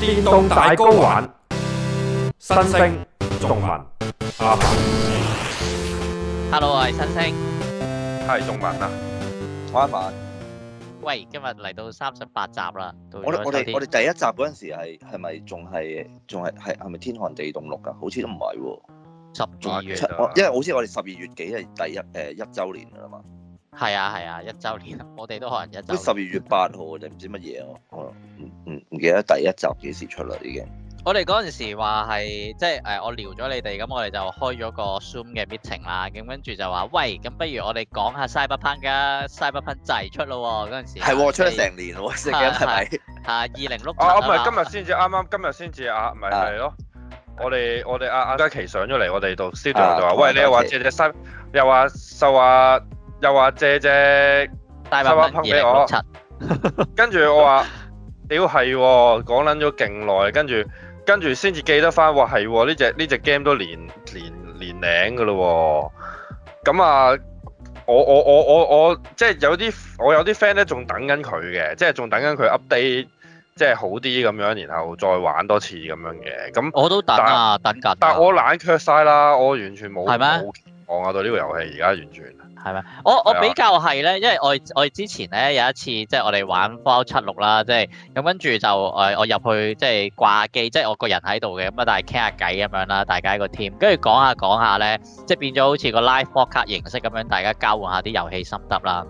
電動大 GO 玩，新星仲文。Hello，我係新星。係仲文啊，好麻煩。喂，今日嚟到三十八集啦。我我哋我哋第一集嗰陣時係係咪仲係仲係係係咪天寒地凍錄噶？好似都唔係喎。十二月，因為好似我哋十二月幾係第一誒一周年噶啦嘛。係啊，係啊，一周年，我哋都可能一周都十二月八號，我哋唔知乜嘢哦，唔唔唔記得第一集幾時出嚟已經。我哋嗰陣時話係即係誒，我聊咗你哋，咁我哋就開咗個 Zoom 嘅 meeting 啦，咁跟住就話喂，咁不如我哋講下西 y b e 西 p u n 仔出咯喎，嗰陣時。係喎，出咗成年喎，你記唔係咪？嚇，二零六。哦，唔係今日先至，啱啱今日先至啊，唔係係咯。我哋我哋阿阿佳琪上咗嚟，我哋度 studio 度話，餵你又話借只又話就話。又話借隻大刷拍俾我，跟住我話屌係喎，講撚咗勁耐，跟住跟住先至記得翻，話係喎，呢隻呢隻 game 都年年年齡嘅咯喎。咁啊，我我我我我即係有啲我有啲 friend 咧仲等緊佢嘅，即係仲等緊佢 update 即係好啲咁樣，然後再玩多次咁樣嘅。咁、嗯、我都等啊，但等緊、啊，但係我冷卻晒啦，我完全冇冇嗎期望啊，對呢個遊戲而家完全。係咩？我我比較係咧，因為我我之前咧有一次即係我哋玩《Fall 七六》啦，即係咁跟住就誒我入去即係掛機，即係我個人喺度嘅咁啊，但係傾下偈咁樣啦，大家一個 team，跟住講下講下咧，即係變咗好似個 live broadcast 形式咁樣，大家交換下啲遊戲心得啦。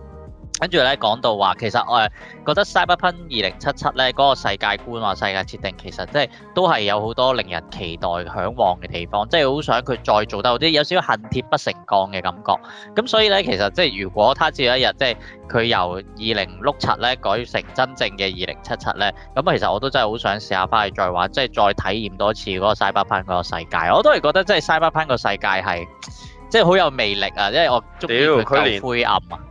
跟住咧講到話，其實我係、哎、覺得 Cyberpunk 二零七七咧、那、嗰個世界觀或世界設定，其實即、就、係、是、都係有好多令人期待、向往嘅地方，即係好想佢再做得好啲，有少少恨鐵不成鋼嘅感覺。咁所以咧，其實即、就、係、是、如果他朝有一日，即係佢由二零六七咧改成真正嘅二零七七咧，咁其實我都真係好想試下翻去再玩，即係再體驗多次嗰個 Cyberpunk 嗰個世界。我都係覺得即係 Cyberpunk 個世界係即係好有魅力啊，因為我中意佢夠灰暗啊。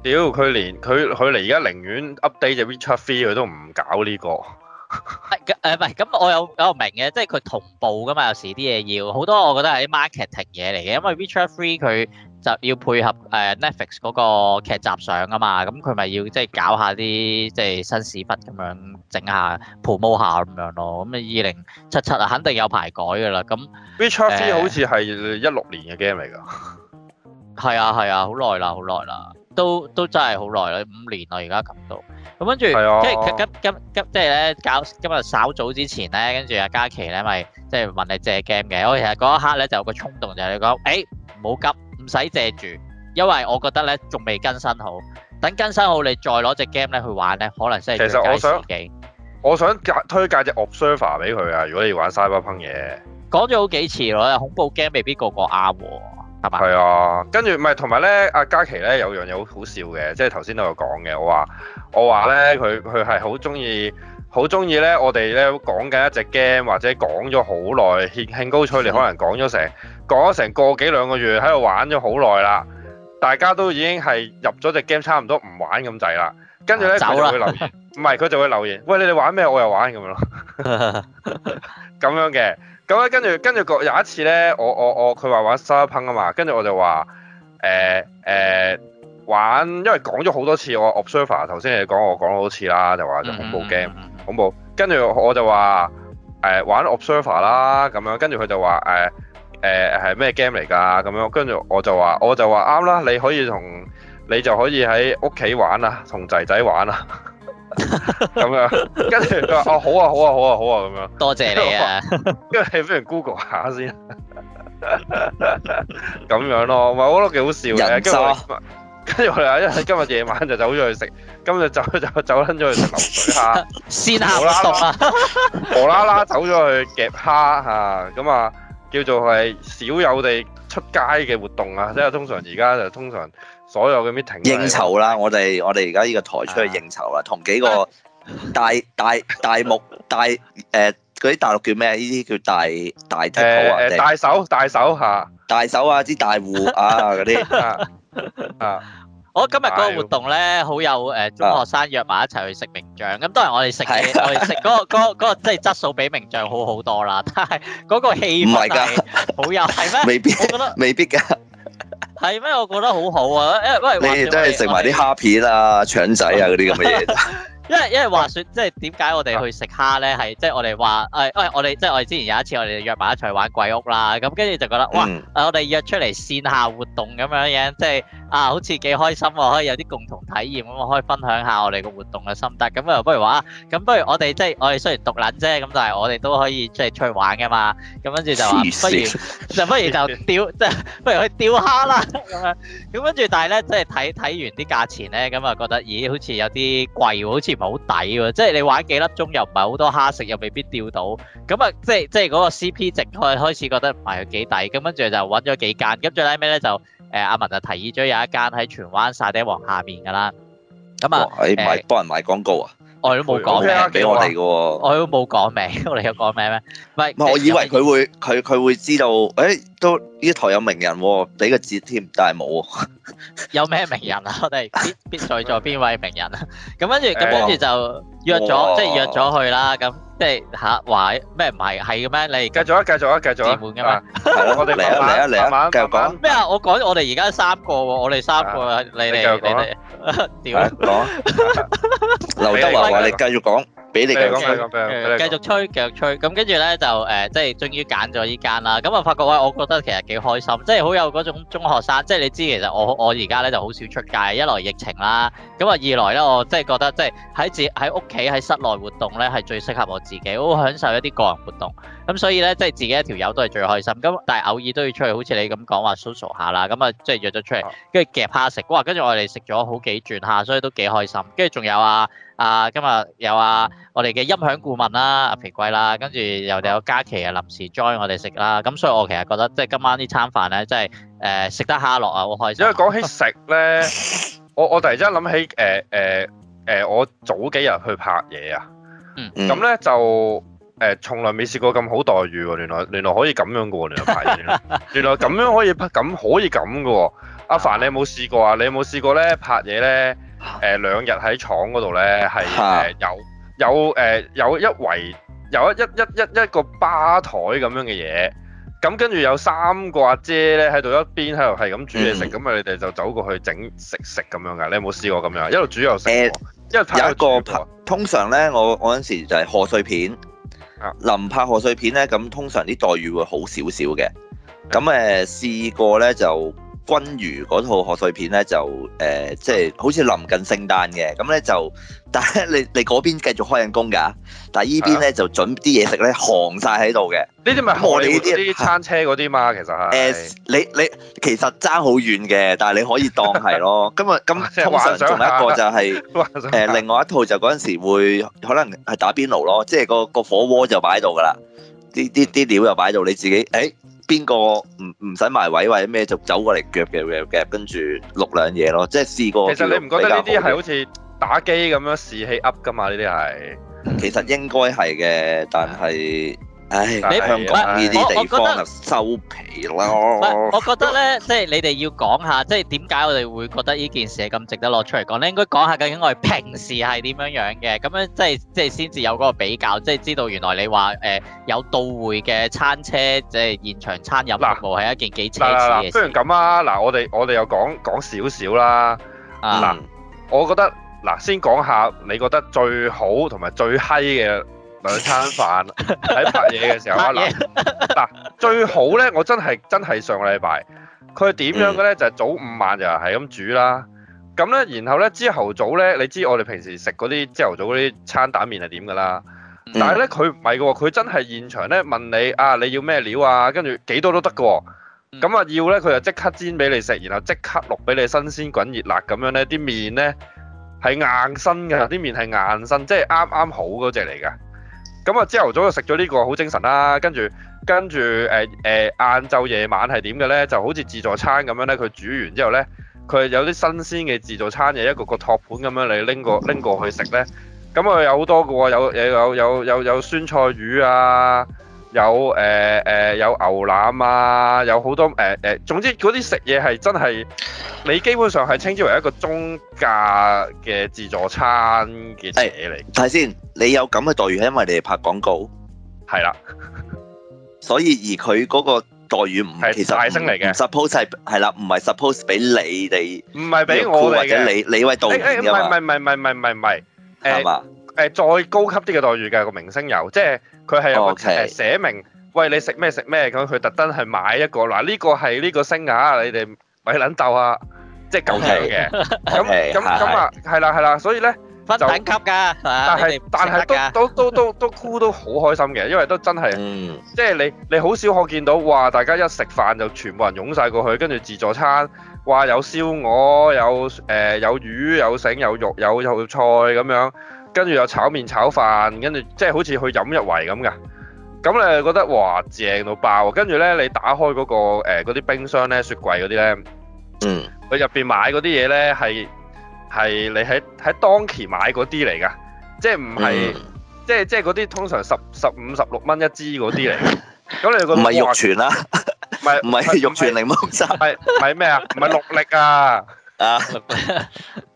屌佢連佢佢嚟而家寧願 update 隻 Witcher Three 佢都唔搞呢個。係誒，唔係，咁我又我又明嘅，即係佢同步噶嘛，有時啲嘢要好多，我覺得係啲 marketing 嘢嚟嘅。因為 Witcher Three 佢就要配合誒 Netflix 嗰個劇集上噶嘛，咁佢咪要即係搞下啲即係新屎忽咁樣，整下 promote 下咁樣咯。咁啊二零七七啊，肯定有排改噶啦。咁 Witcher Three 好似係一六年嘅 game 嚟噶。係啊係啊，好耐啦好耐啦。都都真係好耐啦，五年啦而家撳到，咁跟住，跟住今今今即係咧，搞今日稍早之前咧，跟住阿嘉琪咧咪即係問你借 game 嘅，我其實嗰一刻咧就有個衝動就係你講，誒唔好急，唔使借住，因為我覺得咧仲未更新好，等更新好你再攞隻 game 咧去玩咧，可能先係。其實我想，我想介推介隻 observer 俾佢啊，如果你要玩 Cyberpunk 嘢，講咗好幾次咯，恐怖 game 未必個個啱喎。係啊，跟住咪同埋咧，阿嘉琪咧有樣嘢好好笑嘅，即係頭先都有講嘅，我話我話咧，佢佢係好中意，好中意咧，我哋咧講緊一隻 game 或者講咗好耐，興興高采烈，可能講咗成講咗成個幾兩個月喺度玩咗好耐啦，大家都已經係入咗隻 game 差唔多唔玩咁滯啦，跟住咧就會留言，唔係佢就會留言，喂，你哋玩咩？我又玩咁樣咯，咁 樣嘅。咁咧，跟住跟住個有一次咧，我我我佢話玩沙灘啊嘛，跟住我就話誒誒玩，因為講咗好多次我 observer，頭先你講我講好多次啦，就話就恐怖 game，恐怖。跟住我就話誒、呃、玩 observer 啦，咁樣。跟住佢就話誒誒係咩 game 嚟㗎？咁、呃呃、樣。跟住我就話我就話啱啦，你可以同你就可以喺屋企玩啊，同仔仔玩啊。 咁樣，跟住佢話，哦，好啊好啊好啊好啊咁樣，多謝你啊，跟住你不如 Google 下先，咁樣咯，唔係我覺得幾好笑嘅，跟住我，跟住我哋啊，因為今日夜晚就走咗去食，今日走走走捻咗去食流水蝦，鮮蝦唔熟啊，無啦啦走咗去夾蝦吓，咁啊叫做係少有地出街嘅活動啊，即係通常而家就通常。所有咁啲停應酬啦，是是我哋我哋而家呢個台出去應酬啦，同、啊、幾個大大大目大誒嗰啲大陸叫咩？呢啲叫大大隻手啊、呃呃、啊，啊！大手大手下大手啊！啲大戶啊嗰啲啊！啊我今日嗰個活動咧好有誒，中學生約埋一齊去食名將咁，啊、當然我哋食、啊、我哋食嗰個即係、嗰個嗰個、質素比名將好好多啦，但係嗰個氣氛係好有係咩？嗎未必，我覺得未必㗎。係咩？我覺得好好啊！誒喂，你哋都係食埋啲蝦片啊、腸仔啊嗰啲咁嘅嘢。因為因為話說，即係點解我哋去食蝦咧？係即係我哋話誒誒，我哋即係我哋之前有一次，我哋約埋一齊玩鬼屋啦。咁跟住就覺得哇，嗯啊、我哋約出嚟線下活動咁樣樣，即係啊，好似幾開心喎，可以有啲共同體驗咁啊，可以分享下我哋個活動嘅心得。咁啊，不如話啊，咁不，不如我哋即係我哋雖然獨撚啫，咁但係我哋都可以出嚟出去玩噶嘛。咁跟住就話，不如就不如就釣，即係 不如去釣蝦啦咁樣。咁跟住，但係咧，即係睇睇完啲價錢咧，咁啊覺得咦，好似有啲貴喎，好似～唔係好抵喎，即係你玩幾粒鐘又唔係好多蝦食，又未必釣到，咁啊，即係即係嗰個 CP 值開開始覺得唔係幾抵，咁跟住就揾咗幾間，咁最尾呢就誒阿文就提議咗有一間喺荃灣沙爹王下面噶啦，咁啊，誒幫人賣廣告啊！我都冇講名俾我哋㗎喎，我都冇講名， 我哋有講名咩？唔係，唔係我以為佢會，佢佢 會知道，誒、哎、都呢台有名人喎，哦，俾個字添，但係冇啊。 有咩名人啊？我哋必必在座邊位名人啊？咁跟住，咁跟住就。約咗，即係約咗去啦。咁即係嚇話咩？唔係，係嘅咩？你繼續啊，繼續啊，繼續啊。自滿㗎嘛。我哋嚟啊嚟啊嚟啊！慢慢，慢慢。繼續講。咩啊？我講我哋而家三個喎，我哋三個啊，你哋你哋。點講。劉德華話：你繼續講。俾你繼續吹，繼續吹，咁跟住咧就誒、呃，即係終於揀咗依間啦。咁啊，發覺喂，我覺得其實幾開心，即係好有嗰種中學生。即係你知，其實我我而家咧就好少出街，一來疫情啦，咁啊二來咧，我即係覺得即係喺自喺屋企喺室內活動咧係最適合我自己，好享受一啲個人活動。咁所以咧，即係自己一條友都係最開心。咁但係偶爾都要出去，好似你咁講話 social 下啦。咁啊，即係約咗出嚟，跟住夾下食，哇！跟住我哋食咗好幾轉下，所以都幾開心。跟住仲有啊～啊，今日有啊，我哋嘅音響顧問啦，阿皮貴啦，跟住又哋有嘉琪，啊，臨時 join 我哋食啦。咁、嗯、所以，我其實覺得即係今晚呢餐飯咧，即係誒、呃、食得哈落，啊，好開心。因為講起食咧， 我我突然之間諗起誒誒誒，我早幾日去拍嘢啊。咁咧、嗯、就誒、呃、從來未試過咁好待遇喎，原來原來可以咁樣嘅喎，原來拍嘢 原來咁樣可以拍，咁可以咁嘅喎。阿、啊、凡你有冇試過啊？你有冇試過咧拍嘢咧？誒、呃、兩日喺廠嗰度咧，係誒哈、呃、有有誒、呃、有一圍有一一一一一個吧台咁樣嘅嘢，咁跟住有三個阿姐咧喺度一邊喺度係咁煮嘢食，咁啊、嗯、你哋就走過去整食食咁樣嘅，你有冇試過咁樣？一路煮又食，欸、一，有一個拍通常咧，我我嗰時就係賀歲片，臨拍賀歲片咧，咁通常啲待遇會好少少嘅，咁誒、呃、試過咧就。君如嗰套賀歲片咧就誒、呃，即係好似臨近聖誕嘅，咁咧就，但係你你嗰邊繼續開緊工㗎，但係依邊咧是的 就準啲嘢食咧寒晒喺度嘅。呢啲咪荷里活啲餐車嗰啲嘛，其實係。誒，你你其實爭好遠嘅，但係你可以當係咯。今日咁通常仲有一個就係、是、誒、呃，另外一套就嗰陣時會可能係打邊爐咯，即係個個火鍋就擺喺度㗎啦，啲啲啲料又擺到你自己誒。哎邊個唔唔使埋位或者咩，就走過嚟夾夾夾夾跟住錄兩嘢咯，即係試過。其實你唔覺得呢啲係好似打機咁樣士氣 up 噶嘛？呢啲係其實應該係嘅，但係。嗯你唔唉但 覺得呢啲，我覺得收皮咯。我覺得咧，收皮即係你哋要講下，即係點解我哋會覺得呢件事咁值得攞出嚟講咧？應該講下究竟我哋平時係點樣樣嘅？咁樣即係即係先至有嗰個比較，即係知道原來你話誒、呃、有到會嘅餐車，即係現場餐飲服務係一件幾奢侈嘅事。雖然咁啊，嗱，我哋我哋又講講少少啦。嗱、啊，我覺得嗱，先講下你覺得最好同埋最閪嘅。兩餐飯喺拍嘢嘅時候 啊，嗱，最好咧，我真係真係上個禮拜，佢點樣嘅咧？就係、是、早午晚就係咁煮啦。咁咧，然後咧，朝頭早咧，你知我哋平時食嗰啲朝頭早嗰啲餐蛋麵係點㗎啦？ 但係咧，佢唔係㗎喎，佢真係現場咧問你啊，你要咩料啊？跟住幾多都得㗎喎。咁啊要咧，佢就即刻煎俾你食，然後即刻淥俾你新鮮滾熱辣咁樣咧。啲麵咧係硬身嘅，啲麵係硬身，即係啱啱好嗰隻嚟㗎。咁、這個、啊，朝頭早就食咗呢個，好精神啦。跟、呃、住，跟、呃、住，誒誒，晏晝夜晚係點嘅呢？就好似自助餐咁樣咧，佢煮完之後呢，佢有啲新鮮嘅自助餐嘢，一個個托盤咁樣嚟拎個拎過去食呢咁啊，有好多嘅喎，有有有有有酸菜魚啊～有誒誒有牛腩啊，有好多誒誒，總之嗰啲食嘢係真係，你基本上係稱之為一個中價嘅自助餐嘅嘢嚟。睇先，你有咁嘅待遇係因為你哋拍廣告，係啦，所以而佢嗰個待遇唔其實唔係大升嚟嘅，suppose 係係啦，唔係 suppose 俾你哋，唔係俾我或者你你位導演㗎嘛？唔係唔係唔係唔係唔係誒。誒，再高級啲嘅待遇嘅個明星遊，即係佢係有個誒寫明餵你食咩食咩咁，佢特登係買一個嗱呢個係呢個星啊，你哋咪撚鬥啊，即係夠平嘅咁咁咁啊，係啦係啦，所以咧分等級㗎，係嘛？但係但係都都都都都都都好開心嘅，因為都真係即係你你好少可見到哇！大家一食飯就全部人湧曬過去，跟住自助餐，哇！有燒鵝，有誒有魚，有成有肉，有有菜咁樣。跟住有炒麵炒飯，跟住即係好似去飲一圍咁噶。咁你覺得哇，正到爆！跟住咧你打開嗰個嗰啲冰箱咧、雪櫃嗰啲咧，嗯，佢入邊買嗰啲嘢咧係係你喺喺當期買嗰啲嚟噶，即係唔係即係即係嗰啲通常十十五十六蚊一支嗰啲嚟。咁你個唔係玉泉啦，唔係唔係玉泉檸檬汁，唔係咩啊？唔係六力啊？啊，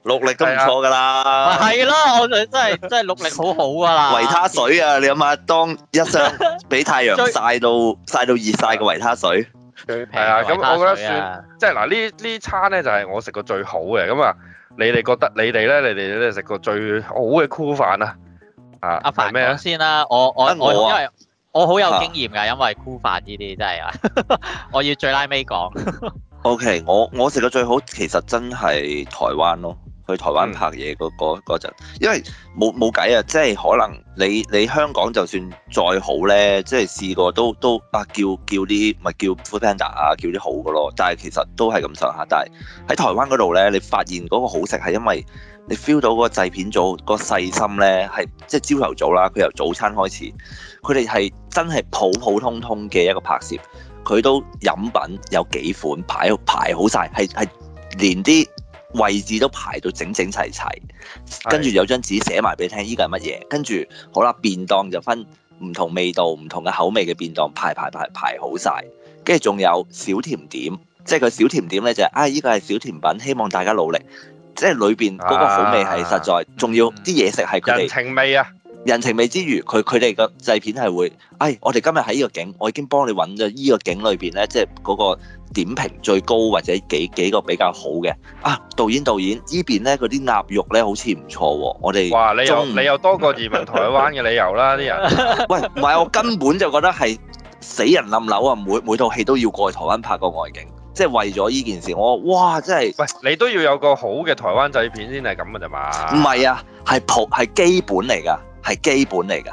落力都唔錯噶啦，係咯、啊 啊，我就真係真係落力好好噶啦。維他水啊，你諗下，當一箱俾太陽曬到晒最到熱晒嘅維他水，係啊，咁我覺得算，啊、即係嗱呢呢餐咧就係我食過最好嘅咁啊。你哋覺得你哋咧，你哋咧食過最好嘅 Crew 飯啊？啊，阿凡、啊啊、先啦，我我我，我因為我好有經驗噶，因為 Crew 飯呢啲真係， 我要最拉尾講。O.K. 我我食過最好，其實真係台灣咯，去台灣拍嘢嗰嗰陣，因為冇冇計啊，即係可能你你香港就算再好呢，即係試過都都啊叫叫啲咪叫 Food Panda 啊，叫啲好嘅咯，但係其實都係咁上下，但係喺台灣嗰度呢，你發現嗰個好食係因為你 feel 到嗰個製片組個細心呢，係即係朝頭早啦，佢由早餐開始，佢哋係真係普普通通嘅一個拍攝。佢都飲品有幾款排排好晒，係係連啲位置都排到整整齊齊，是的 跟住有張紙寫埋俾你聽，依個係乜嘢？跟住好啦，便當就分唔同味道、唔同嘅口味嘅便當排，排排排排好晒。跟住仲有小甜點，即係個小甜點咧就係啊依個係小甜品，希望大家努力，即係裏邊嗰個好味係實在，仲、啊、要啲嘢、嗯、食係佢哋人情味啊。人情味之餘，佢佢哋個製片係會，哎，我哋今日喺呢個景，我已經幫你揾咗依個景裏邊咧，即係嗰個點評最高或者幾幾個比較好嘅。啊，導演導演，邊呢邊咧嗰啲鴨肉咧好似唔錯喎。我哋哇，你又你又多個移民台灣嘅理由啦啲人。 喂，唔係，我根本就覺得係死人冧樓啊！每每套戲都要過去台灣拍個外景，即係為咗依件事，我哇，真係。喂，你都要有個好嘅台灣製片先係咁嘅咋嘛？唔係啊，係普係基本嚟㗎。係基本嚟噶，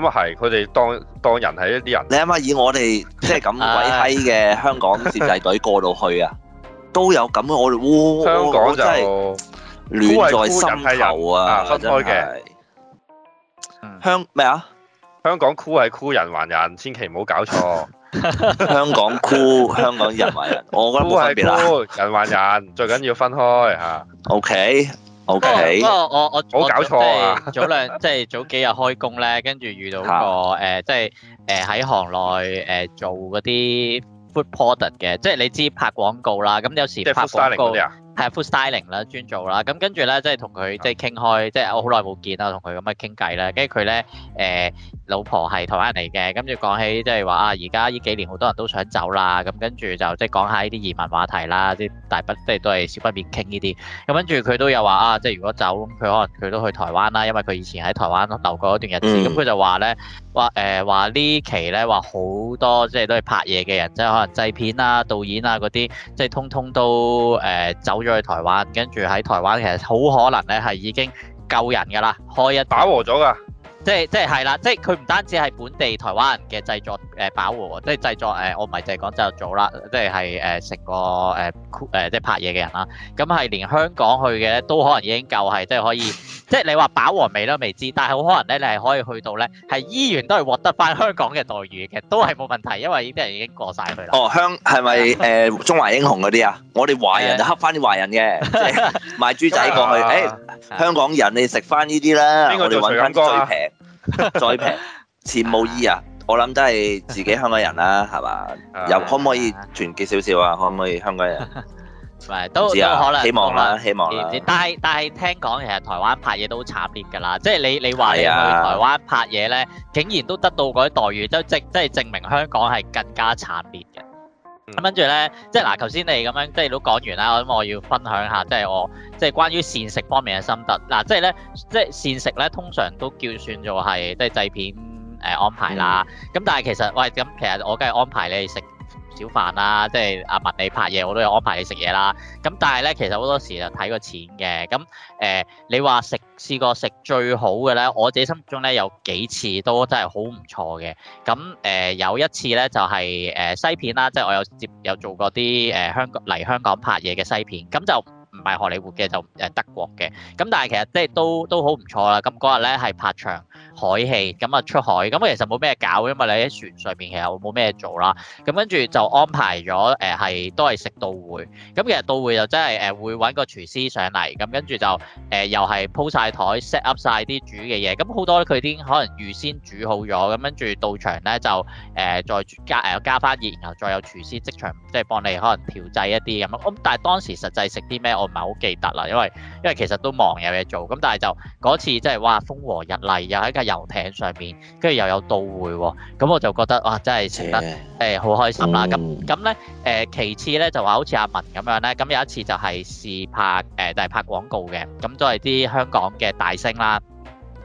咁啊，係，佢哋當當人係一啲人。你諗下，以我哋即係咁鬼閪嘅香港攝製隊過到去啊，都有咁啊！我哋哇，香港就暖在心頭啊，真係。香咩啊？香港酷係酷人還人，千祈唔好搞錯。香港酷，香港人還人。我覺得冇分別啦。人還人最緊要分開吓。OK。OK，不過、啊、我我我即係早兩，即係早幾日開工咧，跟住遇到個誒，即係誒喺行內誒做嗰啲 food product 嘅，即係你知拍廣告啦，咁有時拍即係 food styling 啊，food styling 啦，專做啦，咁、就是、跟住咧，即係同佢即係傾開，即係、啊、我好耐冇見啦，同佢咁嘅傾偈咧，跟住佢咧誒。呃老婆係台灣人嚟嘅，跟住講起即係話啊，而家呢幾年好多人都想走啦，咁跟住就即係講下呢啲移民話題啦，啲大筆即係都係少不免傾呢啲。咁跟住佢都有話啊，即係如果走，佢可能佢都去台灣啦，因為佢以前喺台灣留過一段日子。咁佢就話咧，話誒話呢期咧話好多即係都係拍嘢嘅人，即係可能製片啊、導演啊嗰啲，即係通通都誒走咗去台灣，跟住喺台灣其實好可能咧係已經救人㗎啦，開一打和咗㗎。即係即係係啦，即係佢唔單止係本地台灣人嘅製作誒飽和喎，即係製作誒我唔係淨係講就做啦，即係係誒食過誒誒即係拍嘢嘅人啦，咁係連香港去嘅咧都可能已經夠係即係可以，即係你話飽和未都未知，但係好可能咧你係可以去到咧係依然都係獲得翻香港嘅待遇嘅，都係冇問題，因為呢啲人已經過曬去啦。哦，香係咪誒中華英雄嗰啲啊？我哋華人就黑翻啲華人嘅賣豬仔過去，誒香港人你食翻呢啲啦，我哋揾翻最平。 再平，似冇意啊！我諗都係自己香港人啦，啊，係嘛？又 可唔可以團結少少啊？可唔可以香港人？係 都、啊、都可能，希望啦，希望啦。但係但係聽講其實台灣拍嘢都好慘烈㗎啦，即係你你話你去台灣拍嘢咧，是啊，竟然都得到嗰啲待遇，都證即係證明香港係更加慘烈。咁跟住咧，即係嗱，頭先你咁樣即係都講完啦，咁我，我要分享下，即係我即係關於膳食方面嘅心得。嗱，即係咧，即係膳食咧，通常都叫算做係即係製片誒、呃、安排啦。咁、嗯、但係其實喂，咁其實我梗係安排你食。Crew 飯啦，即係阿文你拍嘢，我都有安排你食嘢啦。咁但係咧，其實好多時就睇個錢嘅。咁誒、呃，你話食試過食最好嘅咧，我自己心目中咧有幾次都真係好唔錯嘅。咁誒、呃、有一次咧就係、是、誒、呃、西片啦，即係我有接有做過啲誒香嚟香港拍嘢嘅西，西片，咁就唔係荷里活嘅，就誒德國嘅。咁但係其實即係都都好唔錯啦。咁嗰日咧係拍場。海氣，咁啊，出海，咁其實冇咩搞，因為你喺船上面其實冇咩做啦。咁跟住就安排咗誒係都係食到會。咁其實到會就真係誒會揾個廚師上嚟，咁跟住就誒、呃、又係鋪晒枱 set up 晒啲煮嘅嘢。咁好多呢佢啲可能預先煮好咗，咁跟住到場呢就誒、呃、再加誒加翻熱，然後再有廚師即場即係、就是、幫你可能調製一啲咁。咁但係當時實際食啲咩我唔係好記得啦，因為因為其實都忙有嘢做。咁但係就嗰次即係哇，風和日麗又喺游艇上面跟住又有舞會喎、哦，咁我就覺得哇，真係食得誒好、呃、開心啦！咁咁咧誒，其次咧就話好似阿文咁樣咧，咁有一次就係試拍誒，就、呃、係拍廣告嘅，咁都係啲香港嘅大星啦。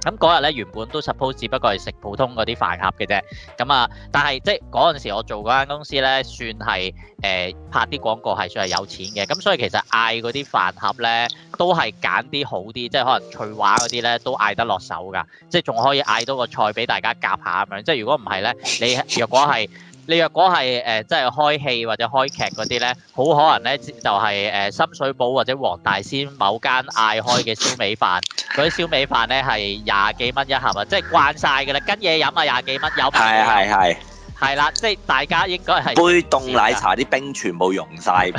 咁嗰日咧，原本都 suppose 只不過係食普通嗰啲飯盒嘅啫。咁、嗯、啊，但係即係嗰陣時我做嗰間公司咧，算係誒、呃、拍啲廣告係算係有錢嘅。咁、嗯、所以其實嗌嗰啲飯盒咧，都係揀啲好啲，即係可能翠華嗰啲咧都嗌得落手㗎。即係仲可以嗌多個菜俾大家夾下咁樣。即係如果唔係咧，你若果係。你若果係誒，即係開戲或者開劇嗰啲咧，好可能咧就係、是、誒、呃、深水埗或者黃大仙某間嗌開嘅燒味飯，嗰啲 燒味飯咧係廿幾蚊一盒啊，即係慣晒㗎啦，跟嘢飲啊廿幾蚊有排。係係係。係啦，即係大家應該係杯凍奶茶啲冰全部溶晒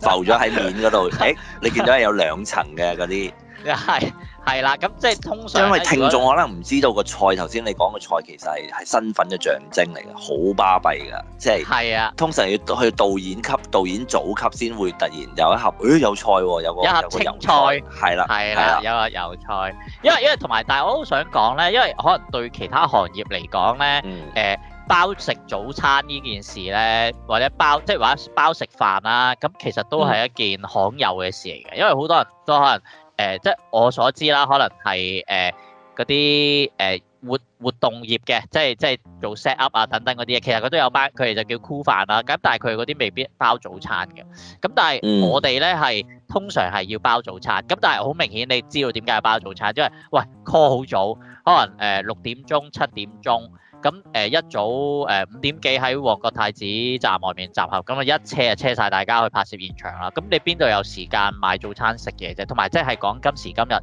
浮咗喺面嗰度。誒、 欸，你見到係有兩層嘅嗰啲。係。 係啦，咁即係通常因為聽眾可能唔知道個菜，頭先你講個菜其實係身份嘅象徵嚟嘅，好巴閉噶，即係係啊。是的 通常要去導演級、導演組級先會突然有一盒，誒、哎、有菜喎、哦，有個一盒青菜有個油菜，係啦，係啦，有個油菜。因為因為同埋，但係我都好想講咧，因為可能對其他行業嚟講咧，誒、嗯呃、包食早餐呢件事咧，或者包即係話包食飯啦、啊，咁其實都係一件罕有嘅事嚟嘅，嗯、因為好多人都可能。誒、呃，即係我所知啦，可能係誒嗰啲誒活活動業嘅，即係即係做 set up 啊等等嗰啲嘢，其實佢都有班，佢哋就叫 Crew 飯啦。咁但係佢哋嗰啲未必包早餐嘅。咁但係我哋咧係通常係要包早餐。咁但係好明顯，你知道點解包早餐？因為喂 call 好早，可能誒呃六點鐘、七點鐘。咁誒一早誒五點幾喺旺角太子站外面集合，咁啊一車啊車晒大家去拍攝現場啦。咁你邊度有時間買早餐食嘢啫？同埋即係講今時今日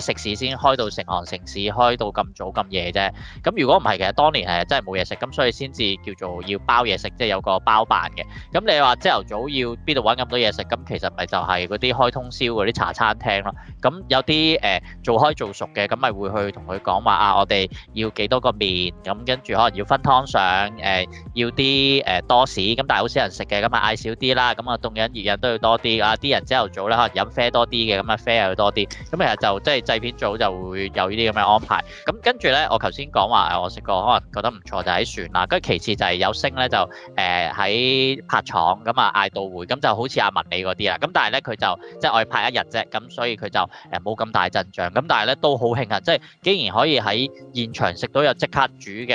啲食肆先開到成行成市，開到咁早咁夜啫。咁如果唔係其實，當年係真係冇嘢食，咁所以先至叫做要包嘢食，即係有個包辦嘅。咁你話朝頭早要邊度揾咁多嘢食？咁其實咪就係嗰啲開通宵嗰啲茶餐廳咯。咁有啲誒做開做熟嘅，咁咪會去同佢講話啊，我哋要幾多個麵咁跟住可能要分湯上，誒要啲誒多士，咁但係好少人食嘅，咁啊嗌少啲啦，咁啊凍飲熱飲都要多啲啊！啲人朝頭早咧可能飲啡多啲嘅，咁啊啡又要多啲，咁其實就即係製片組就會有呢啲咁嘅安排。咁跟住咧，我頭先講話誒，我食過可能覺得唔錯，就喺船啦。跟住其次就係有升咧，就誒喺拍廠咁啊嗌到會，咁就好似阿文你嗰啲啦。咁但係咧佢就即係我哋拍一日啫，咁所以佢就誒冇咁大陣仗。咁但係咧都好慶幸，即係竟然可以喺現場食到有即刻煮嘅。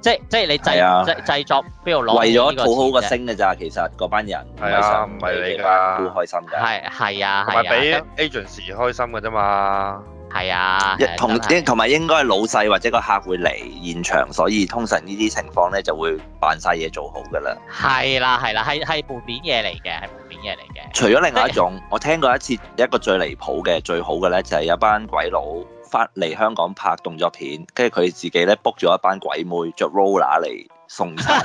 即即係你製製製作邊度攞？為咗討好個星嘅咋，其實嗰班人係啊，唔係你啊，好開心㗎。係係啊，係。唔係俾 agents 開心㗎啫嘛。係啊，同同埋應該係老細或者個客會嚟現場，所以通常呢啲情況咧就會扮晒嘢做好㗎啦。係啦係啦，係係門面嘢嚟嘅，係門面嘢嚟嘅。除咗另外一種，我聽過一次一個最離譜嘅最好嘅咧，就係有班鬼佬。翻嚟香港拍動作片，跟住佢自己咧 book 咗一班鬼妹著 roller 嚟送餐，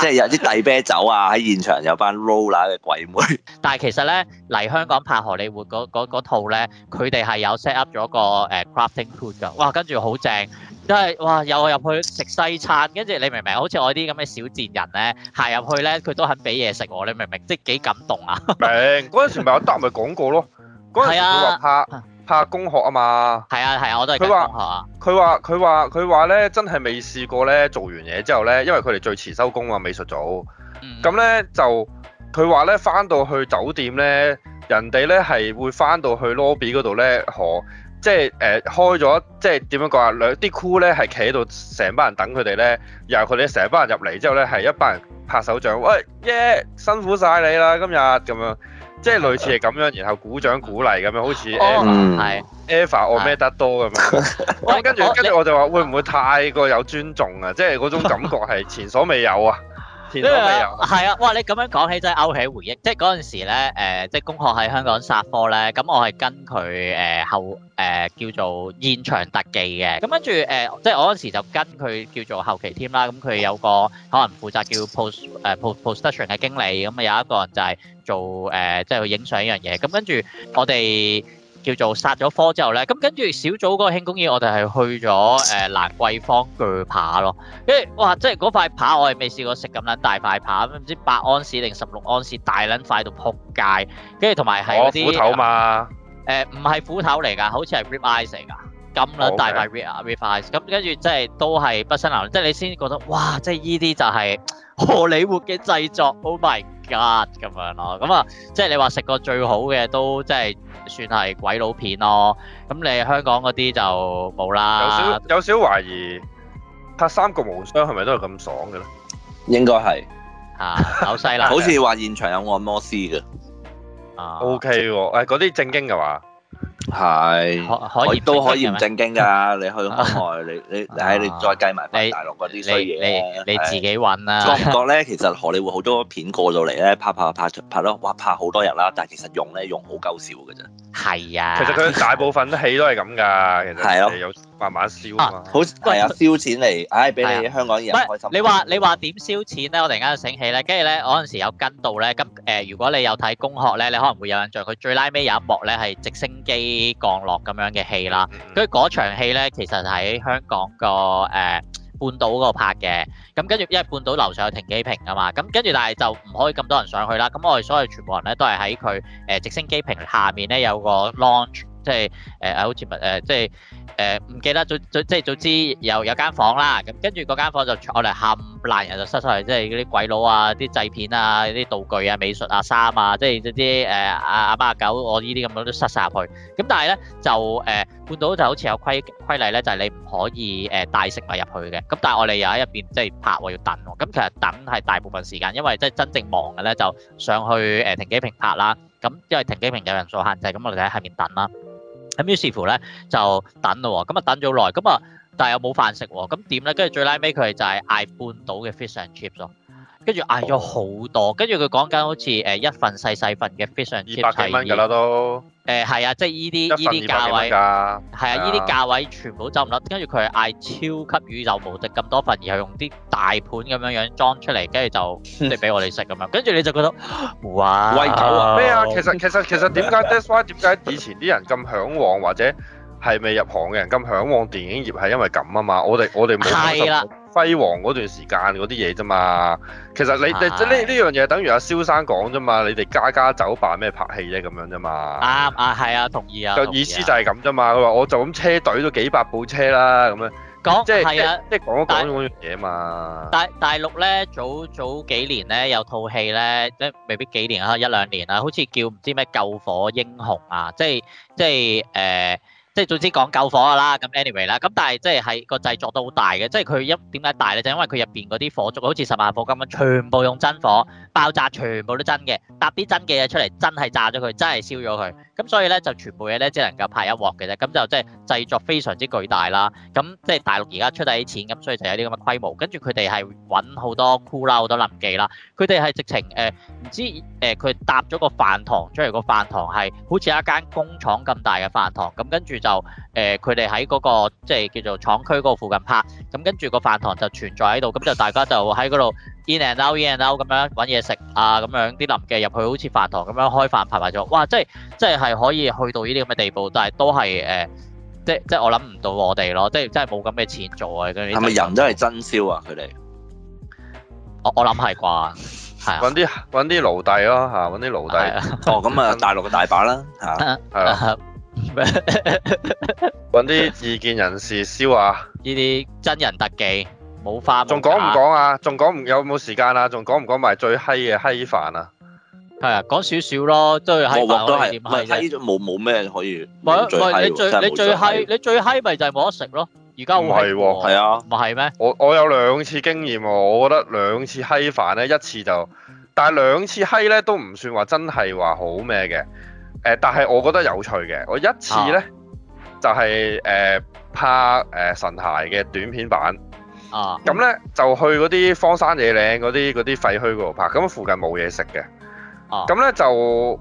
即係有啲遞啤酒啊，喺現場有班 roller 嘅鬼妹。但係其實咧嚟香港拍荷里活嗰嗰嗰套咧，佢哋係有 set up 咗個誒 crafting food 㗎，哇！跟住好正，即係哇，有我入去食西餐，跟住你明唔明？好似我啲咁嘅小賤人咧，行入去咧，佢都肯俾嘢食我，你明唔明？即係幾感動啊！明嗰陣時咪阿德咪講過咯，嗰陣時佢話拍。拍工學啊嘛？係啊係啊，我都係佢話佢話佢話佢話咧，真係未試過咧，做完嘢之後咧，因為佢哋最遲收工啊，美術組。嗯。咁咧就佢話咧，翻到去酒店咧，人哋咧係會翻到去 lobby 嗰度咧，可即係誒開咗，即係點、呃、樣講啊？兩啲 crew 咧係企喺度，成班人等佢哋咧，然後佢哋成班人入嚟之後咧，係一班人拍手掌，喂耶，yeah, 辛苦晒你啦，今日咁樣。即係類似係咁樣，然後鼓掌鼓勵咁樣，好似 Eva，Eva，我咩得多咁樣。咁跟住，跟住我就話：會唔會太過有尊重啊？即係嗰種感覺係前所未有啊！前所未有係啊！哇！你咁樣講起真係勾起回憶。即係嗰陣時咧，誒，即係工學喺香港殺科咧。咁我係跟佢誒後誒叫做現場特技嘅。咁跟住誒，即係我嗰陣時就跟佢叫做後期 team 啦。咁佢有個可能負責叫 post 誒 post production 嘅經理。咁啊有一個人就係，做誒、呃、即係影相依樣嘢，咁跟住我哋叫做殺咗科之後咧，咁跟住小組嗰個慶功宴，我哋係去咗誒蘭桂坊鋸扒咯，跟、欸、住哇，即係嗰塊扒我係未試過食咁撚大塊扒，唔知八安士定十六安士大撚塊到仆街，跟住同埋係嗰啲誒唔係斧頭嚟㗎、呃，好似係 rib eyes 嚟㗎，咁撚大，大塊 rib rib eyes，咁跟住即係都係畢生難忘，即係你先覺得哇，即係依啲就係荷里活嘅製作 oh my 咁樣咯，咁啊，即係你話食過最好嘅都即係算係鬼佬片咯。咁你香港嗰啲就冇啦。有少有少懷疑，拍三個無雙係咪都係咁爽嘅咧？應該係嚇，好犀利。好似話現場有按摩師㗎。啊，OK 喎，誒嗰啲正經嘅話。係，可以都可以唔正經噶，你去咁外，你你喺你再計埋翻大陸嗰啲衰嘢，你自己搵啦。覺唔覺咧，其實荷里活好多片過到嚟咧，拍拍拍出拍咯，哇拍好多日啦，但係其實用咧用好鳩少嘅啫。係啊，其實佢大部分啲戲都係咁噶，其實係咯。慢慢燒啊！好，又有燒錢嚟，唉，俾你啲香港人開心。你話你話點燒錢咧？我突然間醒起咧，跟住咧，我嗰陣時有跟到咧，咁誒，如果你有睇《攻殼》咧，你可能會有印象，佢最 last 尾有一幕咧係直升機降落咁樣嘅戲啦。跟住嗰場戲咧，其實喺香港個誒半島嗰度拍嘅。咁跟住因為半島樓上有停機坪㗎嘛，咁跟住但係就唔可以咁多人上去啦。咁我哋所有全部人咧都係喺佢誒直升機坪下面咧有個 launch，即係誒好似物誒即係。誒唔、呃、記得早早即係早知有有間房啦，咁跟住嗰間房就我哋冚唪唥人就塞曬入，即係啲鬼佬啊、啲製片啊、啲道具啊、美術啊、衫啊，即係啲誒啊阿八阿九，我呢啲咁樣都塞晒入去。咁但係咧就誒，半、呃、島就好似有規規例咧，就係你唔可以誒、呃、帶食物入去嘅。咁但係我哋又喺入邊即係拍喎，要等喎。咁其實等係大部分時間，因為即係真正忙嘅咧，就上去誒、呃、停機坪拍啦。咁因為停機坪有人數限制，咁我哋喺下面等啦。咁於是乎咧就等咯喎、哦，咁啊等咗好耐，咁啊但係又冇飯食喎、哦，咁點咧？跟住最拉尾佢係就係嗌半島嘅 fish and chips 咯、哦，跟住嗌咗好多，跟住佢講緊好似誒一份細細份嘅 fish and chips 係二百幾蚊㗎啦都。誒係、嗯、啊，即係依啲依啲價位，係啊，依啲價位全部走唔甩，跟住佢嗌超級宇宙無敵咁多份，然後用啲大盤咁樣樣裝出嚟，跟住就嚟俾我哋食咁樣，跟住 你就覺得哇，餵狗啊咩啊？其實其實其實點解 Desvan 點解以前啲人咁向往，或者係未入行嘅人咁向往電影業係因為咁啊嘛，我哋我哋冇得。輝煌嗰段時間嗰啲嘢啫嘛，其實你你即係呢呢樣嘢等於阿蕭生講啫嘛，你哋家家酒扮咩拍戲啫咁樣啫嘛。啱啊，係啊，同意啊。就意思就係咁啫嘛，佢話我就咁車隊都幾百部車啦，咁樣講即係即係講咗講咗嗰樣嘢嘛。大大陸咧，早早幾年咧有套戲咧，即係未必幾年啦，一兩年啦，好似叫唔知咩救火英雄啊，即係即係誒。即係總之講救火㗎啦，咁 anyway 啦，咁但係即係係個製作都好大嘅，即係佢一點解大咧，就因為佢入邊嗰啲火燭好似十萬火急咁，全部用真火爆炸，全部都真嘅，搭啲真嘅嘢出嚟，真係炸咗佢，真係燒咗佢。咁所以咧就全部嘢咧只能夠拍一鑊嘅啫，咁就即係製作非常之巨大啦。咁即係大陸而家出得起錢，咁所以就有啲咁嘅規模。跟住佢哋係揾好多 Crew 啦，好多臨記啦。佢哋係直情誒唔知誒，佢、呃、搭咗個飯堂出嚟，個飯堂係好似一間工廠咁大嘅飯堂。咁跟住就誒，佢哋喺嗰個即係叫做廠區嗰附近拍。咁跟住個飯堂就存在喺度，咁就大家就喺嗰度。in and out in and out 咁樣揾嘢食啊，咁樣啲臨記入去好似飯堂咁樣開飯排排坐，哇！即係即係係可以去到呢啲咁嘅地步，但係都係誒、呃，即係即係我諗唔到我哋咯，即係真係冇咁嘅錢做啊！跟住係咪人都係真燒啊？佢哋們，我我諗係啩，係揾啲揾啲奴弟咯嚇，揾啲奴隸哦咁啊，大陸嘅大把啦嚇，係啦、啊，揾啲異見人士燒啊，呢啲真人特技。冇花，仲講唔講啊？仲講唔有冇時間啊？仲講唔講埋最閪嘅閪飯啊？係啊，講少少咯，都係閪飯，冇冇咩可以。咪咪你最閪你最閪你最閪咪就係冇得食咯？而家會係啊？咪係咩？我我有兩次經驗啊，我覺得兩次閪飯咧，一次就，但係兩次閪咧都唔算話真係話好咩嘅。誒、呃，但係我覺得有趣嘅，我一次咧就係、是、誒、呃、拍誒神鞋嘅短片版。啊！咁咧、嗯、就去嗰啲荒山野嶺嗰啲啲廢墟嗰度拍，咁附近冇嘢食嘅。咁咧、嗯、就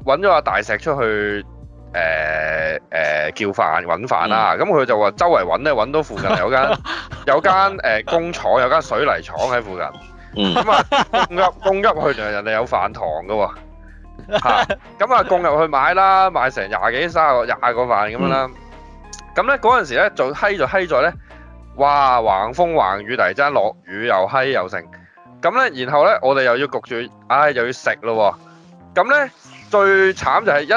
揾咗個大石出去，誒、呃、誒、呃、叫飯揾飯啦。咁佢、嗯、就話周圍揾咧揾到附近有間 有間誒、呃、工廠，有間水泥廠喺附近。咁啊、嗯，供入供入去，人哋有飯堂噶喎。咁啊，啊供入去買啦，買成廿幾三十個廿個飯咁樣啦。咁咧嗰陣時咧，就閪咗、閪咗咧。哇，橫風橫雨，突然間落雨又閪又剩，咁咧，然後咧，我哋又要焗住，唉，又要食咯，咁咧，最慘就係一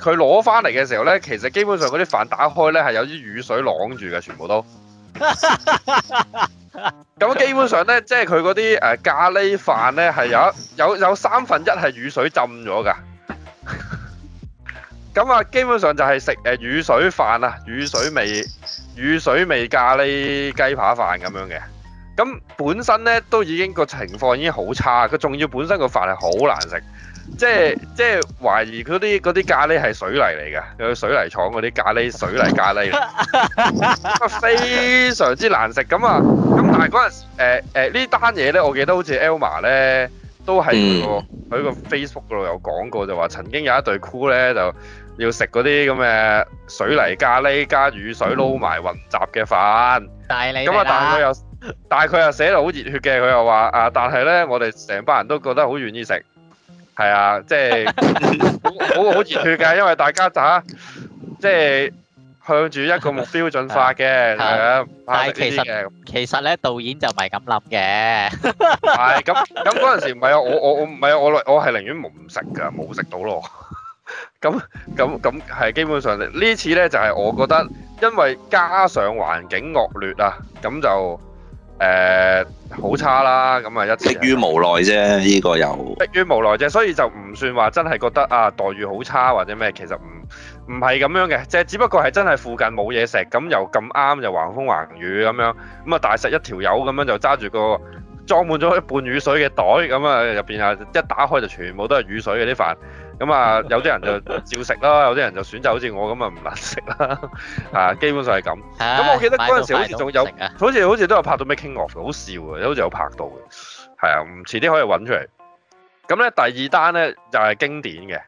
佢攞翻嚟嘅時候咧，其實基本上嗰啲飯打開咧係有啲雨水晾住嘅，全部都，咁基本上咧，即係佢嗰啲誒咖喱飯咧係有有有三分一係雨水浸咗噶，咁啊，基本上就係食誒雨水飯啊，雨水味。雨水味咖喱雞扒飯咁樣嘅。咁本身咧都已經個情況已經好差，佢仲要本身個飯係好難食，即係即係懷疑佢啲嗰啲咖喱係水泥嚟㗎，有水泥廠嗰啲咖喱水泥咖喱。 非常之難食。咁啊，咁但係嗰陣誒誒呢單嘢咧，我記得好似 Elma 咧都係個喺個、嗯、Facebook 度有講過，就話曾經有一對 crew 咧就。就要食嗰啲咁嘅水泥咖喱加雨水撈埋混雜嘅飯，咁啊，但係佢又，但係佢又寫到好熱血嘅。佢又話啊，但係咧，我哋成班人都覺得好願意食，係啊，即係好好好熱血嘅，因為大家就即係向住一個目標進發嘅咁。但係其實其實咧，導演就唔係咁諗嘅。咁咁嗰陣時唔係啊，我我我唔係啊，我我係寧願唔食噶，冇食到咯。咁咁咁係基本上呢次呢，就係、是、我覺得，因為加上環境惡劣啊，咁就誒好、呃、差啦。咁啊，一迫於無奈啫，呢、這個又迫於無奈啫。所以就唔算話真係覺得啊待遇好差或者咩，其實唔唔係咁樣嘅，即係只不過係真係附近冇嘢食，咁又咁啱又橫風橫雨咁樣，咁啊大實一條友咁樣就揸住個裝滿咗一半雨水嘅袋咁樣，咁啊入邊啊一打開就全部都係雨水嘅啲飯。咁啊， 有啲人就照食啦，有啲人就選擇好似我咁啊，唔難食啦。啊，基本上係咁。咁、啊、我記得嗰陣時好似仲有，好似好似都有拍到 Making Of，好笑啊，好似有拍到嘅。係啊，唔遲啲可以揾出嚟。咁咧第二單咧就係、是、經典嘅。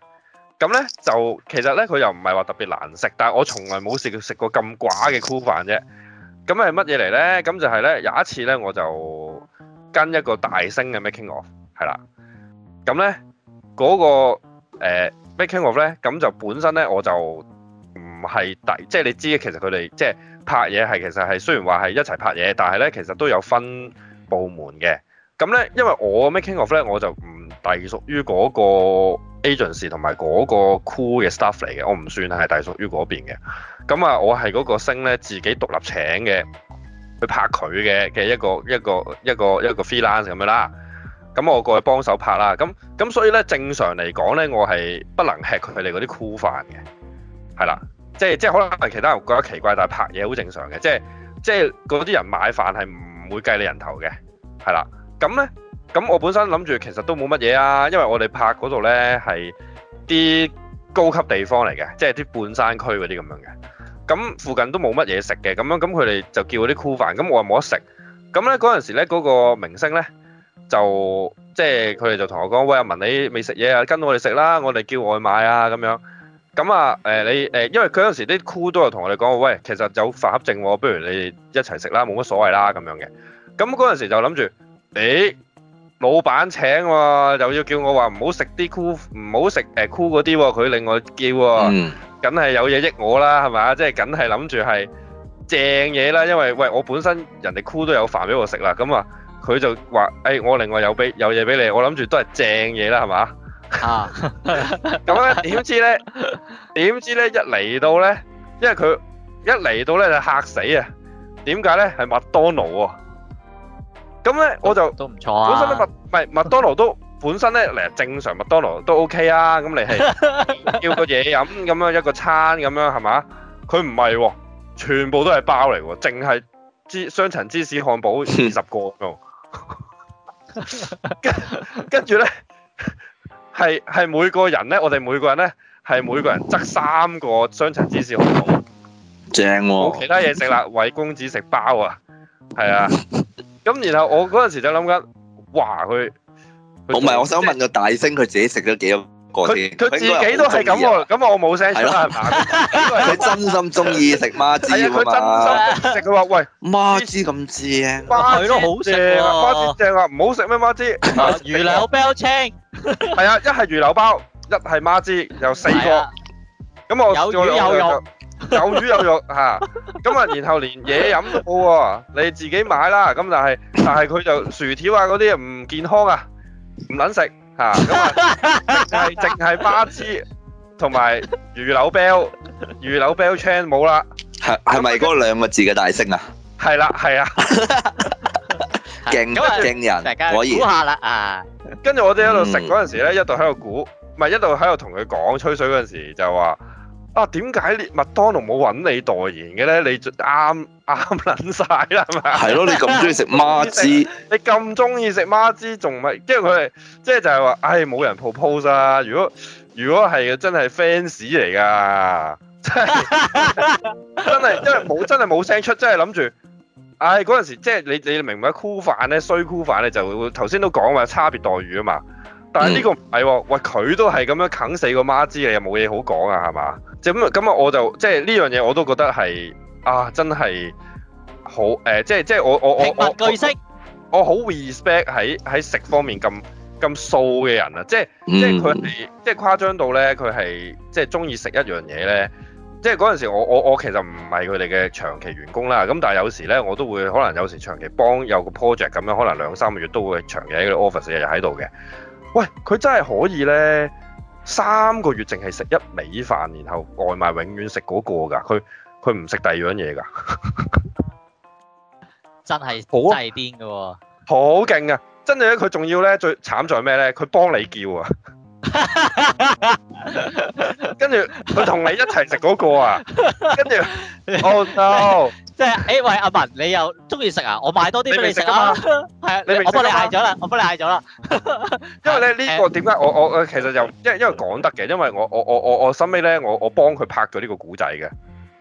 咁咧就其實咧佢又唔係話特別難食，但係我從來冇食食過咁寡嘅 Crew 飯啫。咁係乜嘢嚟咧？咁就係咧有一次咧，我就跟一個大聲嘅 Making Of 係啦、啊。咁咧嗰個。誒、呃、making of 咧，咁就本身咧我就唔係第，即係你知其實佢哋即係拍嘢係其實係雖然話係一齊拍嘢，但係咧其實都有分部門嘅。咁咧因為我 making of 咧，我就唔隸屬於嗰個 agency 同埋嗰個 crew 嘅 staff 嚟嘅，我唔算係隸屬於嗰邊嘅。咁啊，我係嗰個星咧自己獨立請嘅去拍佢嘅嘅一個一個一個一個,一個 freelance 咁樣啦。咁我過去幫手拍啦，咁咁所以咧，正常嚟講咧，我係不能吃佢哋嗰啲 Crew 飯嘅，係啦，即係即係可能係其他人覺得奇怪，但係拍嘢好正常嘅，即係即係嗰啲人買飯係唔會計你人頭嘅，係啦，咁咧，咁我本身諗住其實都冇乜嘢啊，因為我哋拍嗰度咧係啲高級地方嚟嘅，即係啲半山區嗰啲咁樣嘅，咁附近都冇乜嘢食嘅，咁樣咁佢哋就叫啲 Crew 飯，咁我又冇得食，咁咧嗰陣時咧嗰、嗰個明星咧。就即係佢哋就同我講，喂，阿文你未食嘢啊，跟我哋食啦，我哋叫外賣啊，咁樣咁啊，誒你誒，因為佢嗰陣時啲 Crew 都有同我哋講，喂，其實有飯盒剩，不如你一齊食啦，冇乜所謂啦，咁樣嘅。咁嗰陣時就諗住，咦，老闆請喎，又要叫我話唔好食啲 Crew，唔好食誒 Crew 嗰啲喎，佢另外叫喎，梗係有嘢益我啦，係咪？即係梗係諗住係正嘢啦，因為喂我本身人哋 Crew 都有飯俾我食啦，咁啊。佢就話：誒、欸，我另外有俾有嘢俾你，我諗住都係正嘢啦，係嘛？啊，咁咧點知咧？點知咧？一嚟到咧，因為佢一嚟到咧就嚇死啊！點解咧？係麥當勞喎，啊。咁咧我就都唔錯啊。本身咧麥唔係麥當勞都本身咧，嚟正常麥當勞都 OK 啊。咁你係要個嘢飲咁樣一個餐咁樣係嘛？佢唔係喎，全部都係包嚟喎，淨係芝雙層芝士漢堡四十個。 跟跟住咧，係係每個人咧，我哋每個人咧係每個人執三個雙層芝士漢堡，正喎。冇其他嘢食啦，韋公子食包啊，係啊。咁然後我嗰陣時就諗緊，哇佢，我唔係，我想問個大聲佢自己食咗幾多？佢佢自己都係咁喎，咁我冇聲先啦。佢真心中意食孖芝啊嘛！佢真心食佢話喂，孖芝咁知啊？係咯，好正啊！孖芝正啊，唔好食咩孖芝？魚柳包，係啊，一係魚柳包，一係孖芝，有四個。咁我再有魚有肉，有魚有肉嚇。咁啊，然後連嘢飲都冇喎，你自己買啦。咁但係但係佢就薯條啊嗰啲唔健康啊，唔撚食。 啊！咁啊，係淨係巴茲同埋魚柳 bell，魚柳 bell chain 冇啦。係係咪嗰兩個字嘅大聲啊？係 啦，係啊，勁勁人，可以。估下啦啊！跟住我哋喺度食嗰陣時咧，一度喺度估，唔係、嗯、一度喺度同佢講吹水嗰陣時就話，哇，點解麥當勞冇揾你代言嘅咧？你啱啱撚晒啦，係咪？係咯， 你咁中意食孖芝， 你咁中意食孖芝，仲咪？因為佢哋即係就係話，唉、哎，冇人 propose 啦。如果如果係嘅，真係 fans 嚟㗎，真係 真係，因為冇真係冇聲出，真係諗住。唉、哎，嗰陣時即係、就是、你你明唔明？Crew 飯咧，衰 Crew 飯咧，就頭先都講話差別待遇啊嘛。但係呢個唔係喎，喂，佢都係咁樣啃死個媽媽，知，你又冇嘢好講啊，係嘛？即咁咁啊，我就即係呢樣嘢我都覺得係啊，真係好誒、呃，即係即係我我我我巨色，我好 respect 喺喺食方面咁咁素嘅人啊，即係即係佢係即係誇張到咧，佢係即係中意食一樣嘢咧，即係嗰陣時我我我其實唔係佢哋嘅長期員工啦，咁但係有時咧我都會可能有時長期幫有個 project 咁樣，可能兩三個月都會長期喺個 office 日日喺度嘅。喂，佢真係可以咧，三個月淨係食一味飯，然後外賣永遠食嗰個噶，佢佢唔食第二樣嘢噶， 真係是好大邊噶喎，好勁啊！真係咧，佢仲要咧最慘在係咩咧？佢幫你叫啊！ 跟住佢同你一齊食嗰個啊，跟住 oh no，即係誒喂阿文你又中意食啊？我買多啲俾你食啊，係啊，我幫你嗌咗啦，我幫你嗌咗啦。因為咧呢個點解我我誒其實又，因為因為講得嘅，因為我我我我我收尾咧我我幫佢拍咗呢個古仔嘅。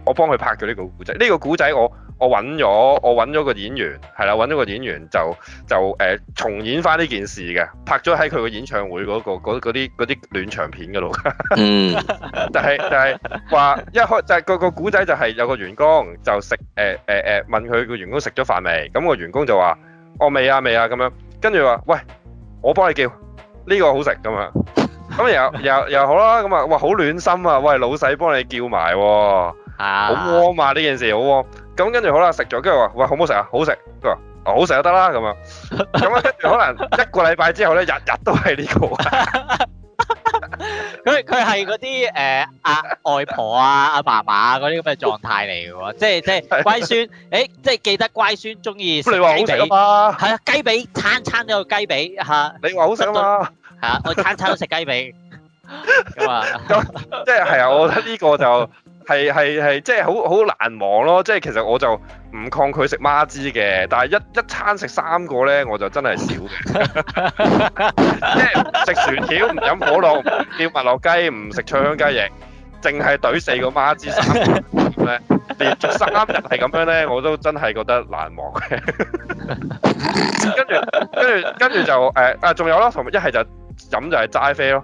我幫佢拍咗呢個古仔。呢、這個古仔我我揾咗我揾咗個演員，係啦，揾咗個演員就就誒、呃、重演翻呢件事嘅，拍咗喺佢個演唱會嗰啲啲暖場片嗰度。 嗯，就係、是、就係、是、話一開就係、是、個古仔就係有個員工就食誒誒誒問佢個員工食咗飯未？咁個員工就話：我未、哦、啊未啊咁樣。跟住話：喂，我幫你叫呢、這個好食咁樣。咁 又又又，又好啦。咁啊、呃，哇，好暖心啊！喂，老細幫你叫埋好憨嘛呢件事好憨，咁跟住好啦，食咗跟住話喂，好唔好食啊？好食，佢話好食就得啦咁樣，咁啊跟住可能一個禮拜之後咧，日日都係呢個。佢佢係嗰啲誒阿外婆啊阿爸爸啊嗰啲咁嘅狀態嚟嘅，即係即係乖孫，誒即係記得乖孫中意。咁你話好食啊嘛？係啊，雞髀，餐餐都有雞髀吓。你話好食啊嘛？吓，我餐餐都食雞髀咁啊，即係係啊，我覺得呢個就。係係係，即係好好難忘咯！即係其實我就唔抗拒食孖枝嘅，但係一一餐食三個咧，我就真係少嘅。 即係食薯條唔飲可樂，唔叫麥樂雞，唔食脆香雞翼，淨係懟四個孖枝三個咧， 連續三日係咁樣咧，我都真係覺得難忘嘅。 跟住跟住跟住就誒啊，仲、呃、有咯，同一係就飲就係齋啡咯。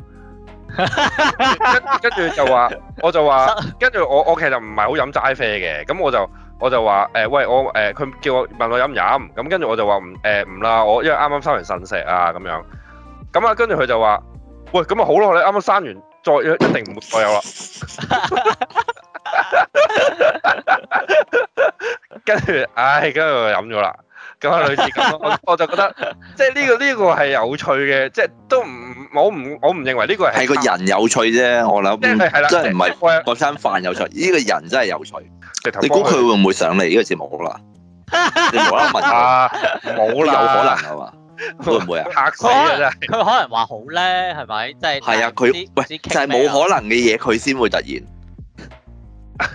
跟跟住就話，我就話，跟住我我其實唔係好飲齋啡嘅，咁我就我就話，誒喂我誒佢叫我問我飲唔飲，咁跟住我就話唔誒唔啦，我因為啱啱生完腎石啊咁樣，咁啊跟住佢就話，喂咁啊好咯，你啱啱生完再一定唔會再有啦，跟住唉跟住飲咗啦。個我就覺得，即係呢個呢個係有趣嘅，即係都唔，我唔，我唔認為呢個係係個人有趣啫，我諗，即係真係唔係嗰餐飯有趣，呢個人真係有趣。你估佢會唔會上嚟呢個節目好啦？你無啦問佢，冇啦，冇可能係嘛？會唔會啊？嚇死啦！佢可能話好咧，係咪？即係係啊！佢就係冇可能嘅嘢，佢先會突然。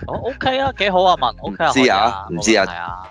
哦，OK 啊，幾好啊，問 OK 唔知啊，唔知啊，係啊。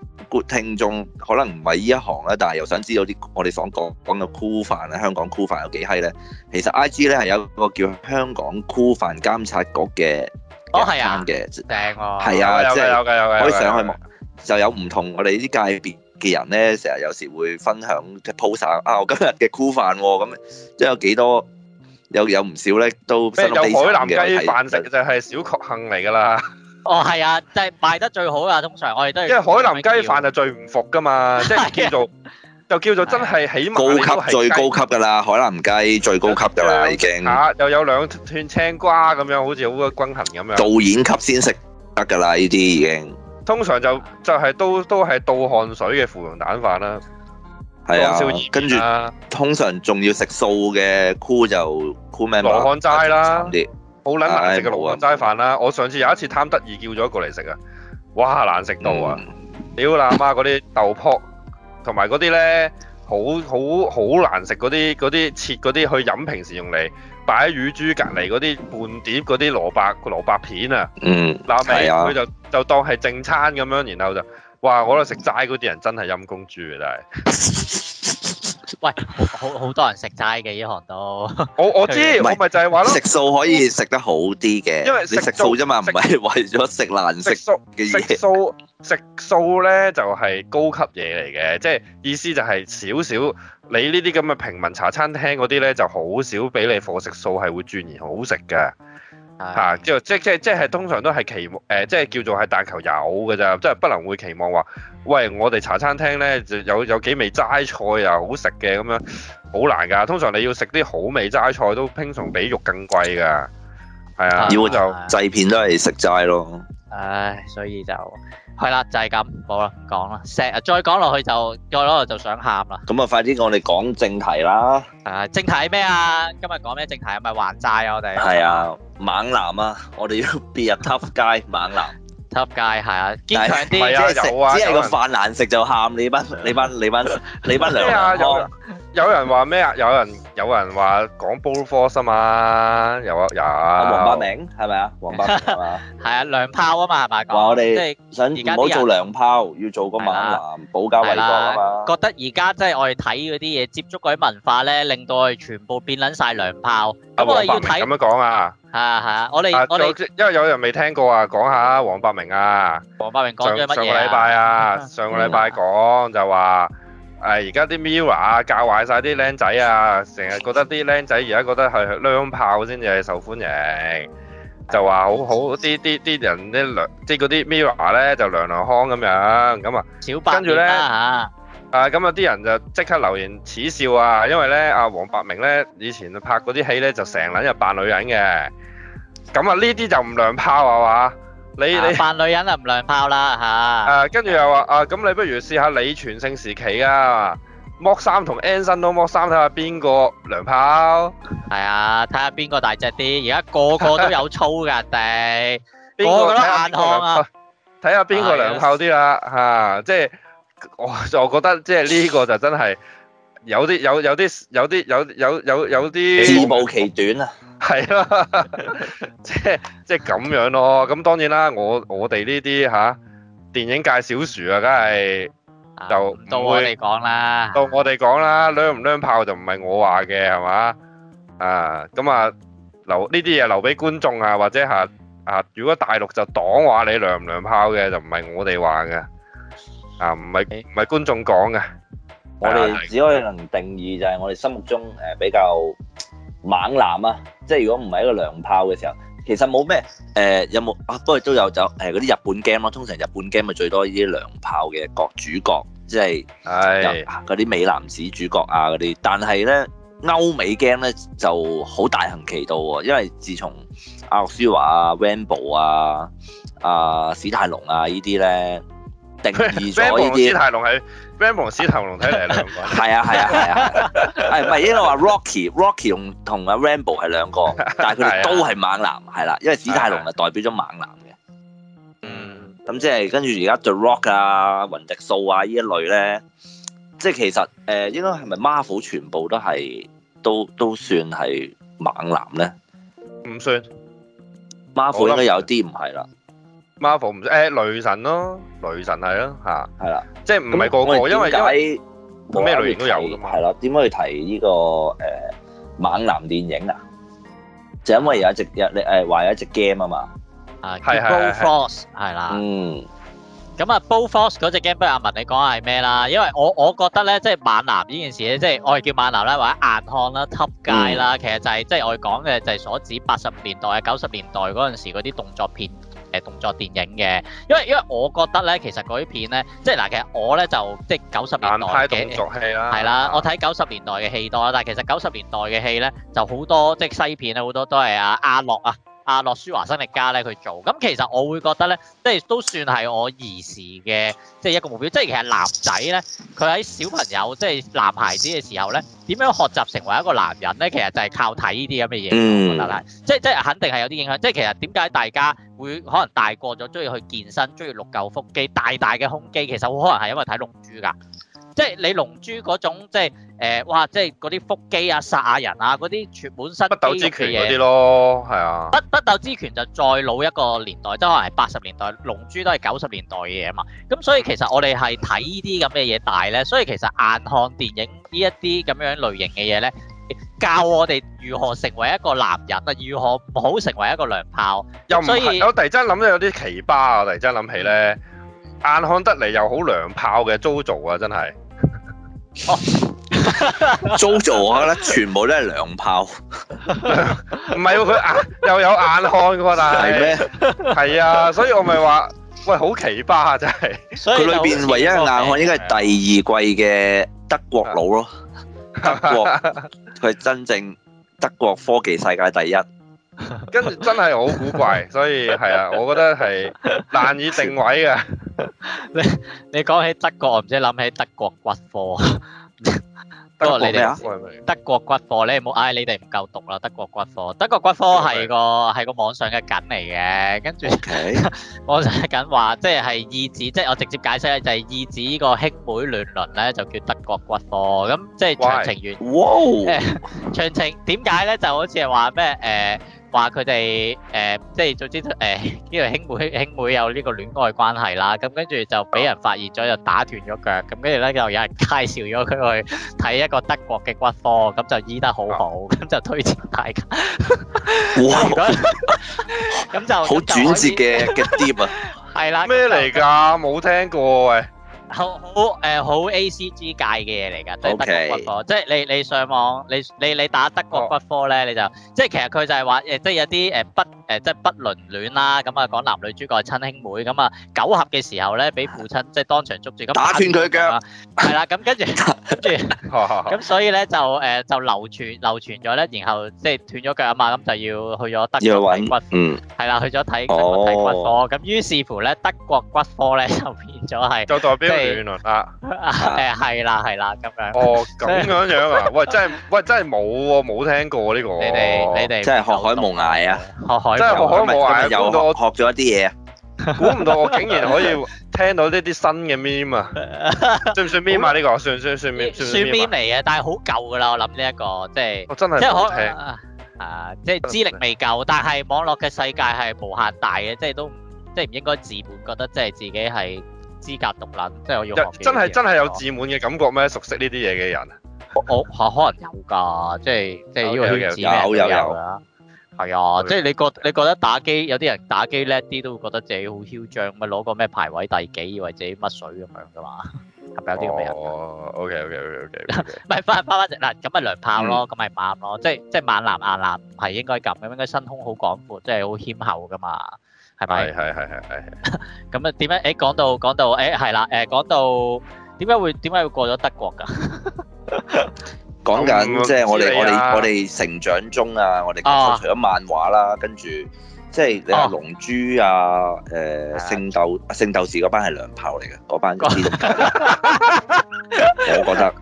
good 聽眾可能唔係呢一行咧，但係又想知道啲我哋想講講嘅 Crew 飯咧，香港 Crew 飯有幾閪咧？其實 IG 咧係有個叫香港 Crew 飯監察局嘅，哦係啊，嘅，正喎，係啊，即係有嘅，有嘅，可以上去望，就有唔同我哋呢啲界別嘅人咧，成日有時會分享 post 曬啊，我今日嘅 Crew 飯喎，咁即係有幾多，有有唔少咧都，即係有海南雞飯食就係小確幸嚟㗎啦。哦，係啊，即係賣得最好啊，通常我哋都係。因為海南雞飯就最唔服噶嘛，即係叫做，就叫做真係起碼。高級最高級噶啦，海南雞最高級噶啦已經。吓，又有兩串青瓜咁樣，好似好均衡咁樣。導演級先食得噶啦呢啲已經。通常就就係都都係倒汗水嘅芙蓉蛋飯啦。係啊，跟住，通常仲要食素嘅箍就箍咩？羅漢齋啦。好撚難食嘅蘿蔔齋飯啦、啊！哎啊、我上次有一次貪得意叫咗一個嚟食啊，哇難食到啊！屌喇、嗯、媽嗰啲豆泡，同埋嗰啲呢，好好好難食嗰啲啲切嗰啲去飲平時用嚟擺喺乳豬隔離嗰啲半碟嗰啲蘿蔔個蘿蔔片啊，嗱味佢就、啊、就，就當係正餐咁樣，然後就哇我度食齋嗰啲人真係陰公豬嚟。真 喂，好好，好多人食齋嘅呢行都，我我知， 是我咪就係話咯，食素可以食得好啲嘅，因為食素啫嘛，唔係食為咗食難食，食素嘅嘢。食素食素咧就係、是、高級嘢嚟嘅，即係意思就係少少，你呢啲咁嘅平民茶餐廳嗰啲咧就好少俾你貨食素係會轉而好食嘅。嚇！之即即即係通常都係期望、呃、即係叫做係但求有嘅咋，即係不能會期望話，喂！我哋茶餐廳呢，有有幾味齋菜又、啊、好食嘅咁樣，好難㗎。通常你要食啲好味齋菜，都通常比肉更貴㗎。係啊，要就製片都係食齋咯。唉、啊，所以就～係啦，就係咁，好啦，講啦，石啊，再講落去就再攞就想喊啦。咁啊，快啲我哋講正題啦。誒，正題咩啊？今日講咩正題啊？係咪還債啊！我哋係啊，猛男啊！我哋要 be a tough guy，猛男。tough guy，係啊，堅強啲。唔係啊，有啊。只係個飯難食就喊，你班你班你班你班兩公。有人話咩啊？有人有人話，講 BroForce 啊嘛，有啊，有啊。王百明係咪啊？王百明係啊，娘炮啊嘛，係咪講？我哋即係想唔好做娘炮，要做個猛男保家衛國啊嘛。覺得而家即係我哋睇嗰啲嘢，接觸嗰啲文化咧，令到我哋全部變捻晒娘炮。因為要睇咁樣講啊。係啊係啊，我哋我哋因為有人未聽過啊，講下王百明啊。王百明講咗乜嘢？上個禮拜啊，上個禮拜講就話。誒而家啲 Mirror 教壞曬啲靚仔啊！成日覺得啲靚仔而家覺得係娘炮先至係受歡迎，就話好好啲啲啲人啲娘即係嗰啲 Mirror 咧就娘娘腔咁樣咁啊，跟住咧啊啊咁啊啲人就即刻留言恥笑啊！因為咧阿黃百鳴咧以前拍嗰啲戲咧就成撚日扮女人嘅，咁啊呢啲就唔娘炮啊嘛！你扮女人啊，唔娘炮啦嚇！誒，跟住又話啊，咁你不如試下李全盛時期啊，剝衫同 Anson 都剝衫，睇下邊個娘炮。係啊，睇下邊個大隻啲。而家個個都有粗㗎，定邊個硬湯啊？睇下邊個娘炮啲啦嚇，即係我就覺得即係呢個就真係有啲有有啲有啲有有有有啲自暴其短啊！係咯，即係即係咁樣咯。咁當然啦，我我哋呢啲嚇電影界小薯啊，梗係就唔會講啦。到我哋講啦，娘唔娘炮就唔係我話嘅，係嘛？啊，咁啊留呢啲嘢留俾觀眾啊，或者嚇啊，如果大陸就黨話你娘唔娘炮嘅，就唔係我哋話嘅。啊，唔係唔係觀眾講嘅，我哋只可以能定義就係我哋心目中誒比較猛男啊。即係如果唔係一個娘炮嘅時候，其實冇咩誒有冇啊？不過都有、啊、有就誒嗰啲日本 game 咯。通常日本 game 咪最多呢啲娘炮嘅角主角，即係嗰啲美男子主角啊嗰啲。但係咧歐美 game 咧就好大行其道喎、哦，因為自從阿諾斯華、Rambo 啊、阿、啊啊、史泰龍啊呢啲咧定義咗呢啲。 Rambo 史泰龍睇嚟係兩個，係啊係啊係啊，係唔係應該話 Rocky Rocky 同同阿 Rambo 係兩個，但係佢哋都係猛男，係啦、啊，因為史泰龍係代表咗猛男嘅。啊啊啊、嗯，咁即係跟住而家 The Rock 啊、雲迪素啊呢一類咧，即係其實誒、呃、應該係咪 Marvel 全部都係都都算係猛男咧？唔算，Marvel 應該有啲唔係啦。Marvel 唔誒，雷神咯，雷神係咯，嚇係啦，即係唔係個個，因為因為咩類型都有噶嘛。係啦，點解要提呢個誒猛男電影啊？就因為有一隻有誒話有一隻 game 啊嘛。啊，BroForce 係啦。嗯，咁啊，BroForce 嗰隻 game 不如阿文你講下係咩啦？因為我我覺得咧，即係猛男呢件事咧，即係我哋叫猛男咧，或者硬漢啦、闔街啦，其實就係即係我哋講嘅就係所指八十年代啊、九十年代嗰陣時嗰啲動作片。誒動作電影嘅，因為因為我覺得咧，其實嗰啲片咧，即係嗱，其實我咧就即係九十年代嘅，硬派動作戲啦，係啦的，嗯、我睇九十年代嘅戲多啦，但係其實九十年代嘅戲咧就好多，即係西片咧，好多都係啊阿樂啊。阿、啊、諾舒華辛力加咧去做，咁其實我會覺得咧，即係都算係我兒時嘅即係一個目標。即係其實男仔咧，佢喺小朋友即係男孩子嘅時候咧，點樣學習成為一個男人咧？其實就係靠睇呢啲咁嘅嘢，我覺得啦。即係即係肯定係有啲影響。即係其實點解大家會可能大個咗，中意去健身，中意六嚿腹肌，大大嘅胸肌，其實好可能係因為睇《龍珠》噶。即係你龍珠嗰種即係誒，哇！即係嗰啲腹肌啊、殺人啊嗰啲，全本身北斗之拳嗰啲咯，係啊！北北斗之拳就再老一個年代，即係可能八十年代，龍珠都係九十年代嘅嘢嘛。咁所以其實我哋係睇呢啲咁嘅嘢大咧，所以其實硬漢電影呢一啲咁樣類型嘅嘢咧，教我哋如何成為一個男人啊，如何唔好成為一個娘炮。又唔係以我突然之間諗咗有啲奇葩啊！我突然之間諗起咧，硬漢得嚟又好娘炮嘅 JoJo 啊，真係～Jojo，oh. 我覺得全部都係兩炮 唔係佢眼又有眼漢噶嘛，但係係咩？係 嗎啊，所以我咪話，喂，好奇葩啊，真係。佢裏邊唯一嘅眼漢應該係第二季嘅德國佬咯， 德國佢係真正德國科技世界第一。跟住真係好古怪，所以係啊，我覺得係難以定位嘅。你你講起德國，我唔知諗起德國骨科。德國咩啊？德國骨科，你唔好唉，你哋唔夠讀啦。德國骨科，德國骨科係個係個網上嘅梗嚟嘅。跟住，網上嘅梗話即係係意指，即係我直接解釋咧，就係意指呢個兄妹亂倫咧，就叫德國骨科咁，即係長情願。哇！長情點解咧？就好似係話咩誒？話佢哋誒，即係總之，誒、呃，呢個兄妹兄妹有呢個戀愛關係啦，咁跟住就俾人發現咗，就打斷咗腳，咁跟住咧就有人介紹咗佢去睇一個德國嘅骨科，咁就醫得好好，咁就推薦大家。哇！咁就好轉折嘅嘅跌啊！係啦， 咩嚟噶？冇 聽過誒。喂好好誒好 A C G 界嘅嘢嚟㗎，就係德國骨科，Okay. 即係你你上網，你你你打德國骨科咧，oh. 你就即係其實佢就係話即係有啲誒骨。呃誒即係不倫戀啦，咁啊講男女主角係親兄妹，咁啊九合嘅時候咧，俾父親即係當場捉住，咁打斷佢腳，係啦，咁跟住跟住，咁所以咧就誒就流傳流傳咗咧，然後即係斷咗腳啊嘛，咁就要去咗德國睇骨，嗯，係啦，去咗睇德國睇骨科，咁於是乎咧德國骨科咧就變咗係就代表亂倫啊誒係啦係啦咁樣，哦咁樣樣啊，喂真係喂真係冇冇聽過呢個，你哋你哋真係學海無涯啊，學海。真係學海無我學咗一啲嘢啊！估唔到我竟然可以聽到呢啲新嘅 meme 啊。算唔算 meme 啊？呢個？算算算 meme，算 meme 嚟嘅，但係好舊噶啦。我諗呢一個即係即係可係啊，即係資歷未夠，但係網絡嘅世界係無限大嘅，即係都即係唔應該自滿，覺得即係自己係資格獨立。即係我要真係真係有自滿嘅感覺咩？熟悉呢啲嘢嘅人，我可可能有㗎，即係即係呢個圈子有有有。係啊，哎、okay，即係你覺、嗯、你覺得打機有啲人打機叻啲，都會覺得自己好囂張，咪攞個咩排位第幾，以為自己乜水咁樣噶嘛？係 咪有啲咁嘅人？哦，OK OK OK OK，咪翻翻翻隻嗱，咁咪涼炮咯，咁咪唔啱咯，即係即係猛男猛男係應該咁，應該身空好廣闊，即係好謙厚噶嘛，係咪？係係係係係，咁啊點樣誒講到講到誒係啦，誒講到點解、哎、會點解會，會過咗德國噶？ 講緊即係我哋我哋我哋成長中啊！我哋除咗漫畫啦，跟住即係你話《龍珠》啊，誒《聖鬥聖鬥士》嗰班係兩炮嚟嘅，嗰班嗰啲，我覺得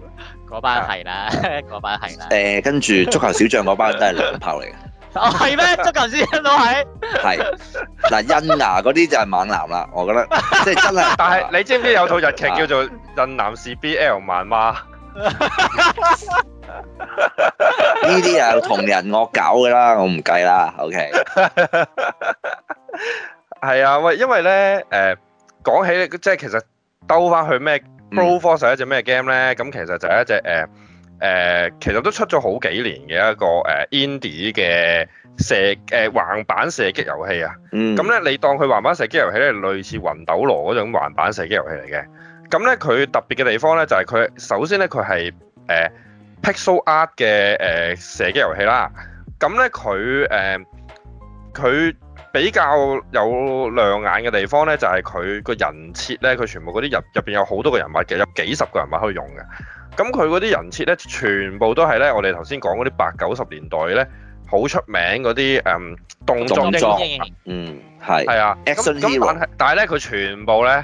嗰班係啦，嗰班係啦。誒，跟住足球小將嗰班都係兩炮嚟嘅。哦，係咩？足球小將都係。係嗱，印牙嗰啲就係猛男啦，我覺得即係真係。但係你知唔知有套日劇叫做《印南士 BL 漫畫》？呢啲又同人惡搞噶啦，我唔計啦。O K，係啊，喂，因為咧，誒，講起咧，即係其實兜翻去咩，《BroForce》係一隻咩 game 咧？咁其實就係一隻誒誒，其實都出咗好幾年嘅一個誒，Indie 嘅射誒橫版射擊遊戲啊。嗯。咁咧，你當佢橫版射擊遊戲咧，類似《魂斗羅》嗰種橫版射擊遊戲嚟嘅。咁咧，佢特別嘅地方咧，就係、是、佢首先咧，佢係誒 Pixel Art 嘅誒射擊遊戲啦。咁咧，佢誒佢比較有亮眼嘅地方咧，就係佢個人設咧，佢全部嗰啲入入邊有好多個人物嘅，有幾十個人物可以用嘅。咁佢嗰啲人設咧，全部都係咧，我哋頭先講嗰啲八九十年代咧，好出名嗰啲誒動作英雄。嗯，係。係、嗯、啊。咁但係，但係咧，佢全部咧。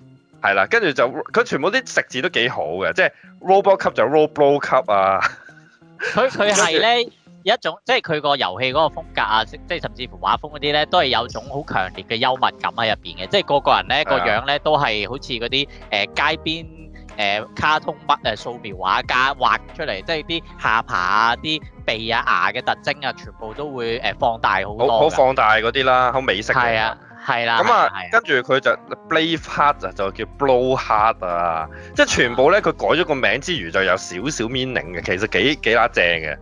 係啦，跟住就佢全部啲食字都幾好嘅，即係 RoboCop 就 Brobocop 啊。佢佢係咧有一種，即係佢個遊戲嗰個風格啊，即係甚至乎畫風嗰啲咧，都係有種好強烈嘅幽默感喺入邊嘅。即係個個人咧個的樣咧都係好似嗰啲誒街邊誒、呃、卡通筆誒素描畫家畫出嚟，即係啲下巴啊、啲鼻啊、牙嘅特徵啊，全部都會誒放大好多。好放大嗰啲啦，好美式嘅的。係啦，咁啊，跟住佢就 Blade Hard 啊，就叫 Blow Hard 啊，即係全部咧，佢哇 改咗個名之餘，就有少少 meaning 嘅，其實幾幾粒正嘅，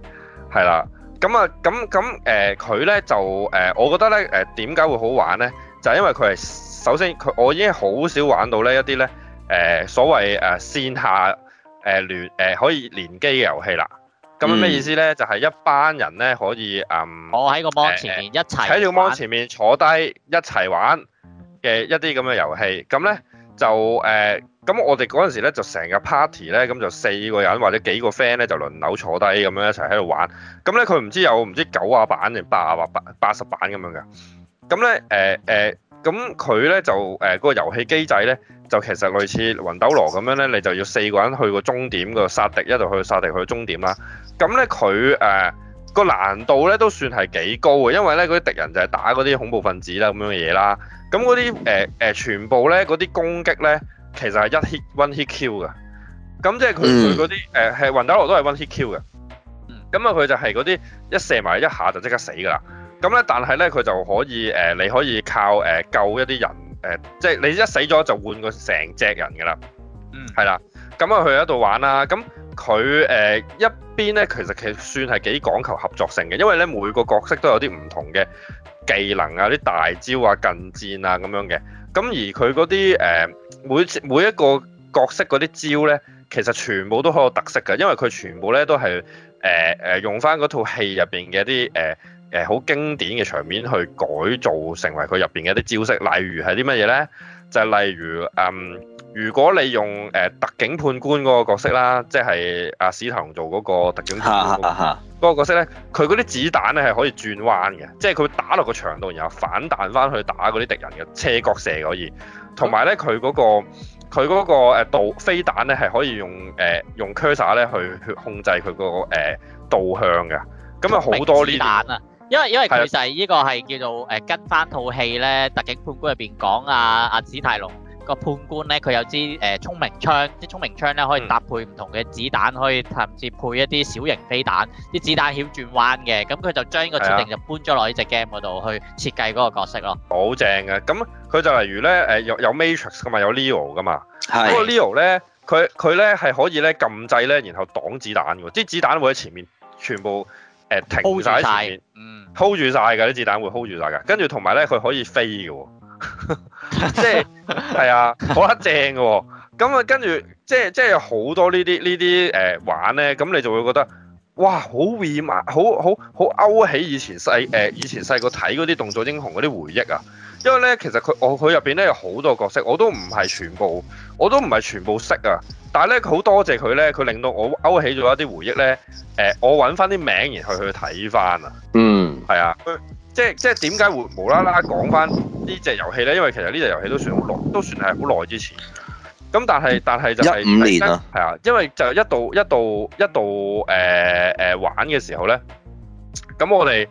係啦，咁啊，咁咁誒，佢、呃、咧就誒、呃，我覺得咧誒點解會好玩咧，就係、因為佢係首先佢我已經好少玩到呢一啲咧誒所謂誒、呃、線下誒聯誒可以連機嘅遊戲啦。咁咩、嗯、意思咧？就係、是、一班人咧可以嗯，我喺、哦、個芒前面一齊喺條芒前面坐低一齊玩嘅一啲咁嘅遊戲。咁咧就誒，咁、呃、我哋嗰陣時咧就成個 party 咧咁就四個人或者幾個 friend 咧就輪流坐低咁樣一齊喺度玩。咁咧佢唔知有唔知九啊版定八啊八八十版咁樣嘅。咁咧誒誒，咁佢咧就誒嗰、呃那個遊戲機制咧。就其實類似魂斗羅咁樣咧，你就要四個人去個終點個殺敵，一路去殺敵去終點啦。咁咧佢誒個難度咧都算係幾高嘅，因為咧嗰啲敵人就係打嗰啲恐怖分子啦咁樣嘢啦。咁嗰啲誒誒全部咧嗰啲攻擊咧，其實係一 hit one hit kill 嘅。咁、嗯、即係佢佢嗰啲誒係魂斗羅都係 one hit kill 嘅。咁啊佢就係嗰啲一射埋一下就即刻死㗎啦。咁、嗯、咧但係咧佢就可以誒、呃，你可以靠誒、呃、救，救一啲人。誒、呃，即係你一死咗就換過成隻人㗎啦，嗯，係啦，咁啊去一度玩啦，咁佢誒一邊咧，其實其實算係幾講求合作性嘅，因為咧每個角色都有啲唔同嘅技能啊，啲大招啊、近戰啊咁樣嘅，咁而佢嗰啲誒每每一個角色嗰啲招咧，其實全部都好有特色嘅，因為佢全部咧都係誒誒用返嗰套戲入邊嘅啲誒。呃誒好、呃、經典嘅場面去改造成為佢入邊嘅一啲招式，例如係啲乜嘢呢？就係、例如，嗯、呃，如果你用誒、呃、特警判官嗰個角色啦，即係阿、啊、史彤做嗰個特警判官嗰個角色呢，佢嗰啲子彈咧係可以轉彎嘅，即係佢打落個牆度，然後反彈翻去打嗰啲敵人嘅斜角射可以。同埋呢，佢嗰、嗯那個佢嗰、那個誒導、呃、飛彈咧係可以用誒、呃、用 cursor 咧去控制佢個誒導向嘅。咁啊好多呢啲彈啊！嗯因為因為佢就係依個係叫做誒跟翻套戲咧，特警判官入邊講啊啊史泰龍個判官咧，佢有支誒聰明槍，即係聰明槍咧可以搭配唔同嘅子彈，可以甚至配一啲小型飛彈，啲子彈曉轉彎嘅，咁佢就將依個設定就搬咗落呢隻 game 嗰度去設計嗰個角色咯。好正嘅，咁佢就例如咧誒有有 Matrix 噶嘛，有 Leo 噶嘛，不過 Leo 咧佢佢咧係可以咧撳掣咧，然後擋子彈嘅，啲子彈會喺前面全部誒停曬喺前面。hold 住晒㗎，啲子彈會 hold 住晒㗎，跟住同埋咧佢可以飛嘅，哦，即係係 啊，好得正嘅。咁啊，跟住即係即係好多，呃、玩呢啲呢啲誒玩咧，咁你就會覺得哇，好 real 好好好勾起以前細誒，呃、以前細個睇嗰啲動作英雄嗰啲回憶啊！因為咧，其實佢我佢入邊咧有好多角色，我都唔係全部，我都唔係全部識啊。但係咧，好多謝佢咧，佢令到我勾起咗一啲回憶咧。誒、呃，我揾翻啲名而去去睇翻啊。嗯，係啊。即係即係點解會無啦啦講翻呢隻遊戲咧？因為其實呢隻遊戲都算好耐，都算係好耐之前。咁但係但係就係一五年啊。係啊，因為就一度一度一度誒誒、呃呃、玩嘅時候咧，咁我哋。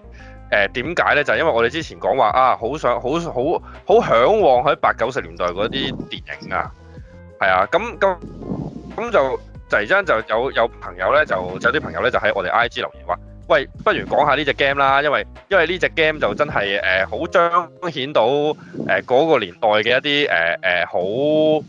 誒點解咧？就係因為我哋之前講話啊，好想好好好嚮往喺八九十年代嗰啲電影啊，係啊，咁咁咁就突然間就有有朋友咧，就有啲朋友咧就喺我哋 IG 留言話：「喂，不如講下呢隻 game 啦，因為因為呢隻 game 就真係誒好彰顯到誒嗰個年代嘅一啲誒誒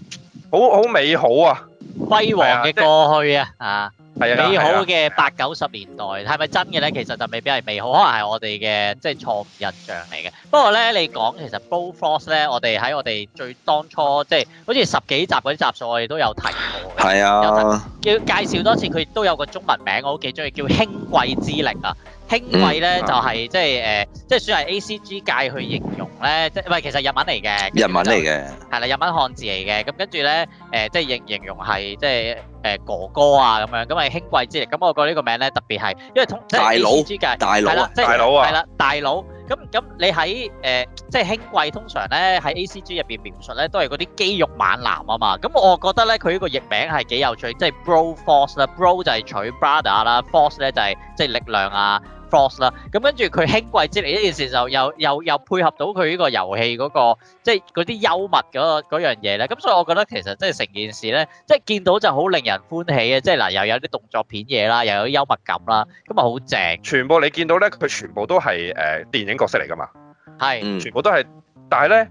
好好好美好啊，輝煌嘅過去啊啊！美好嘅八九十年代係咪真嘅呢？其實就未必係美好，可能係我哋嘅即係錯誤印象嚟嘅。不過呢，你講其實《BroForce》呢，我哋喺我哋最當初即係好似十幾集嗰啲集數，我哋都有提過。係啊。叫介紹多次，佢都有個中文名，我好幾中意叫《兄貴之力》啊。兄貴呢，嗯、就係即係誒，即係、呃、算係 A C G 界去形容。咧即唔係其實日文嚟嘅，日文嚟嘅，係啦日文漢字嚟嘅，咁跟住咧誒即係形形容係即係誒哥哥啊咁樣，咁係兄貴之力。咁我覺得呢個名咧特別係，因為通即係 A C G 界大佬啊，大佬啊，係啦大佬，咁咁你喺誒即係兄貴通常咧喺 A C G 入邊描述咧都係嗰啲肌肉猛男啊嘛，咁我覺得咧佢呢個譯名係幾有趣，即係 Bro Force 啦，Bro 就係取 Brother 啦，Force 咧就係即係力量啊。BroForce 啦，咁跟住佢兄貴之力呢件事就又又又配合到佢呢個遊戲嗰個即係嗰啲幽默嗰個嗰樣嘢咧，咁所以我覺得其實即係成件事咧，即係見到就好令人歡喜嘅，即係嗱又有啲動作片嘢啦，又有幽默感啦，咁啊好正。全部你見到咧，佢全部都係誒電影角色嚟㗎嘛，係，全部都係，但係咧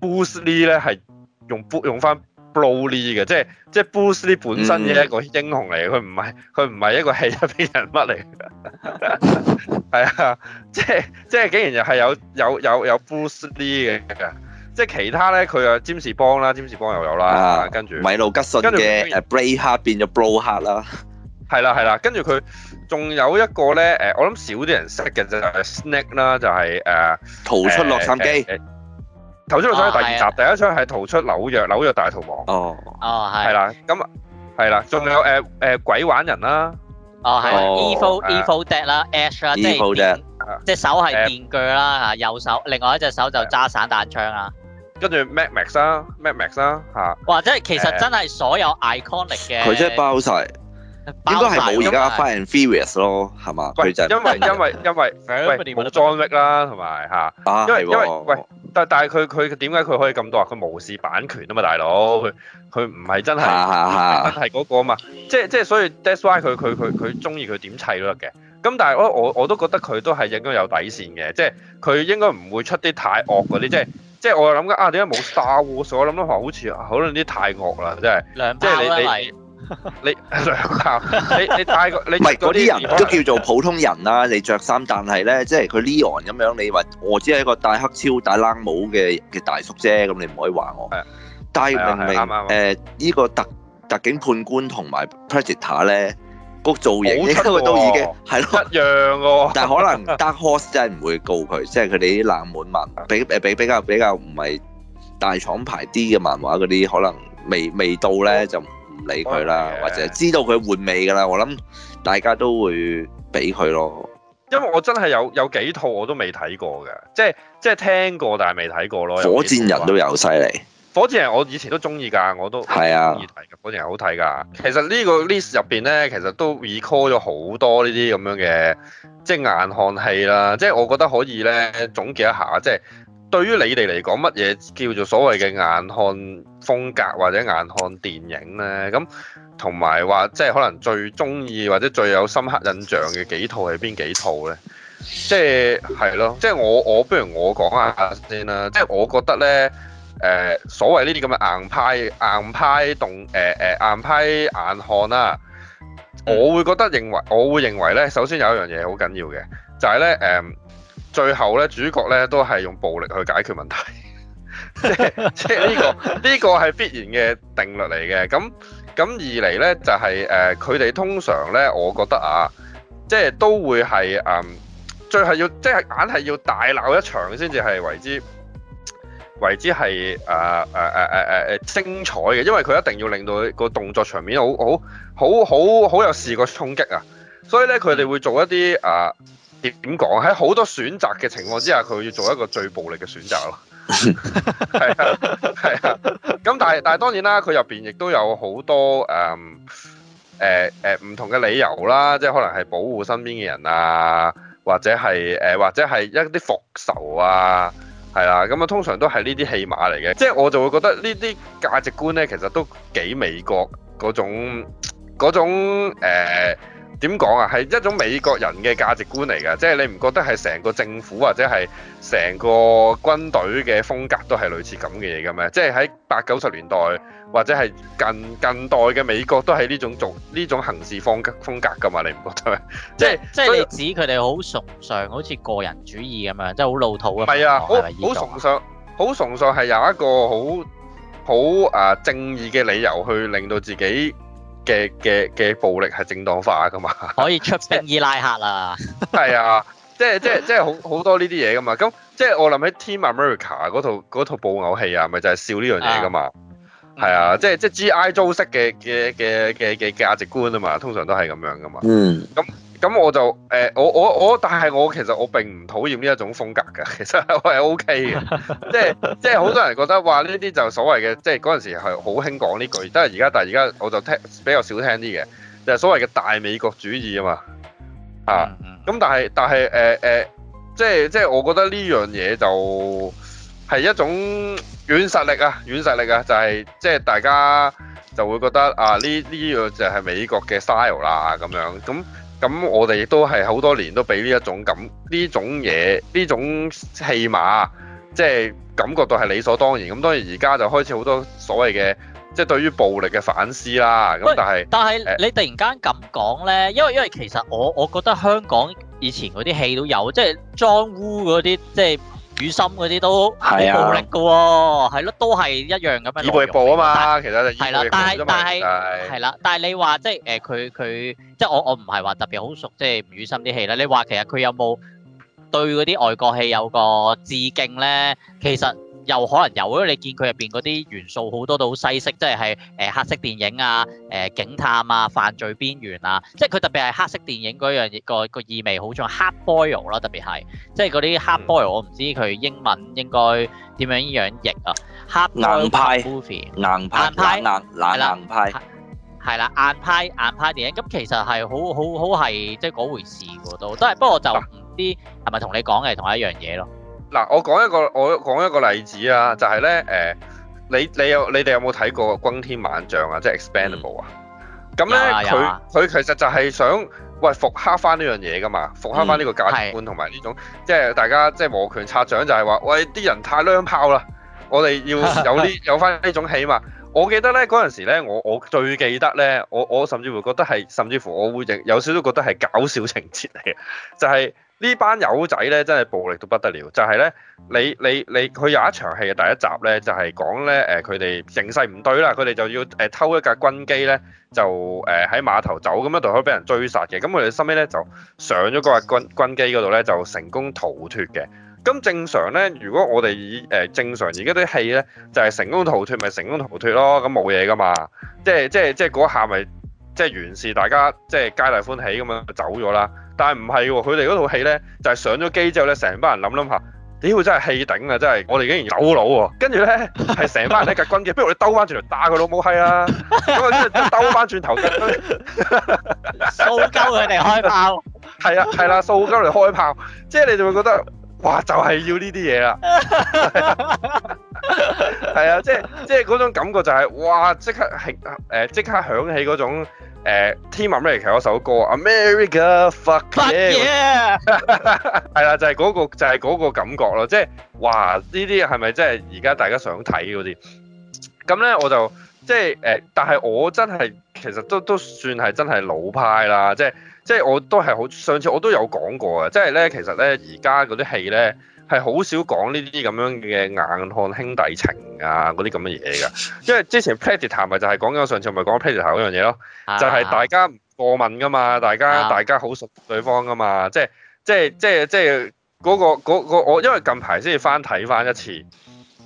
，Bruce Lee 咧係用用翻。b l o w l e e 嘅，即係即係 b o o s t l e e 本身嘅一個英雄嚟嘅，佢唔係佢唔係一個戲入邊人物嚟嘅，係 啊，即係即係竟然又係有有有有 b o o s t l e e 嘅，即係其他咧，佢啊 James 邦啦，James 邦又有啦，跟住着米露吉信嘅誒 b r a v h e a r t 變咗 Blowheart 啦，係啦係啦，跟住佢仲有一個咧誒，我諗少啲人識嘅啫，就係、是、Snake 啦、啊，就係誒逃出洛杉磯。頭出腦出係第二集，第一出係逃出紐約，紐約大逃亡。哦，哦係。係啦，咁係啦，仲有誒誒鬼玩人啦。哦，係。Evil Evil Dead 啦，Ash 啦，即係即係隻手係電鋸啦嚇，右手另外一隻手就揸散彈槍啦。跟住 Mad Max 啦，Mad Max 啦嚇。哇！即係其實真係所有 iconic 嘅。佢真係包曬。應該係冇而家《Fast and Furious》咯，係嘛喂？佢就因為 因為因為喂，因為冇裝逼啦，同埋嚇。因為、啊、因為喂，但係但係佢佢點解佢可以咁多啊？佢無視版權啊嘛，大佬佢佢唔係真係係嗰個啊嘛。即係即係所以，that's why 佢佢佢佢中意佢點砌都得嘅。咁但係我我我都覺得佢都係應該有底線嘅，即係佢應該唔會出啲太惡嗰啲。即係即係我諗緊啊點解冇 Star Wars？我諗咗下，好似可能啲太惡啦，即係即係你你。 你你你戴個你唔係嗰啲人都叫做普通人啦、啊，你着衫，但係咧即係佢 Leon 咁樣，你話我只係一個戴黑超戴冷帽嘅嘅大叔啫，咁你唔可以話我。係、啊，但係明明誒呢個特特警判官同埋 Predator 咧，個造型、啊、都已經係咯，啊、一樣喎、啊。 但係可能 Dark Horse 真係唔會告佢，即係佢哋啲冷門文，比誒比比，比比較比，比較唔係大廠牌啲嘅漫畫嗰啲，可能未未，未到咧就。 唔理佢啦，Okay. 或者知道佢換味㗎啦，我諗大家都會俾佢咯。因為我真係有有幾套我都未睇過嘅，即係即係聽過但係未睇過咯。火箭人都有犀利，火箭人我以前都中意㗎，我都中意睇，Yeah. 火箭人好睇㗎。其實呢個 list 入邊咧，其實都 recall 咗好多呢啲咁樣嘅即係硬漢戲啦。即係我覺得可以咧總結一下，即係對於你哋嚟講乜嘢叫做所謂嘅硬漢？風格或者硬漢電影咧，咁同埋話即係可能最中意或者最有深刻印象嘅幾套係邊幾套呢？即係係咯，即係我我不如我講下先啦。即係我覺得呢，誒、呃、所謂呢啲咁嘅硬派硬派動誒誒、呃、硬派硬漢啦，我會覺得認為我會認為呢，首先有一樣嘢好緊要嘅，就係、是、呢，誒、呃，最後呢，主角呢都係用暴力去解決問題。 即係呢、這個呢個係必然嘅定律嚟嘅，咁咁二嚟呢，就係、是、誒，佢、呃、哋通常呢，我覺得啊，即係都會係誒、嗯，最係要即係硬係要大鬧一場先至係為之為之係誒誒誒誒誒精彩嘅，因為佢一定要令到個動作場面好好好好好有視覺衝擊啊，所以呢，佢哋會做一啲誒點講喺好多選擇嘅情況之下，佢要做一個最暴力嘅選擇咯。係 啊，係啊，咁、啊、但係但係當然啦，佢入邊亦都有好多誒，誒誒唔同嘅理由啦，即係可能係保護身邊嘅人啊，或者係誒、呃，或者係一啲復仇啊，係啦、啊，咁、嗯、啊通常都係呢啲戲碼嚟嘅，即係我就會覺得呢啲價值觀咧，其實都幾美國嗰種嗰種誒。呃點講啊？係一種美國人嘅價值觀嚟㗎，即係你唔覺得係成個政府或者係成個軍隊嘅風格都係類似咁嘅嘢嘅咩？即係喺八九十年代或者係近近代嘅美國都係呢種做呢種行事風格風格㗎嘛？你唔覺得咩？即即係你指佢哋好崇尚好似個人主義咁樣，即係好老土咁樣係咪？依度係啊，好好崇尚，好崇尚係有一個好好啊正義嘅理由去令到自己嘅嘅嘅暴力係正當化噶嘛，可以出兵伊拉克啦。係 啊，即係即係即係好好多呢啲嘢噶嘛。咁即係我諗起 Team America 嗰套嗰套布偶戲啊，咪就係、是、笑呢樣嘢噶嘛。係啊，啊，即係即係 G I Joe 式嘅嘅嘅嘅嘅價值觀啊嘛，通常都係咁樣噶嘛。嗯。咁、嗯。咁我就誒、呃，我我我，但係我其實我並唔討厭呢一種風格㗎。其實我係 OK 嘅，即係即係好多人覺得話呢啲就所謂嘅，即係嗰陣時係好興講呢句，都係而家，但係而家我就聽比較少聽啲嘅，就係、係、所謂嘅大美國主義啊嘛，啊咁，但係但係誒誒，即係即係我覺得呢樣嘢就係一種軟實力啊，軟實力啊，就係即係大家就會覺得啊，呢呢樣就係美國嘅 style 啦咁樣咁。咁我哋亦都係好多年都俾呢一種咁，呢種嘢，呢種戲碼，即係感覺到係理所當然。咁當然而家就開始好多所謂嘅，即係對於暴力嘅反思啦。咁但係，但係你突然間咁講呢？因為因為其實我我覺得香港以前嗰啲戲都有，即係裝污嗰啲，即係。雨宇森嗰啲都好暴力嘅喎、哦，係咯、哎呀，都係一樣咁樣。以暴易暴啊嘛，但其實係啦，但係但係係啦，但係你話即係誒，佢佢即係我我唔係話特別好熟，即係吳宇森啲戲啦。你話其實佢有冇對嗰啲外國戲有個致敬咧？其實。又可能有，因為你見佢入邊嗰啲元素好多都好西式，即係係誒黑色電影啊、誒警探啊、犯罪邊緣啊，即係佢特別係黑色電影嗰樣嘢個個意味好重黑 boy 咯，特別係即係嗰啲黑 boy，我唔知佢英文應該點樣樣譯啊。黑硬派，硬派，硬派，硬硬硬派，係啦，硬派硬派電影咁其實係好好好係即係嗰回事喎，都都係不過就唔知係咪同你講嘅同一樣嘢咯。嗱，我講一個，我講一個例子啊，就係、是、咧，誒、呃，你你有你哋有冇睇過《轟天萬象轟天猛將》啊，即、就、係、是《Expendables》啊？咁咧、嗯，佢佢、啊、其實就係想喂復刻翻呢樣嘢㗎嘛，復刻翻呢個價值觀同埋呢種，即、就、係、是、大家即係、就是、摩拳擦掌就係話，喂，啲人太娘炮啦，我哋要有呢有翻呢種氣嘛。 我記得咧嗰陣時咧，我我最記得咧，我我甚至乎覺得係，甚至乎我會有少少覺得係搞笑情節嚟嘅，就係、是。班呢班友仔咧真係暴力到不得了，就係、是、咧你你你佢有一場戲嘅第一集咧就係講咧誒佢哋形勢唔對啦，佢哋就要誒、呃、偷一架軍機咧就誒喺、呃、碼頭走咁一度可以俾人追殺嘅，咁佢哋收尾咧就上咗嗰架軍軍機嗰度咧就成功逃脫嘅。咁正常咧，如果我哋以誒、呃、正常而家啲戲咧就係、是、成功逃脫咪成功逃脫咯，咁冇嘢噶嘛。即係即係即係嗰下咪、就是、即係完事，大家即係皆大，大歡喜咁樣就走咗啦。但係唔係喎？佢哋嗰套戲咧，就係、是、上咗機之後咧，成班人諗諗下，屌真係氣頂啊！真係，我哋竟然走佬喎。跟住咧係成班人喺隔軍嘅，不如我哋兜翻轉頭打佢老母閪啊！咁啊，兜翻轉頭掃鳩佢哋開炮。係 啊，係啦、啊，掃鳩佢開炮，即係你就會覺得，哇、啊！就係要呢啲嘢啦。係啊，即係即係嗰種感覺就係、是，哇！即刻係即、呃、刻響起嗰種。誒《uh, Team America》首歌，《America Fuck Yeah》係啦，就係嗰個就係嗰個感覺咯，即係哇呢啲係咪即係而家大家想睇嗰啲？咁咧我就即係誒、呃，但係我真係其實都都算係真係老派啦，即係即係我都係好上次我都有講過嘅，即係咧其實咧而家嗰啲戲咧。係好少講呢啲咁樣嘅硬漢兄弟情啊，嗰啲咁嘅嘢㗎。因為之前 Predator 咪就係講緊上次咪講 Predator 嗰樣嘢咯，啊、就係大家唔過問㗎嘛，大家、啊、大家好熟對方㗎嘛，即係即係即係即係嗰、嗰個我、嗰個、因為近排先至翻睇翻一次，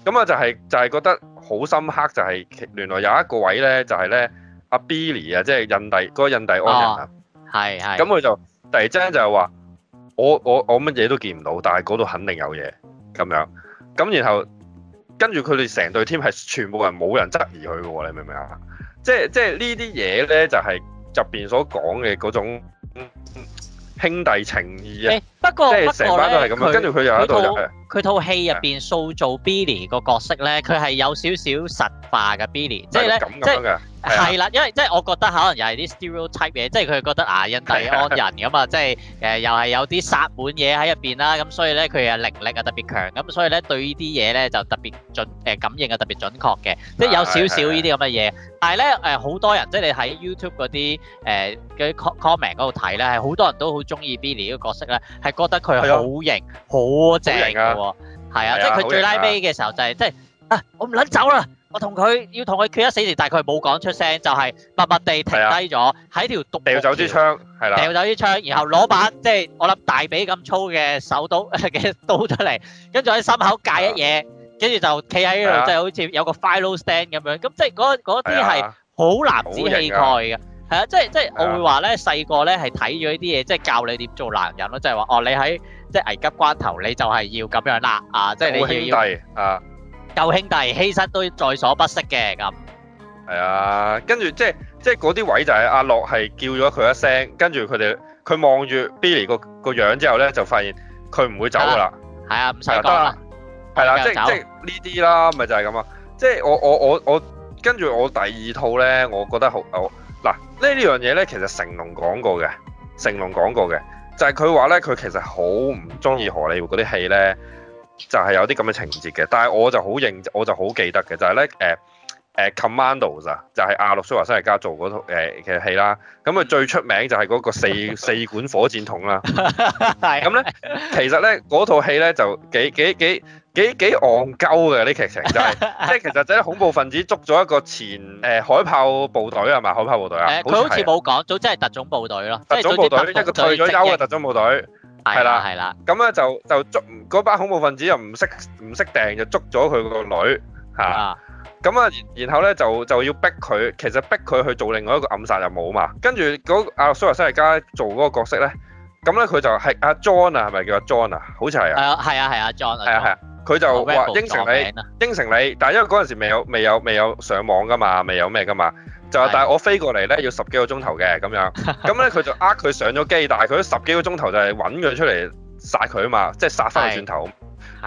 咁啊就係、係、就係、係、覺得好深刻就係原來有一個位咧就係咧阿 Billy 啊，即係印第、嗰個印第安人啊，係係、哦。咁佢就突然之間就係話。我我我乜嘢都見唔到，但係嗰度肯定有嘢咁樣。咁然後跟住佢哋成隊 team 係全部人冇人質疑佢喎，你明唔明啊？即係即係呢啲嘢咧，就係入邊所講嘅嗰種兄弟情義啊。不過即係成班都係咁樣，跟住佢又喺度嘅。佢套佢套戲入邊塑造 Billy 個角色咧，佢係有少少實化嘅 Billy，即係咧，即係係啦，因為即係我覺得可能又係啲 stereotype 嘢，即係佢覺得啊，印第安人咁啊，即係誒又係有啲薩滿嘢喺入邊啦，咁所以咧佢嘅靈力啊特別強，咁所以咧對呢啲嘢咧就特別準誒感應啊特別準確嘅，即係有少少呢啲咁嘅嘢。但係咧誒好多人即係你喺 YouTube 嗰啲誒嘅 comment 嗰度睇咧，係好多人都好中意 Billy 個角色咧，係。覺得佢的好型，好正嘅係啊，即係佢最拉尾嘅時候就係、是，即、就、係、是、啊，我唔捻走啦，我同佢要同佢決一死戰，但係佢冇講出聲，就係默默地停低咗，喺的條毒，掉走支槍，係啦，掉走支槍，然後攞把即係我諗大髀咁粗嘅手刀嘅刀出嚟，跟住喺心口介一嘢，跟住的就企喺度，就係好似有個 final stand 咁樣，咁即係嗰啲係好男子氣概嘅。的係啊，即係即係，我會話咧細個咧係睇咗呢啲嘢，即係教你點做男人咯。即係話哦，你喺即係危急關頭，你就係要咁樣啦啊！即係、啊就是、你要要兄弟啊，舊兄弟犧牲都在所不惜嘅咁。係啊，跟住即係即係嗰啲位就係阿樂係叫咗佢一聲，跟住佢哋佢望住 Billy 個個樣之後咧，就發現佢唔會走噶啦。係、就、啊、是，唔使講啦。係啦，即係即係呢啲啦，咪就係咁啊。即係我我我我跟住我第二套咧，我覺得好呢呢樣嘢呢，其實成龍講過嘅，成龍講過嘅，就係佢話呢，佢其實好唔中意荷里活嗰啲戲呢，就係、是、有啲咁嘅情節嘅。但係我就好認，我就好記得嘅就係呢誒誒 Commandos 啊，就係、是呃呃、阿歷斯華西提加做嗰套誒嘅戲啦。咁佢最出名就係嗰個四 四管火箭筒啦。係。咁呢，其實呢，嗰套戲呢，就幾幾幾。幾幾幾戇鳩嘅啲劇情真、就、係、是， 即係其實即係恐怖分子捉咗一個前誒、呃、海豹部隊係咪？海豹部隊啊，佢好似冇講，總之係特種部隊咯。特種部隊一個退咗休嘅特種部隊，係啦係啦。咁咧、嗯、就就捉嗰班恐怖分子又唔識唔識掟，就捉咗佢個女嚇。咁啊的、嗯，然後咧就就要逼佢，其實逼佢去做另外一個暗殺任務嘛。跟住阿諾舒華辛力加做嗰個角色咧。咁咧佢就係阿 John, 是是 John、uh, 啊，係咪叫阿 John 啊？好似係啊，係啊係啊，John 啊，係啊係啊，佢就話應承你， 應承你，你，但因為嗰陣時未有未有未有未有上網噶嘛，未有咩噶嘛，就係但係我飛過嚟咧要十幾個鐘頭嘅咁樣，咁咧佢就呃佢上咗機，但係佢十幾個鐘頭就係揾佢出嚟殺佢啊嘛，即、就、係、是、殺翻個轉頭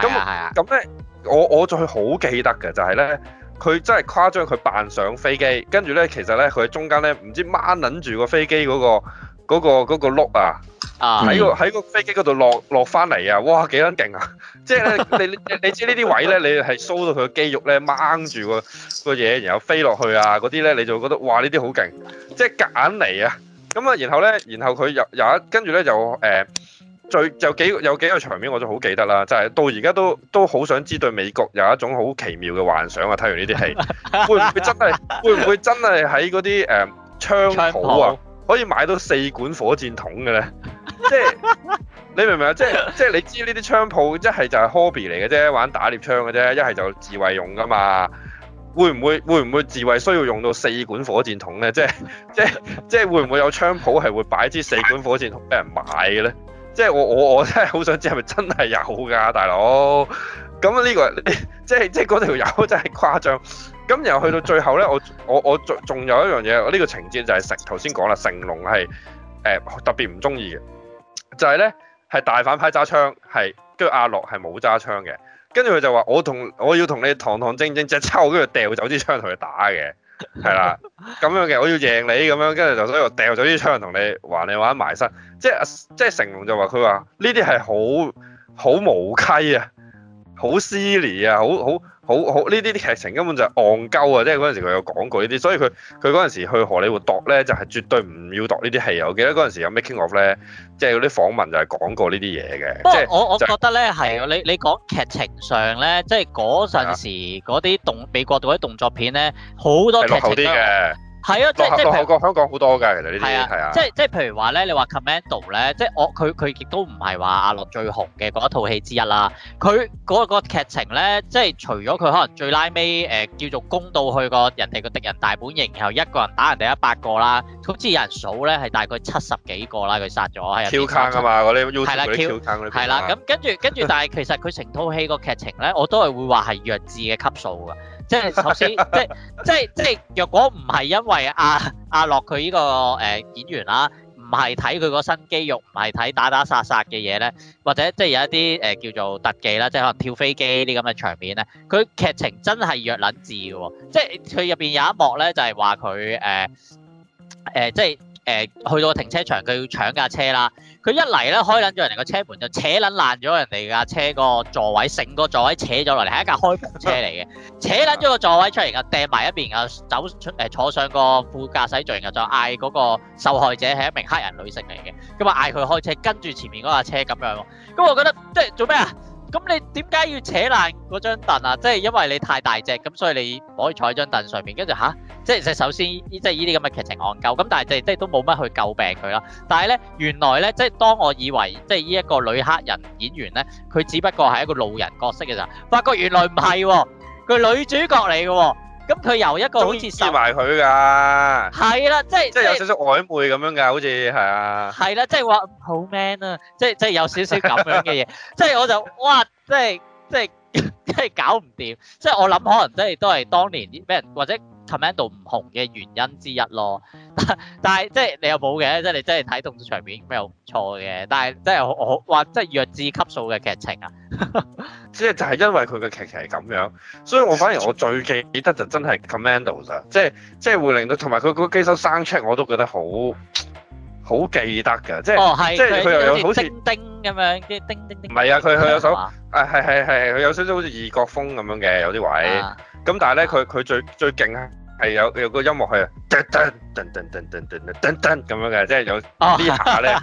咁。咁咁咧，我我最好記得嘅就係咧，佢真係誇張，佢扮上飛機，跟住咧其實咧佢喺中間咧唔知掹捻住個飛機嗰、那個。嗰、那個嗰碌、那個、啊，喺、啊這個喺的個飛機嗰度落落翻嚟啊！哇，幾撚勁啊！即係咧，你你，你知呢啲位咧，你係騷到佢嘅肌肉咧掹住個個嘢，然後飛落去啊嗰啲咧，你就覺得哇呢啲好勁！即係夾硬嚟啊！咁啊，然後咧，然後佢又有一跟住咧，又誒、呃、最有幾有幾個場面，我就好記得啦，就係、是、到而家都都好想知對美國有一種好奇妙嘅幻想啊！睇完呢啲戲，會唔會真係會唔會真係喺嗰啲誒槍口啊？可以買到四管火箭筒嘅咧，即係你明唔明啊？即係即係你知呢啲槍鋪一係就係 Hobby 嚟嘅啫，玩打獵槍嘅啫，一係就自衞用噶嘛。會唔會會唔會自衞需要用到四管火箭筒咧？即係即係即係會唔會有槍鋪係會擺支四管火箭筒俾人買嘅咧？即係我我我真係好想知係咪真係有㗎、啊，大佬？咁呢、呢個即係即係嗰條友真係誇張。咁然後去到最後咧，我我我仲仲有一樣嘢，我呢個情節就係成頭先講啦，成龍係誒特別唔中意嘅，就係咧係大反派揸槍，係跟住阿樂係冇揸槍嘅，跟住佢就話我同我要同你堂堂正正隻揪，跟住掉走支槍同佢打嘅，係啦，咁樣嘅，我要贏你咁樣，跟住就喺度掉走支槍同你玩你玩埋身，即係即係成龍就話佢話呢啲係好好無稽啊！好撕裂啊！好好好好呢啲啲劇情根本就係戇鳩啊！即係嗰陣時佢有講過呢啲，所以佢佢嗰陣時去荷里活度咧就係、是、絕對唔要度呢啲戲。我記得嗰陣時有咩 making of 咧，即係嗰啲訪問就係講過呢啲嘢嘅。不過我、就是、我覺得咧係，你你講劇情上咧，即係嗰陣時嗰啲動是、啊、美國嗰啲動作片咧，好多劇情都落後啲嘅。係啊，即係即係，香港好多㗎，其實呢啲係啊，啊即係即係，譬如話咧，你話 Commando 咧，即係我佢佢亦都唔係話阿樂最紅嘅嗰一套戲之一啦。佢嗰個劇情咧，即係除咗佢可能最拉尾誒、呃、叫做攻到去個人哋個敵人大本營，然後一個人打人哋一百個啦，好似有人數咧係大概七十幾個啦，佢殺咗係。Q 彈啊嘛，嗰啲 UQ 佢 Q 彈嗰啲。係啦，咁跟住跟住，但係其實佢成套戲個劇情咧，我都係會話係弱智嘅級數㗎。即係頭先，即係即係即係，若果唔係因為阿阿樂佢呢個誒、呃、演員啦，唔係睇佢個身肌肉，唔係睇打打殺殺嘅嘢咧，或者即係有一啲誒、呃、叫做特技啦，即係可能跳飛機呢啲咁嘅場面咧，佢劇情真係弱撚智嘅喎，即係佢入邊有一幕咧就係話佢誒誒即係。誒去到個停車場，佢要搶架車啦！佢一嚟咧，開撚咗人哋個車門就扯撚爛咗人哋架車個座位，成個座位扯咗落嚟，係一架開篷車嚟嘅，扯撚咗個座位出嚟，然後掟埋一邊，然後走出嚟、呃、坐上個副駕駛座，然後再嗌嗰個受害者係一名黑人女性嚟嘅，咁啊嗌佢開車跟住前面嗰架車咁樣，咁我覺得即係做咩啊？欸咁你點解要扯爛嗰張凳啊？即係因為你太大隻，咁所以你唔可以坐喺張凳上面。跟住吓，即係首先即係呢啲咁嘅劇情戇鳩。咁但係即係都冇乜去詬病佢啦。但係咧，原來咧，即係當我以為即係呢一個女黑人演員咧，佢只不過係一個路人角色嘅時候，發覺原來唔係喎，佢女主角嚟嘅喎。咁佢由一個好似收埋佢㗎，係啦，即係即係有少少曖昧咁樣㗎，好似係啊，係啦，即係話好 man 啊，即係即係有少少咁樣嘅嘢，即係我就哇，即係即係即係搞唔掂，即係我諗可能即係都係當年啲咩人或者。Commando 唔紅嘅原因之一咯，但，但係即係你又冇嘅，即係你真係睇動作場面又唔錯嘅，但係真係我我話即係弱智級數嘅劇情啊，即 係就係因為佢嘅劇情係咁樣，所以我反而我最記得就真係 Commando 咋，即係即係會令到同埋佢嗰幾首 soundtrack 我都覺得好好記得㗎，即係、哦、即係佢又有好似、就係、叮叮咁樣啲叮叮叮，唔係啊，佢佢有首啊係係係佢有少少好似異國風咁樣嘅有啲位。啊。咁但係咧，佢佢最最勁啊，係有有個音樂係噔噔噔噔噔噔咁樣嘅，即係有呢下咧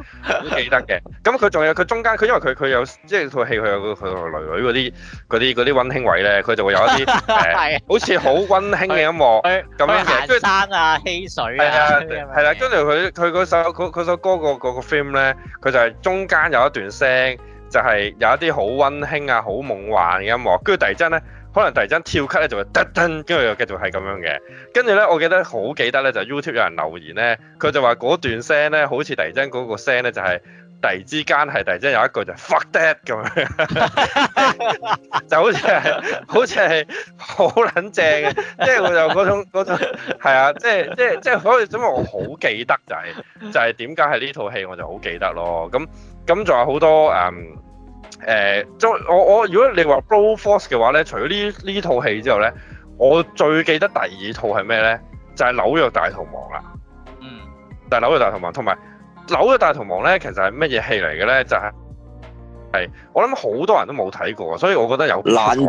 都記得嘅。咁佢仲有佢中間，佢因為佢佢有即係套戲佢有佢個女女嗰啲嗰啲啲溫馨位咧，佢就會有一啲誒，好似好溫馨嘅音樂咁樣嘅。跟住山啊汽水啊，係啦。跟住佢佢嗰首首歌個個個 film 咧，佢就係中間有一段聲，就係有一啲好溫馨啊、好夢幻嘅音樂。跟住突然之間咧。可能突然間跳 cut 咧就會突登，跟住又繼續係咁樣嘅。跟住咧，我記得好記得咧，就是、YouTube 有人留言咧，佢就話嗰段聲咧，好似突然間嗰個聲咧，就係、是、突然之間係突然間有一句就 fuck that 咁樣，就好似係好似係好撚正，即係我就嗰種嗰種係啊，即係即係即係，所以因為我好記得就係、是、就係點解係呢套戲我就好記得咯。咁咁仲有好多誒。Um, 誒，即、欸、我我如果你話《BroForce》嘅話咧，除咗呢呢套戲之後咧，我最記得第二套係咩咧？就係、是《紐約大逃亡》啦。嗯。就係《紐約大逃亡》，同埋《紐約大逃亡》咧，其實係乜嘢戲嚟嘅咧？就係、是、係我諗好多人都冇睇過，所以我覺得有爛片，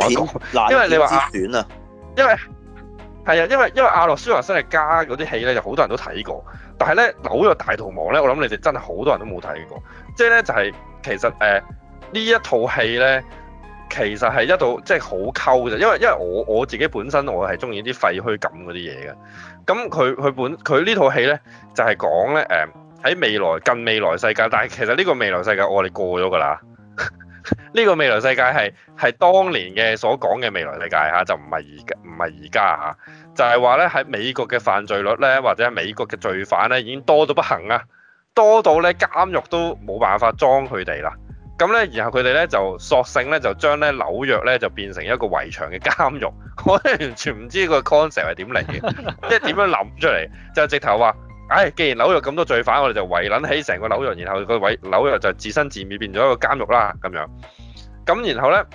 爛片之短啊！因為係啊，因為、啊、因為阿諾舒華辛力加嗰啲戲咧，就好多人都睇過。但係咧，《紐約大逃亡》咧，我諗你哋真係好多人都冇睇過。即係咧，就係其實誒。呃呃呃呃呢一套戲呢，其實係一套即係好溝嘅，因為因為我我自己本身我係中意啲廢墟感嗰啲嘢嘅。咁佢佢本佢呢套戲呢，就係講呢誒喺未來近未來世界，但係其實呢個未來世界我哋過咗㗎啦。呢 個未來世界係係當年嘅所講嘅未來世界嚇，就唔係而唔係而家嚇。就係話呢，喺美國嘅犯罪率呢，或者美國嘅罪犯呢，已經多到不行啊，多到呢監獄都冇辦法裝佢哋啦。咁咧，然後佢哋咧就索性咧就將咧紐約咧就變成一個圍牆嘅監獄。我係完全唔知個 concept 係點嚟嘅， 即係點樣諗出嚟，就係直頭話，唉、哎，既然紐約咁多罪犯，我哋就圍撚起成個紐約，然後個圍紐約就自生自滅，變咗一個監獄啦。咁樣，咁然後咧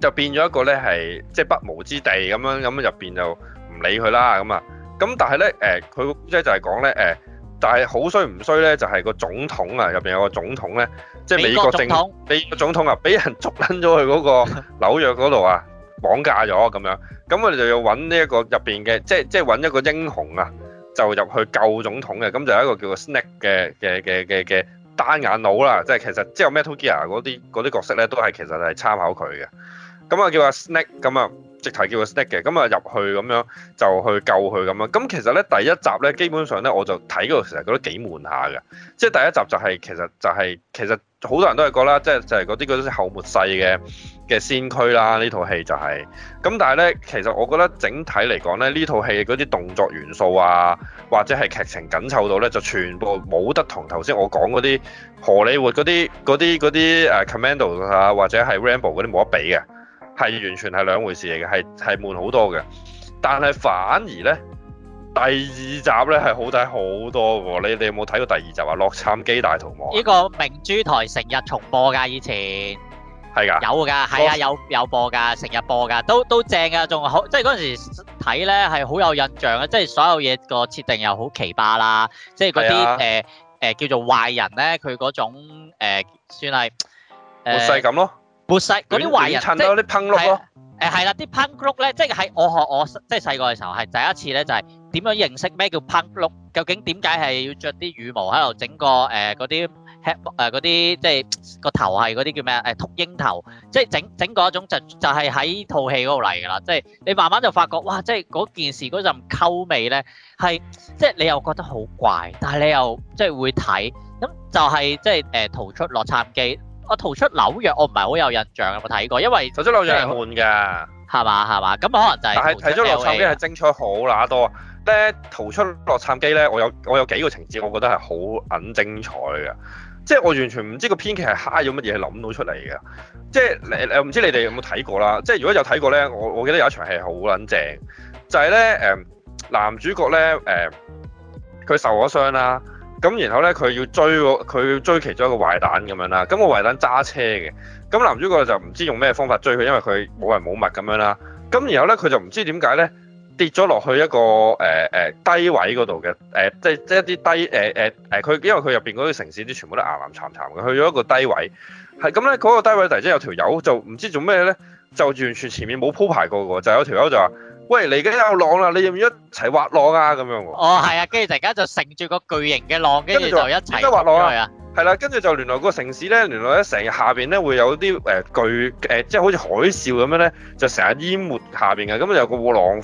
就變咗一個咧係即係不毛之地咁樣，咁入邊就唔理佢啦。咁啊，咁但係咧，誒佢即係就係講咧，誒、呃、但係好衰唔衰咧，就係、是、個總統啊，入邊有個總統咧。即係美，美國總統，美國總統啊，俾人捉撚咗去嗰個紐約嗰度啊，綁架咗咁樣，咁我哋就要揾呢一個入邊嘅，即係即係揾一個英雄啊，就入去救總統嘅，咁就有一個叫做 Snake 嘅嘅嘅嘅嘅單眼佬啦，即係其實即係 Metal Gear 嗰啲啲角色咧，都係其實係參考佢嘅，咁啊叫阿 Snake 咁啊直頭叫啊 Snake 嘅，咁啊入去咁樣就去救佢咁樣，咁其實咧第一集咧基本上咧我就睇嗰度其實覺得幾悶下嘅，即係第一集就係、是、其實就係其實。其實就是其實好多人都係覺得，即係就係嗰啲嗰啲後末世嘅嘅先驅啦，呢套戲就係噉。咁但係呢，其實我覺得整體嚟講咧，呢套戲嗰啲動作元素啊，或者係劇情緊湊到呢，就全部冇得同頭先我講嗰啲荷里活嗰啲嗰啲啲誒 commando 啊，或者係 Rambo 啲冇得比嘅，係完全係兩回事嚟嘅，係係悶好多嘅。但係反而咧。第二集咧係好睇好多喎，你你有冇睇過第二集啊？洛杉磯大逃亡？呢個明珠台成日重播㗎，以前係㗎，有㗎，係啊，有有播㗎，成日播㗎，都都正㗎，仲好，即係嗰陣時睇咧係好有印象啊。即係所有嘢個設定又好奇葩啦，即係嗰啲誒誒叫做壞人咧，佢嗰種、呃、算係誒細噉咯，細嗰啲壞人即係噴綠咯。誒係啦，啲、嗯、punk look 咧，即係喺我學我即係細個嘅時候，係第一次咧就係、是、點樣認識咩叫 punk look。究竟點解係要着啲羽毛喺度整個誒嗰啲 h 啲，即係個頭係嗰啲叫咩？誒禿鷹頭，即係整整過一種就是、就係喺套戲嗰度嚟噶啦。即係你慢慢就發覺，哇！即係嗰件事嗰陣溝味咧，係即係你又覺得好怪，但係你又即係會睇。咁就係、是、即係誒逃出洛杉磯。我逃出紐約，我唔係好有印象有冇睇過，因為逃出紐約係悶嘅，係嘛係嘛，咁可能就係。但係、啊、逃出洛杉磯係精彩好乸多啊！咧逃出洛杉磯咧，我有我有幾個情節，我覺得係好撚精彩嘅，即係我完全唔知個編劇係嗨咗乜嘢，諗到出嚟嘅。即係誒唔知你哋有冇睇過啦？即係如果有睇過咧，我我記得有一場戲係好撚正，就係咧誒男主角咧誒，佢、呃、受咗傷啦。咁然後咧，佢要追佢要追其中一個壞蛋咁樣啦。咁、個壞蛋揸車嘅，咁男主角就唔知用咩方法追佢，因為佢冇人冇物咁樣啦。咁然後咧，佢就唔知點解咧跌咗落去一個誒誒、呃呃、低位嗰度嘅，誒即即一啲低誒誒誒，佢、呃、因為佢入邊嗰啲城市啲全部都岩岩巉巉嘅，去咗一個低位，係咁咧嗰個低位突然之間有條友，就唔知做咩咧，就完全前面冇鋪排過嘅喎，就有一條友就話。喂，嚟緊有浪啦，你要唔要一齊滑浪啊？咁樣喎、oh。哦，係啊，跟住突然間就乘住個巨型嘅浪，跟住就一齊。跟住就滑浪啊！係啦，跟住就連落個城市咧，連落喺成日下邊咧，會有啲誒、呃、巨誒、呃，即係好似海嘯咁樣咧，就成日淹沒下邊嘅。咁啊，有個浪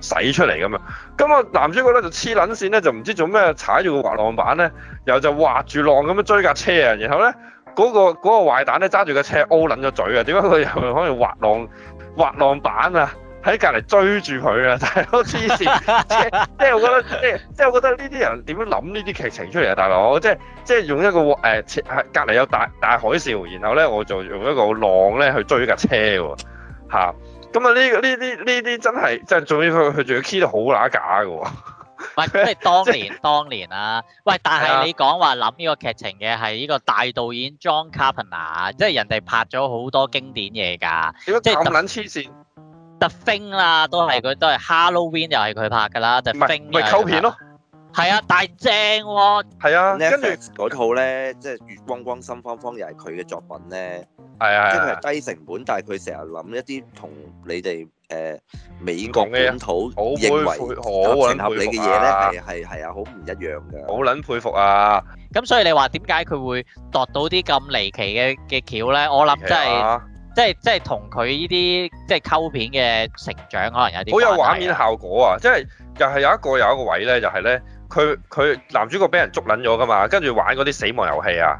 洗出嚟咁啊。咁啊，男主角咧就黐撚線咧，就唔知做咩踩住個滑浪板咧，然後就滑住浪咁樣追架車啊。然後咧，嗰個嗰個壞蛋咧揸住個車 O 撚咗嘴啊！點解佢又可以滑浪滑浪板啊？喺隔離追住佢啊！大佬黐線，即係我覺得，即係即係我覺得呢啲人點樣諗呢啲劇情出嚟啊！大佬，即係即係用一個誒隔離有大大海嘯，然後咧我就用一個浪咧去追車、啊、架車喎，咁啊呢呢啲呢啲真係，即係仲要佢佢仲要 key 得好乸假嘅喎。即係當年 當年啊，喂，但係你講話諗呢個劇情嘅係呢個大導演 John Carpenter，即係人哋拍咗好多經典嘢㗎。點解咁撚黐線？特徵啦，都係佢，都係 Halloween 又係佢拍㗎啦，就唔係溝片咯，係啊，大正喎，係啊，跟住嗰套咧，即係月光光心慌慌又係佢嘅作品咧，係啊，即係佢係低成本，但係佢成日諗一啲同你哋誒美國本土認為就適合你嘅嘢咧，係係係啊，好唔一樣㗎，好撚佩服啊！咁所以你話點解佢會度到啲咁離奇嘅嘅橋咧？我諗真係。即係即係同佢呢啲即係溝片嘅成長，可能有啲好有畫面效果啊！即係又係有一個有一個位咧，就係、是、咧，佢佢男主角俾人捉撚咗㗎嘛，跟住玩嗰啲死亡遊戲啊！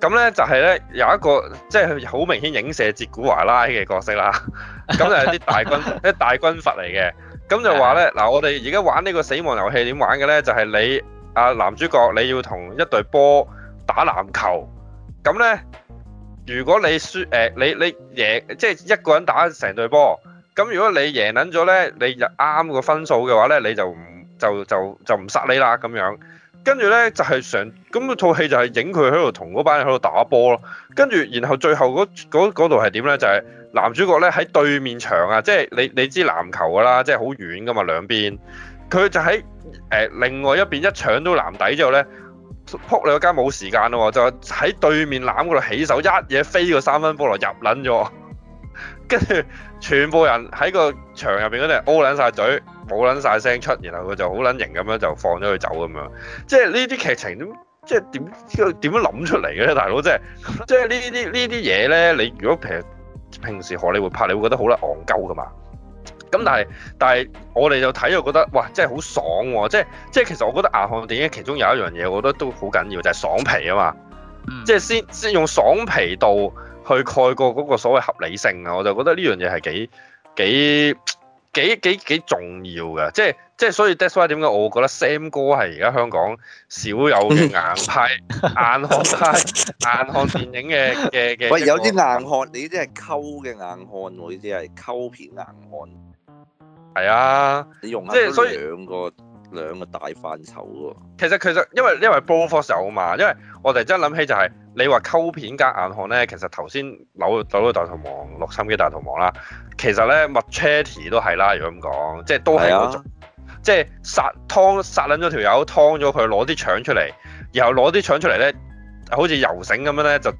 咁咧就係、是、咧有一個即係好明顯影射捷古華拉嘅角色啦。咁 就係啲大軍啲 大軍閥嚟嘅，咁就話咧嗱，我哋而家玩呢個死亡遊戲點玩嘅咧？就係、是、你啊男主角你要同一隊波打籃球，咁咧。如果你輸誒、呃，你你贏，即係一個人打成隊波。咁如果你贏撚咗咧，你就啱個分數嘅話咧，你就唔就就就唔殺你啦咁樣。跟住咧就係、是、成。咁套戲就係影佢喺度同嗰班人喺度打波咯。跟住然後最後嗰嗰嗰度係點咧？就係、是、男主角咧喺對面場啊！即係你你知籃球噶啦，即係好遠噶嘛兩邊。佢就喺誒、呃、另外一邊一搶到籃底之後咧。扑你間冇時間咯，就喺對面攬嗰度起手一嘢飛個三分波落入捻咗，跟住全部人喺個場入邊嗰度 O 捻晒嘴，冇捻晒聲出，然後佢就好捻型咁樣就放咗佢走咁樣，即係呢啲劇情咁，即係點點樣諗出嚟嘅咧，大佬即係即係呢啲呢啲嘢咧，你如果平平時荷里活拍，你會覺得好捻，戇鳩噶嘛。咁但係，但係我哋就睇就覺得，哇！真係好爽喎！即係，即係其實我覺得硬漢電影其中有一樣嘢，我覺得都好緊要，就係爽皮啊嘛！即係先先用爽皮度去蓋過嗰個所謂合理性啊！我就覺得呢樣嘢係幾幾幾幾幾重要嘅。即係即係，所以 that's why 點解，我覺得 Sam 哥係而家香港少有嘅硬派硬漢派硬漢電影嘅嘅嘅。喂，有啲硬漢，你啲係溝嘅硬漢，我啲係溝片硬漢。係啊，即係所以兩個兩個大範疇喎。其實其實因為因為 BroForce 嘛，因為我哋真諗起就係、是、你話溝片隔硬漢咧，其實頭先扭扭到大逃亡六心幾大逃亡啦。其實咧 McChetty 都係啦，如果咁講，即係都係嗰、那個是啊、即係殺劏殺撚咗條友，劏咗佢攞啲腸出嚟，然後攞啲腸出嚟咧，好似游繩咁樣咧，就誒誒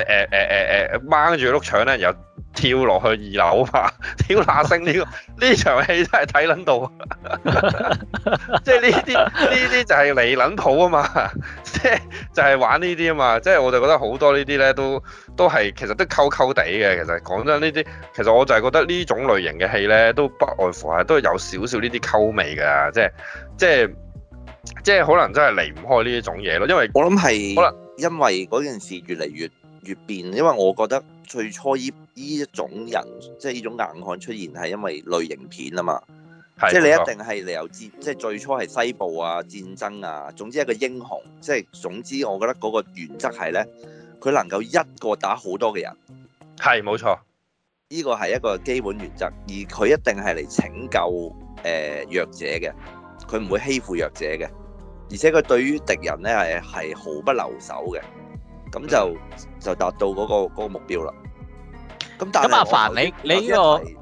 誒誒掹住碌腸咧又。然後跳落去二樓啊嘛，跳下聲呢個呢 場戲真係睇撚到， 即係呢啲呢啲就係嚟撚譜啊嘛，即 係就係玩呢啲啊嘛，即係我就覺得好多呢啲咧都都係其實都溝溝地嘅，其實講真呢啲，其實我就係覺得呢種類型嘅戲咧都不外乎係都係有少少呢啲溝味㗎，即係即係即係可能真係離唔開呢一種嘢咯，因為我諗係可能因為嗰件事越嚟越越變，因為我覺得最初依依一種人，即係依種硬漢出現係因為類型片啊嘛，是即係你一定係嚟有戰，沒錯 即係最初係西部啊、戰爭啊，總之一個英雄，即係總之我覺得嗰個原則係呢，佢能夠一個打好多嘅人，係冇錯，呢個係一個基本原則，而佢一定係嚟拯救誒、呃、弱者嘅，佢唔會欺負弱者嘅，而且佢對於敵人呢係係毫不留手嘅。咁就就達到嗰個嗰個目標啦。咁但係我覺得，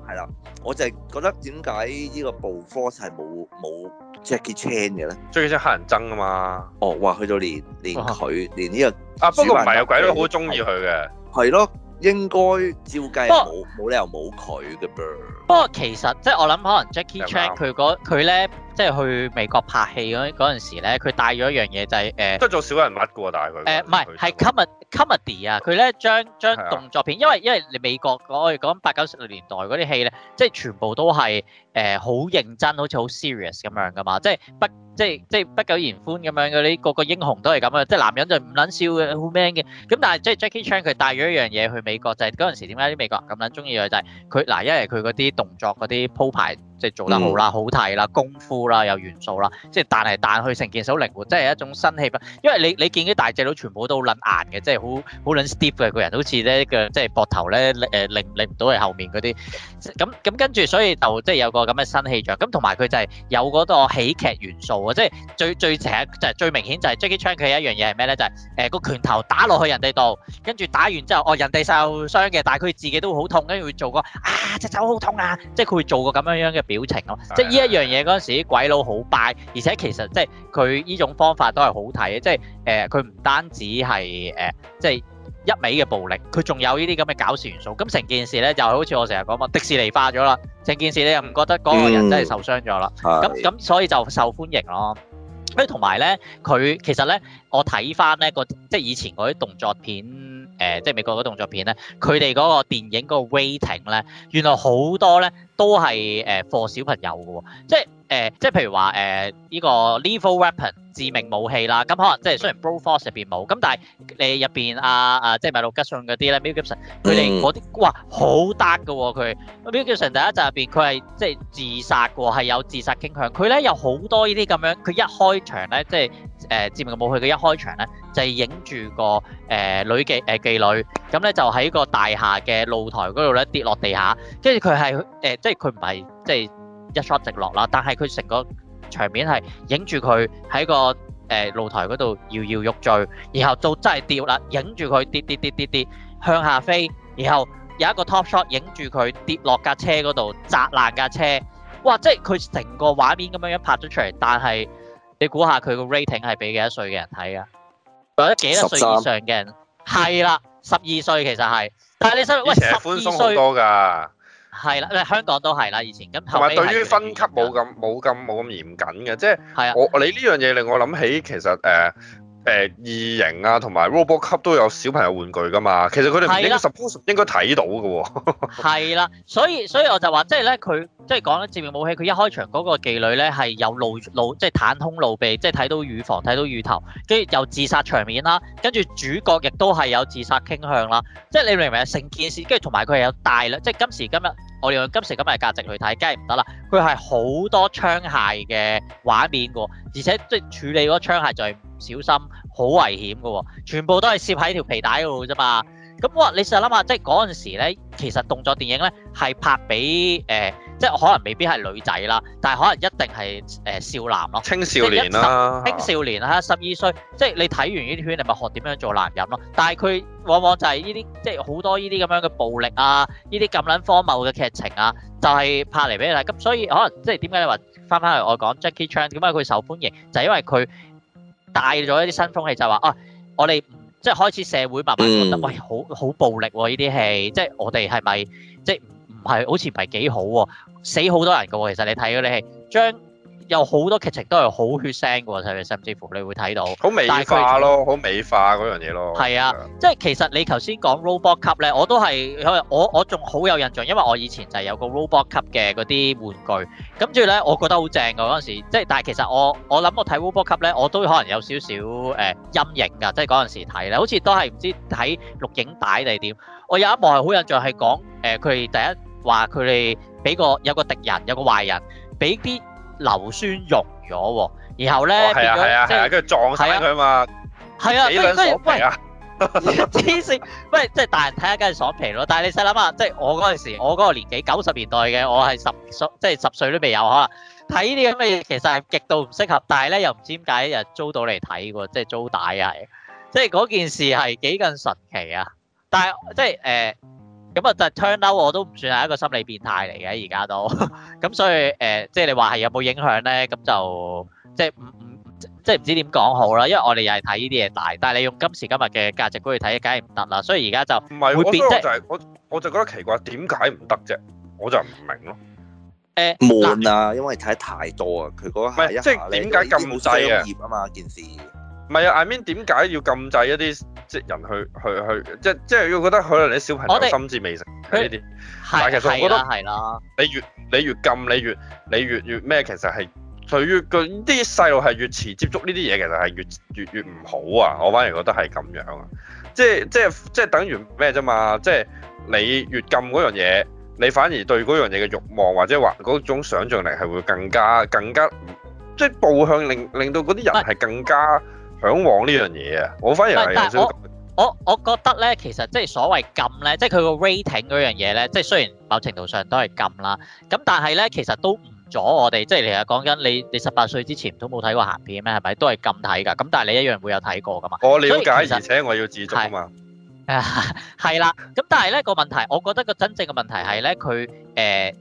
係啦，我就係覺得點解呢個 BroForce 係冇冇 Jackie Chan 嘅咧？Jackie Chan 黑人憎啊嘛。哦，哇！去到連連佢，連呢個啊，不過唔係有鬼，因為好中意佢嘅。係咯，應該照計冇冇理由冇佢嘅噃。不過其實即係我諗，可能 Jackie Chan 佢嗰佢咧。即係去美國拍戲嗰嗰陣時咧，佢帶咗一樣嘢就係、是、誒，都、呃、做小人物噶，但係佢誒唔係係 comedy comedy 啊，佢咧將將動作片，因為因為你美國嗰、那個講八九十年代嗰啲戲咧，即係全部都係誒好認真，好似好 serious 咁樣噶嘛，即係不即係即係不苟言歡咁樣嗰啲，個個英雄都係咁啊，即係男人就唔撚笑嘅，好 man 嘅。咁但係即係 Jackie Chan 佢帶咗一樣嘢去美國，就係嗰陣時點解啲美國人咁撚中意佢就係佢嗱，因為佢嗰啲動作嗰啲鋪排即係、就是、做得好啦，好睇啦，功夫。啦，有元素啦，即係彈嚟彈去成件事好靈活，即係一種新氣氛。因為你你見啲大隻佬全部都好捻硬嘅，即係好好捻 stiff 嘅個人，好似咧嘅即係膊頭咧誒令令唔到佢後面嗰啲咁咁跟住，所以就即係有個咁嘅新氣象。咁同埋佢就係有嗰個喜劇元素啊，即係最最成就最明顯就係 Jackie Chan 佢一樣嘢係咩咧？就係誒個拳頭打落去人哋度，跟住打完之後哦人哋受傷嘅，但係佢自己都好痛，跟住會做個啊隻手好痛啊，即係佢會做個咁樣樣嘅表情咯。即係呢一樣嘢嗰時。鬼佬好 buy，而且其實即係佢依種方法都係好睇嘅，即係誒佢唔單止係誒即係一味嘅暴力，佢仲有依啲咁嘅搞笑元素，咁成件事咧就好似我成日講話迪士尼化咗啦，成件事你又唔覺得嗰個人真係受傷咗啦，咁咁所以就受歡迎咯。跟住同埋咧，佢其實咧，我睇翻咧個即係以前嗰啲動作片誒，即係美國嗰啲動作片咧，佢哋嗰個電影嗰個 rating 咧，原來好多咧都係誒 for 小朋友嘅，即係。誒、呃，即係譬如話，誒、呃、依、這個 Lethal Weapon 致命武器啦，咁、嗯、可能即係雖然 Bro Force《Broforce》入邊冇，咁但係你入邊啊啊，即係米路吉遜嗰啲咧，Mel Gibson 佢哋嗰啲，哇，好得㗎喎佢。Mel Gibson 第一集入邊，佢係即係自殺㗎喎，係有自殺傾向。佢咧有好多呢啲咁樣，佢一開場咧，即係誒、呃、致命武器佢一開場咧，就係影住個誒、呃、女妓誒、呃、妓女，咁咧就喺個大廈嘅露台嗰度咧跌落地下，跟住佢係誒，即係佢唔係即係。一 shot 直落啦，但係佢成個場面係影住佢喺個誒露台嗰度搖搖欲墜，然後到真係掉啦，影住佢跌跌跌跌跌向下飛，然後有一個 top shot 影住佢跌落架車嗰度砸爛架車，哇！即係佢成個畫面咁樣樣拍咗出嚟，但係你估下佢個 rating 係俾幾多歲嘅人睇啊？或者幾多歲以上嘅人？係啦，十二歲其實係，但係你想喂十二歲？寬鬆好多㗎。係啦，香港都係啦，以前咁。同埋對於分級冇咁冇咁冇咁嚴謹嘅，即係我你呢樣嘢令我諗起其實誒誒異形啊同埋 Robo 級都有小朋友玩具㗎嘛，其實佢哋應該應該睇到㗎喎。係啦，所以所以我就話，即係咧佢即係講咧《致命武器》，佢一開場嗰個妓女咧係有露露，即係袒胸露臂，即係睇到乳房、睇到乳頭，跟住又自殺場面啦，跟住主角亦都係有自殺傾向啦，即係你明唔明啊？成件事跟住同埋佢係有大律，即係今時今日。我哋用今時今日價值去睇，梗係唔得啦！佢係好多槍械嘅畫面嘅，而且即係處理嗰槍械就係唔小心，好危險嘅喎，全部都係攝喺條皮帶度啫嘛。咁我話你實諗下，即係嗰陣時咧，其實動作電影咧係拍俾誒、呃，即係可能未必係女仔啦，但係可能一定係誒、呃、少男咯，青少年啦、啊，青少年啦，十二歲，即係你睇完呢啲片，你咪學點樣做男人咯。但係佢往往就係呢啲，即係好多呢啲咁樣嘅暴力啊，呢啲咁撚荒謬嘅劇情啊，就係、是、拍嚟俾你睇。咁所以可能即係點解你話翻翻去我講 Jackie Chan 點解佢受歡迎，就係、因為佢帶咗一啲新風氣，就係、是、話啊，我哋。即係開始社會慢慢覺得，嗯、喂，好好暴力喎、哦！呢啲戲，即係我哋係咪即係唔係？好似唔係幾好喎、哦，死好多人㗎喎、哦！其實你睇，你係將。有好多劇情都係好血腥㗎喎，甚至乎你會睇到好美化咯，好美化嗰樣嘢咯。係啊，嗯、即係其實你頭先講 Robot Cup 咧，我都係我我仲好有印象，因為我以前就係有個 Robot Cup 嘅嗰啲玩具，咁跟住咧我覺得好正㗎嗰陣時，即係但係其實我我諗我睇 Robot Cup 咧，我都可能有少少誒陰影㗎，即係嗰陣時睇咧，好似都係唔知睇錄影帶定係點。我有一幕係好印象係講誒，佢哋、呃、第一話佢哋俾個有個敵人有個壞人俾啲硫酸溶咗喎，然後咧、哦、變了啊，即係、就係啊、跟住撞死佢啊嘛，係啊，幾兩、啊、備喂爽皮啊！黐線， 喂，即係大人睇下梗係爽皮咯。但係你細諗下，即係我嗰陣時，我嗰個年紀，九十年代嘅，我係十歲，即係十歲都未有可能睇呢啲咁嘅嘢，其實係極度唔適合。但係咧又唔知點解一日租到嚟睇喎，即係租帶啊，係即係嗰件事係幾咁神奇啊！但係即係誒。呃咁啊，就 turn out 我都唔算係一個心理變態嚟嘅，而家都咁，所以誒，即係你話係有冇影響咧？咁就即係唔唔即係唔知點講好啦，因為我哋又係睇呢啲嘢大，但係你用今時今日嘅價值觀去睇，梗係唔得啦。所以而家就唔係，會變，即就係我我就覺得奇怪，點解唔得啫？我就唔明咯。誒悶啊，因為睇得太多啊。佢嗰下一下點解禁制啊嘛？件事唔係啊，I mean 點解要禁制一啲？即人去去去，即係即係，我覺得可能你小朋友的心智未成熟呢啲，是但其實我覺得係啦，你越你越，你越禁，你越你越越咩？其實係佢越個啲細路係越遲接觸呢啲嘢，其實係越越越唔好啊！我反而覺得係咁樣啊，即係即係即係等於咩啫嘛？即係你越禁嗰樣嘢，你反而對嗰樣嘢嘅慾望或者話嗰種想像力係會更加更加，即係步向令令到嗰啲人係更加。嚮往呢樣嘢啊！我反而係，但係我我我覺得咧，其實即係所謂禁咧，即係佢個 rating 嗰樣嘢咧，即係雖然某程度上都係禁啦，咁但係咧，其實都唔阻我哋，即係其實講緊你你十八歲之前都冇睇過鹹片咩？係咪都係禁睇㗎？咁但係你一樣會有睇過㗎嘛？我了解，而且我要自足啊嘛。係啦，咁但係咧個問題，我覺得個真正嘅問題係咧，佢誒。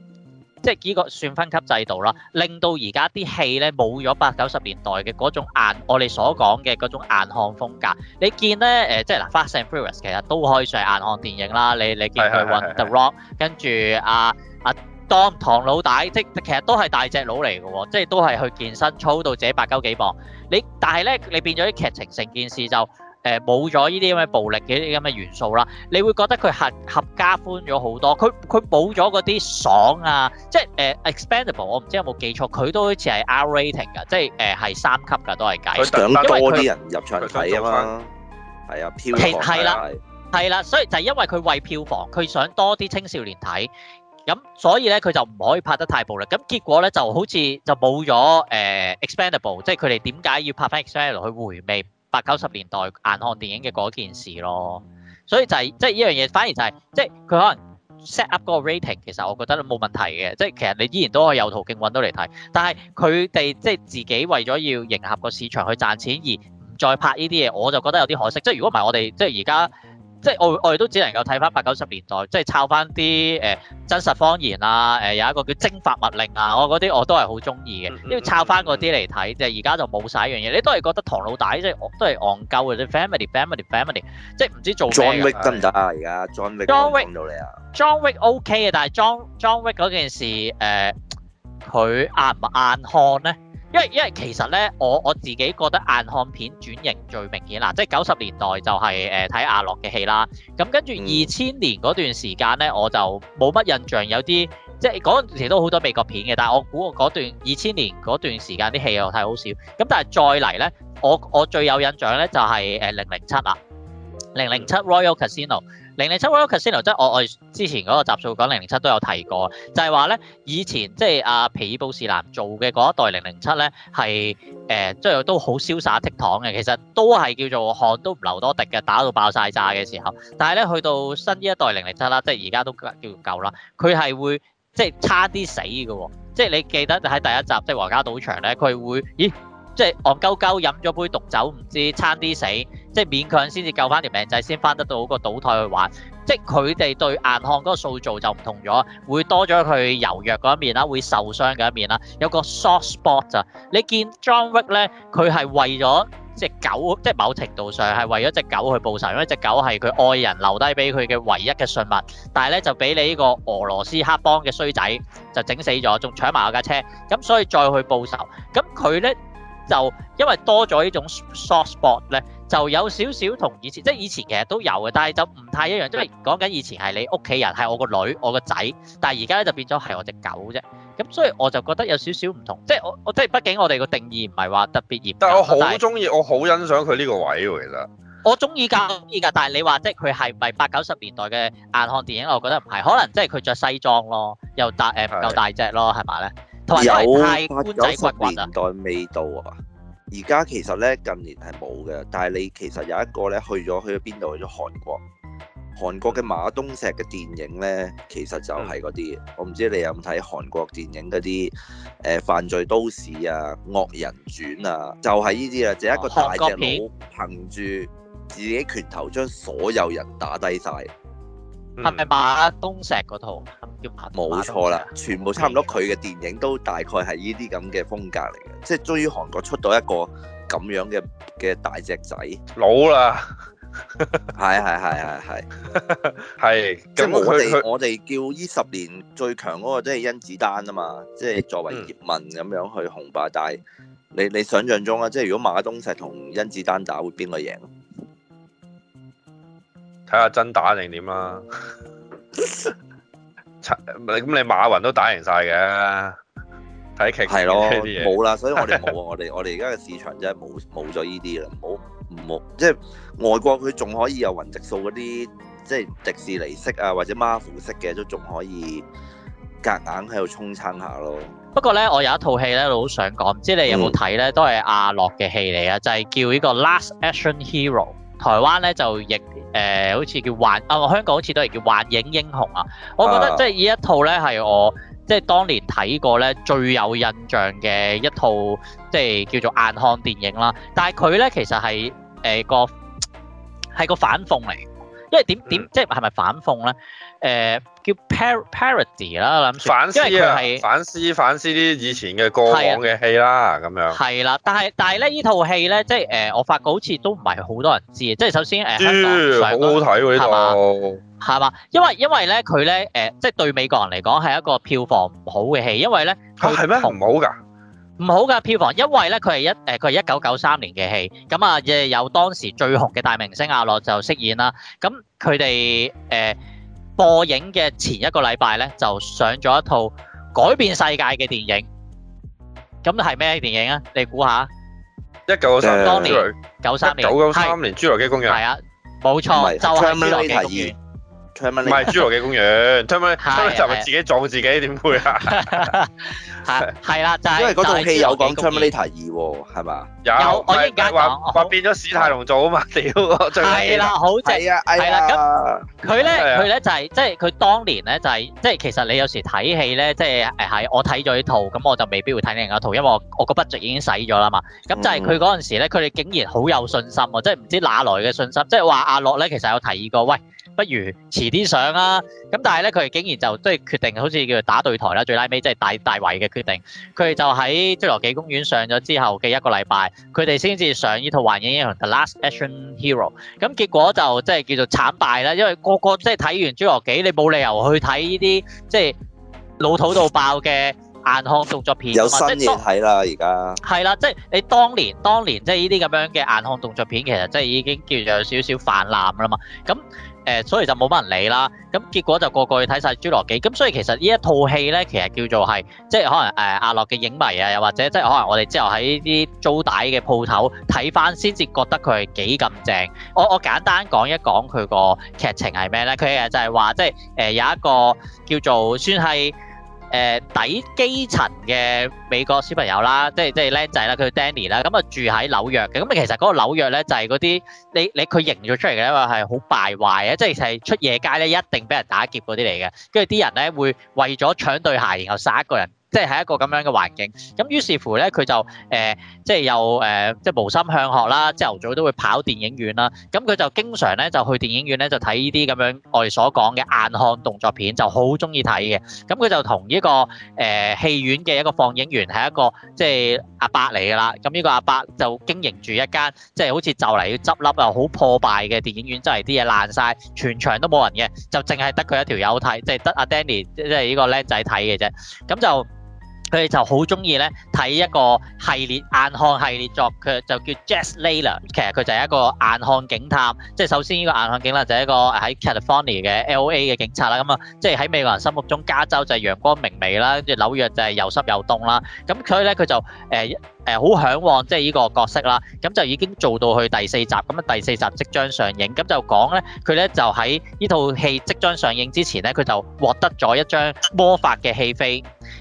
即係幾個算分級制度啦，令到而家啲戲咧冇咗八九十年代嘅嗰種硬，我哋所講嘅嗰種硬漢風格。你見咧誒、呃，即係嗱，Fast and Furious 其實都可以上硬漢電影啦。嗯、你你見佢揾 The Rock，跟住阿阿 Tom 唐老大，即其實都係大隻佬嚟嘅喎，即係都係去健身操到自己百九幾磅。你但係咧，你變咗啲劇情，成件事就～誒冇咗呢啲咁嘅暴力嘅呢啲咁嘅元素啦，你會覺得佢合合家歡咗好多。佢佢冇咗嗰啲爽啊，即係誒 Expendables。我唔知有冇記錯，佢都好似係 R rating 嘅，即係誒係三級嘅都係計。佢想多啲人入場睇啊嘛，係啊，票房係啦係啦，所以就係因為佢為票房，佢想多啲青少年睇，咁所以咧佢就唔可以拍得太暴力。咁結果咧就好似就冇咗誒 Expendables，即係佢哋點解要拍翻 Expendables 去回味？八九十年代硬漢電影嘅嗰件事咯，所以就係即係呢樣嘢，就是、反而就係、是、即係佢可能 set up 嗰個 rating，其實我覺得都冇問題嘅，即係其實你依然都可以有途徑揾到嚟睇。但係佢哋即係自己為咗要迎合個市場去賺錢而唔再拍呢啲嘢，我就覺得有啲可惜。即係如果唔係我哋即係而家。即係我我哋都只能夠睇翻八九十年代，即係抄翻啲誒真實謊言啊！誒、呃、有一個叫蒸發密令啊，我嗰啲我都係好中意嘅，嗯嗯嗯、因為抄翻嗰啲嚟睇即係。而家、嗯嗯嗯、就冇晒一樣嘢，嗯嗯嗯、你都係覺得唐老大即係我都係憨鳩嘅。Family，family，family，即係唔知做咩嘢、啊。John Wick 得唔得啊？而家 John Wick，John Wick OK 嘅，但係 John Wick 嗰件事誒，佢、呃、硬唔硬漢咧？因為因為其實咧，我我自己覺得硬漢片轉型最明顯啦，即係九十年代就係誒睇阿諾嘅戲啦。咁跟住二千年嗰段時間咧，我就冇乜印象有啲，即係嗰陣時都好多美國片嘅。但係我估嗰段二千年嗰段時間啲戲我睇好少。咁但係再嚟咧，我我最有印象咧就係誒零零七啦，零零七 Royal Casino。零零七 World Casino，即係我我之前嗰個集數講零零七都有提過，就係話咧以前即係阿皮爾布士南做嘅嗰一代零零七咧係誒即係都好瀟灑倜儻嘅，其實都係叫做汗都唔流多滴嘅，打到爆晒炸嘅時候。但係咧去到新呢一代零零七啦，即係而家都叫舊啦，佢係會即係、就是、差啲死嘅喎。即、就、係、是、你記得喺第一集即係、就是、皇家賭場咧，佢會咦即係戇鳩鳩飲咗杯毒酒，唔知差啲死。即係勉強先至救翻條命仔，先翻得到嗰個賭台去玩。即係佢哋對硬漢嗰個塑造就唔同咗，會多咗佢柔弱嗰一面啦，會受傷嗰一面啦。有個 soft spot 咋？你見 John Wick 咧，佢係為咗隻狗，即係某程度上係為咗隻狗去報仇，因為隻狗係佢愛人留低俾佢嘅唯一嘅信物。但係咧就俾你呢個俄羅斯黑幫嘅衰仔就整死咗，仲搶埋我架車。咁所以再去報仇。咁佢咧就因為多咗呢種 soft spot 咧。就有少少同以前，即係以前其實都有嘅，但係就唔太一樣，即係講緊以前係你屋企人，係我個女、我個仔，但係而家咧就變咗係我隻狗啫。咁所以我就覺得有少少唔同，即係我我即係畢竟我哋個定義唔係話特別嚴格，但係我好中意，但我好欣賞佢呢個位喎。其實我中意㗎，中意㗎。但係你話即係佢係咪八九十年代嘅硬漢電影，我覺得唔係，可能即係佢着西裝咯，又大誒夠大隻咯，係咪咧？同埋又太官仔骨骨喇，有八九十年代味道啊！而家其實咧近年係冇嘅，但係你其實有一個咧去咗去咗邊度？去咗韓國。韓國嘅馬東石嘅電影咧，其實就係嗰啲，嗯、我唔知你有冇睇韓國電影嗰啲誒犯罪都市啊、惡人傳啊，嗯、就係呢啲就係一個大隻佬憑住自己拳頭將所有人打低晒。係咪馬東石嗰套叫《紅霸》？冇錯啦，全部差唔多，佢嘅電影都大概係呢啲咁嘅風格嚟嘅，即係終於韓國出到一個咁樣嘅嘅大隻仔，老啦了，係係係係係，係是。即係我哋 我哋叫呢十年最強嗰個都係甄子丹啊嘛，即係作為葉問咁樣去紅霸，大、嗯。你你想像中啊，即係如果馬東石同甄子丹打，會邊個贏？睇下真打定點啦，咁你馬雲都打贏晒嘅，睇劇嘅啲嘢冇啦，所以我哋冇啊， 我哋我哋而家嘅市場真係冇冇咗呢啲啦，冇冇即係外國佢仲可以有雲指數嗰啲，即係迪士尼式啊或者 Marvel 式嘅都仲可以，夾硬喺度沖親下咯。不過咧我有一套戲咧，我好想講，唔知你有冇睇咧，嗯、都係阿樂嘅戲嚟啊，就係、是、叫呢個 Last Action Hero。台灣咧就亦誒、呃，好似叫幻啊、呃，香港好似都係叫幻影英雄啊。我覺得、啊、即係呢一套咧，係我即係當年睇過咧最有印象嘅一套，即係叫做硬漢電影啦。但係佢咧其實係誒、呃、個係個反諷嚟，因為點點、嗯、即係係咪反諷咧？誒、呃。要 par parody 啦，諗住，因為佢係反思反思啲以前嘅過往嘅戲啦，咁樣。係啦，但係但係咧，呢套戲咧，即係誒，我發覺好似都唔係好多人知嘅，即係首先誒，好好睇，係嘛？係嘛？因為因為咧，佢咧誒，即係對美國人嚟講係一個票房唔好嘅戲，因為咧佢係咩？唔好㗎，唔好㗎票房，因為咧佢係一誒，佢係一九九三年嘅戲，咁啊亦有當時最紅嘅大明星阿樂就飾演啦，咁佢哋誒。播影嘅前一個禮拜咧，就上咗一套改變世界嘅電影，咁係咩電影啊？你估下？一九九三年。當年九三年。九九三年《侏羅紀公園》。係啊，冇錯，就係《侏羅紀公園》。唔係侏羅紀公園，聽唔就係自己撞自己，點會啊？係係啦，就係因為嗰套戲有講《Terminator 二》喎，係嘛？有我已經解讀，話變咗史泰龍做啊嘛！屌，係啦，好正啊！係、哎、啦，咁佢咧，佢咧就係即係佢當年咧就係即係其實你有時睇戲咧，即係誒係我睇咗一套，咁我就未必會睇另一套，因為我我嗰 budget 已經使咗啦嘛。咁就係佢嗰陣時咧，佢哋竟然好有信心即係唔知哪來嘅信心，即係話阿樂咧其實有提議過，喂。不如遲啲上啦，咁但係咧，佢哋竟然就即係決定，好似叫做打對台啦，最拉尾即係大大圍嘅決定，佢哋就喺侏羅紀公園上咗之後嘅一個禮拜，佢哋先至上依套幻影英雄 The Last Action Hero，咁結果就即係叫做慘敗啦，因為個個即係睇完侏羅紀，你冇理由去睇依啲即係老土到爆嘅硬漢動作片啊嘛，即係有新嘢睇啦而家，係啦，即係你當年當年即係依啲咁樣嘅硬漢動作片，其實即係已經叫做有少少泛濫啦嘛，咁。誒，所以就冇乜人理啦。咁結果就個個去睇晒侏羅紀。咁所以其實呢一套戲咧，其實叫做係，即係可能誒阿諾嘅影迷啊，又或者即係可能我哋之後喺啲租帶嘅鋪頭睇翻，先至覺得佢係幾咁正。我我簡單講一講佢個劇情係咩咧？佢誒就係話，即係誒、呃、有一個叫做算係。誒、呃、底基層嘅美國小朋友啦，即係即係僆仔啦，佢 Danny 啦，咁啊住喺紐約嘅，咁其實嗰個紐約咧就係嗰啲你你佢營造出嚟嘅一個係好敗壞嘅，即係係出夜街咧一定俾人打劫嗰啲嚟嘅，跟住啲人咧會為咗搶對鞋，然後殺一個人。即係一個咁樣嘅環境，咁於是乎呢，佢就誒、呃，即係又誒，即係無心向學啦，朝頭早都會跑電影院啦。咁佢就經常呢，就去電影院呢，就睇呢啲咁樣我哋所講嘅硬漢動作片，就好中意睇嘅。咁佢就同呢、呢個誒、呃、戲院嘅一個放映員係一個即係阿伯嚟㗎啦。咁呢個阿伯就經營住一間即係好似就嚟要執笠啊，好破敗嘅電影院，真係啲嘢爛晒，全場都冇人嘅，就淨係得佢一條友睇，即係得阿 Danny 即係呢個僆仔睇嘅啫。咁就佢哋就好中意咧，睇一個系列硬漢系列作，佢就叫 Jack Slater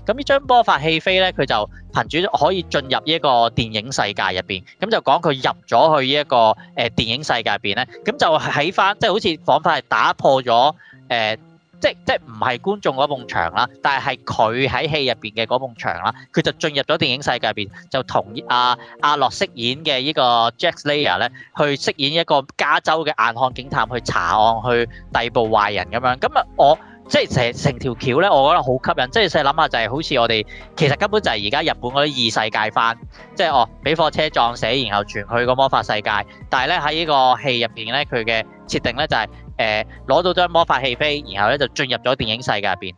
咁呢張波發戲飛咧，佢就憑住可以進入呢一個電影世界入邊，咁就講佢入咗去呢一個誒電影世界入邊咧，咁就喺翻即係好似彷彿係打破咗誒、呃，即係即係唔係觀眾嗰埲牆啦，但係係佢喺戲入邊嘅嗰埲牆啦，佢就進入咗電影世界入邊，就同阿阿樂飾演嘅呢個 Jack Slater 咧，去飾演一個加州嘅硬漢警探去查案去逮捕壞人咁樣。咁啊我。即係成成條橋咧，我覺得好吸引。即係細諗下，就係好似我哋其實根本就係而家日本嗰啲異世界番，即係哦俾貨車撞死，然後傳去個魔法世界。但係咧喺呢個戲入邊咧，佢嘅設定咧就係誒攞到張魔法戲飛，然後咧就進入咗電影世界入邊。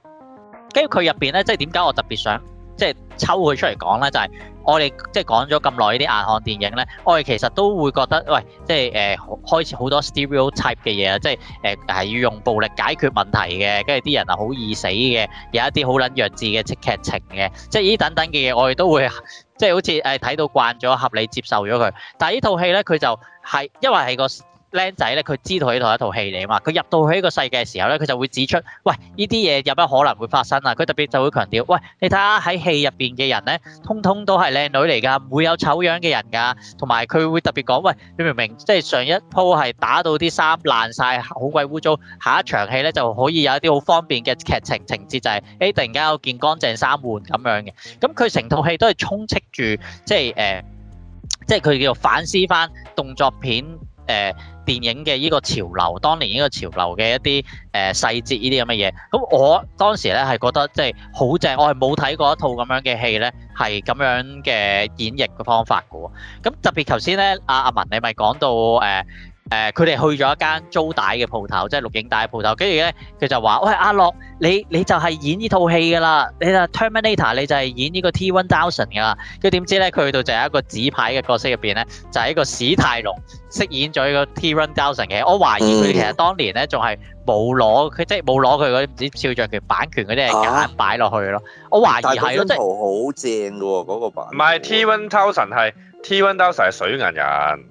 跟住佢入邊咧，即係點解我特別想即係抽佢出嚟講咧，就係、是。我哋即係講咗咁耐啲硬漢電影咧，我哋其實都會覺得喂，即係誒、呃、開始好多 stereotype 嘅嘢啊，即係誒係要用暴力解決問題嘅，跟住啲人啊好易死嘅，有一啲好撚弱智嘅劇情嘅，即係呢等等嘅嘢，我哋都會即係好似誒睇到慣咗，合理接受咗佢。但係呢套戲咧，佢就係、是、因為係個。僆仔咧，佢知道佢呢套係一套戲嚟啊嘛！佢入到去呢個世界嘅時候咧，佢就會指出，喂，呢啲嘢有乜可能會發生啊？佢特別就會強調，喂，你睇下喺戲入邊嘅人咧，通通都係靚女嚟㗎，唔會有醜樣嘅人㗎。同埋佢會特別講，喂，你明唔明？即係上一鋪係打到啲衫爛晒，好鬼污糟，下一場戲咧就可以有一啲好方便嘅劇情情節，就係，就係誒突然間有件乾淨衫換咁樣嘅。咁佢成套戲都係充斥住，即係誒、呃，即係佢叫做反思翻動作片誒。呃電影嘅依個潮流，當年呢個潮流嘅一啲誒細節，呢啲咁嘅嘢，咁我當時咧係覺得即係好正，我係冇睇過一套咁樣嘅戲咧，係咁樣嘅演繹嘅方法嘅喎。咁特別頭先咧，阿、啊、阿文你咪講到誒。呃誒佢哋去咗一間租帶嘅鋪頭，即係錄影帶鋪頭。跟住咧，佢就話，喂，阿樂，你你就係演呢套戲㗎啦，你就 Terminator，你就係演呢個 T One Thousand 㗎啦。跟住點知咧，佢去到就係一個紙牌嘅角色入邊咧，就係、是、一個史泰龍飾演咗呢個 T One Thousand 嘅。我懷疑佢其實當年咧仲係冇攞，佢、嗯、即係冇攞佢嗰啲唔知肖像權版權嗰啲嚟硬擺落去咯。我懷疑係咯，即係好正㗎喎嗰個版。唔係 T One Thousand，係 T One Thousand，係水銀人。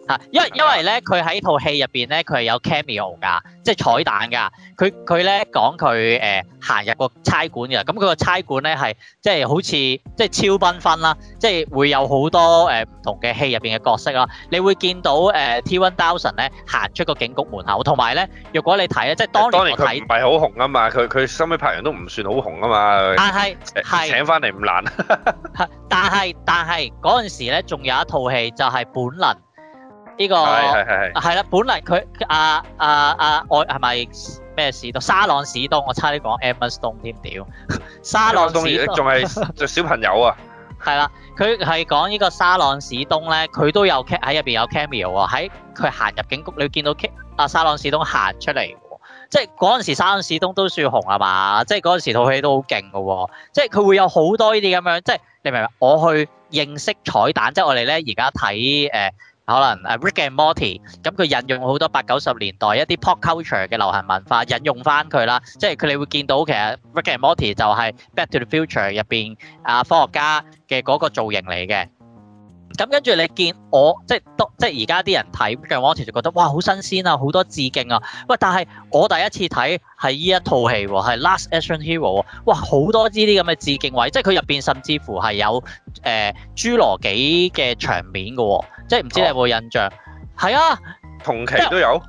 啊，因為因為咧，佢喺呢套戲入邊咧，佢係有 cameo 噶，即係彩蛋噶。佢佢咧講佢誒行入個差館噶，咁佢個差館咧係即係好似即係超繽紛啦，即係會有好多誒唔同嘅戲入邊嘅角色啦。你會見到誒 T-1000 咧行出個警局門口，同埋咧，若果你睇咧，即係當年佢唔係好紅啊嘛，佢佢收尾拍完都唔算好紅啊嘛。但係係請翻嚟唔難。但係但係嗰陣時咧，仲有一套戲就係本能。呢、這個係係係係啦，本嚟佢阿阿阿我係咪咩史東沙朗史東？我差啲講 Emma Stone 添屌沙朗史東，仲係仲小朋友啊！係啦， 佢係講呢個沙朗史東咧，佢都有喺入邊有 cameo 喎，喺佢行入景谷，你會見到阿沙朗史東行出嚟，即係嗰陣時沙朗史東都算紅啊嘛，即係嗰陣時套戲都好勁嘅喎，即係佢會有好多呢啲咁樣，即係你明唔明？我去認識彩蛋，即係我哋咧而家睇誒。可能誒 Rick and Morty 咁，佢引用好多八九十年代一啲 pop culture 嘅流行文化引用翻佢啦，即係佢哋會見到其實 Rick and Morty 就係 Back to the Future 入邊啊科學家嘅嗰個造型嚟嘅。咁、嗯、跟住你見我即係即係而家啲人睇 Rick and Morty，就覺得哇好新鮮啊，好多致敬啊。喂，但係我第一次睇係呢一套戲喎，係 Last Action Hero 喎、啊，哇好多呢啲咁嘅致敬位，即係佢入邊甚至乎係有誒侏羅紀嘅場面嘅喎、啊。即係唔知你有冇印象，係啊，同期都有，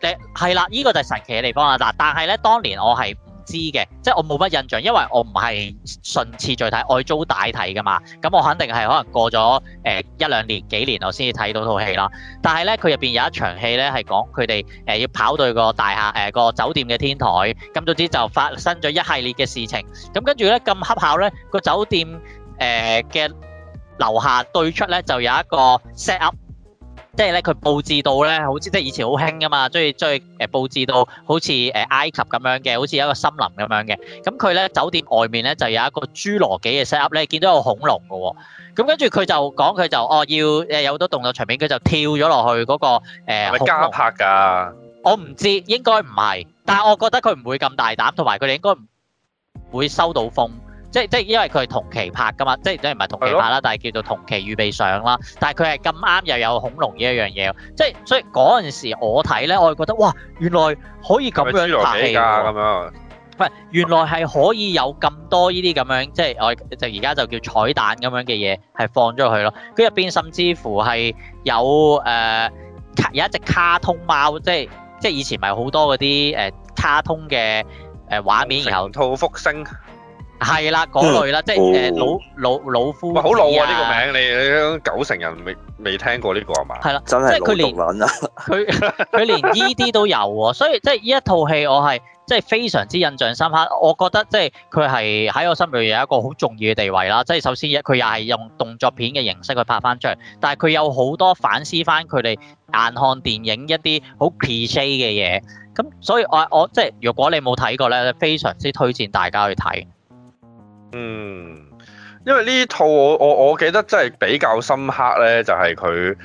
誒係啦，呢個就係神奇嘅地方啦。嗱，但係咧，當年我係唔知嘅，即係我冇乜印象，因為我唔係順次再睇，愛租帶睇㗎嘛。咁我肯定係可能過咗誒一兩年、幾年，我先至睇到套戲啦。但係咧，佢入邊有一場戲咧，係講佢哋誒要跑到個大廈誒個酒店嘅天台，咁總之就發生咗一系列嘅事情。咁跟住咧，咁恰巧咧個酒店誒嘅。樓下對出咧就有一個 set up，即係咧佢佈置到咧，好似即係以前好興㗎嘛，中意中意誒佈置到好似誒埃及咁樣嘅，好似一個森林咁樣嘅。咁佢咧酒店外面咧就有一個侏羅紀嘅 set up，你見到有恐龍㗎喎。咁跟住佢就講佢就哦要誒有好多動作場面，佢就跳咗落去嗰個誒。係加拍㗎。我唔知，應該唔係，但係我覺得佢唔會咁大膽，同埋佢哋應該唔會收到風。即係即係因為佢係同期拍㗎嘛，即係當然唔係同期拍啦，但係叫做同期預備上啦。但係佢係咁啱又有恐龍呢一樣嘢，即係所以嗰陣時我睇咧，我係覺得哇，原來可以咁樣拍戲咁樣、啊。唔、啊、原來係可以有咁多呢啲咁樣，即係我就而家就叫彩蛋咁樣嘅嘢係放咗落去咯。跟住入邊甚至乎係有誒、呃、有一隻卡通貓，即係即係以前咪好多嗰啲誒卡通嘅誒、呃、畫面，然後《復星》。係啦，嗰類啦，即係誒、哦、老老老夫、啊。好老啊！呢、呢個名你九成人未未聽過呢個吖嘛？係啦的，真係老卵佢佢連依啲都有喎、啊，所以即係呢一套戲我係即係非常之印象深刻。我覺得即係佢係喺我心裏有一個好重要嘅地位啦。即係首先佢又係用動作片嘅形式去拍翻出嚟，但係佢有好多反思翻佢哋硬漢電影一啲好 cliché 嘅嘢。咁所以我我即係如果你冇睇過咧，非常之推薦大家去睇。嗯，因為呢套我我我記得真係比較深刻咧，就係佢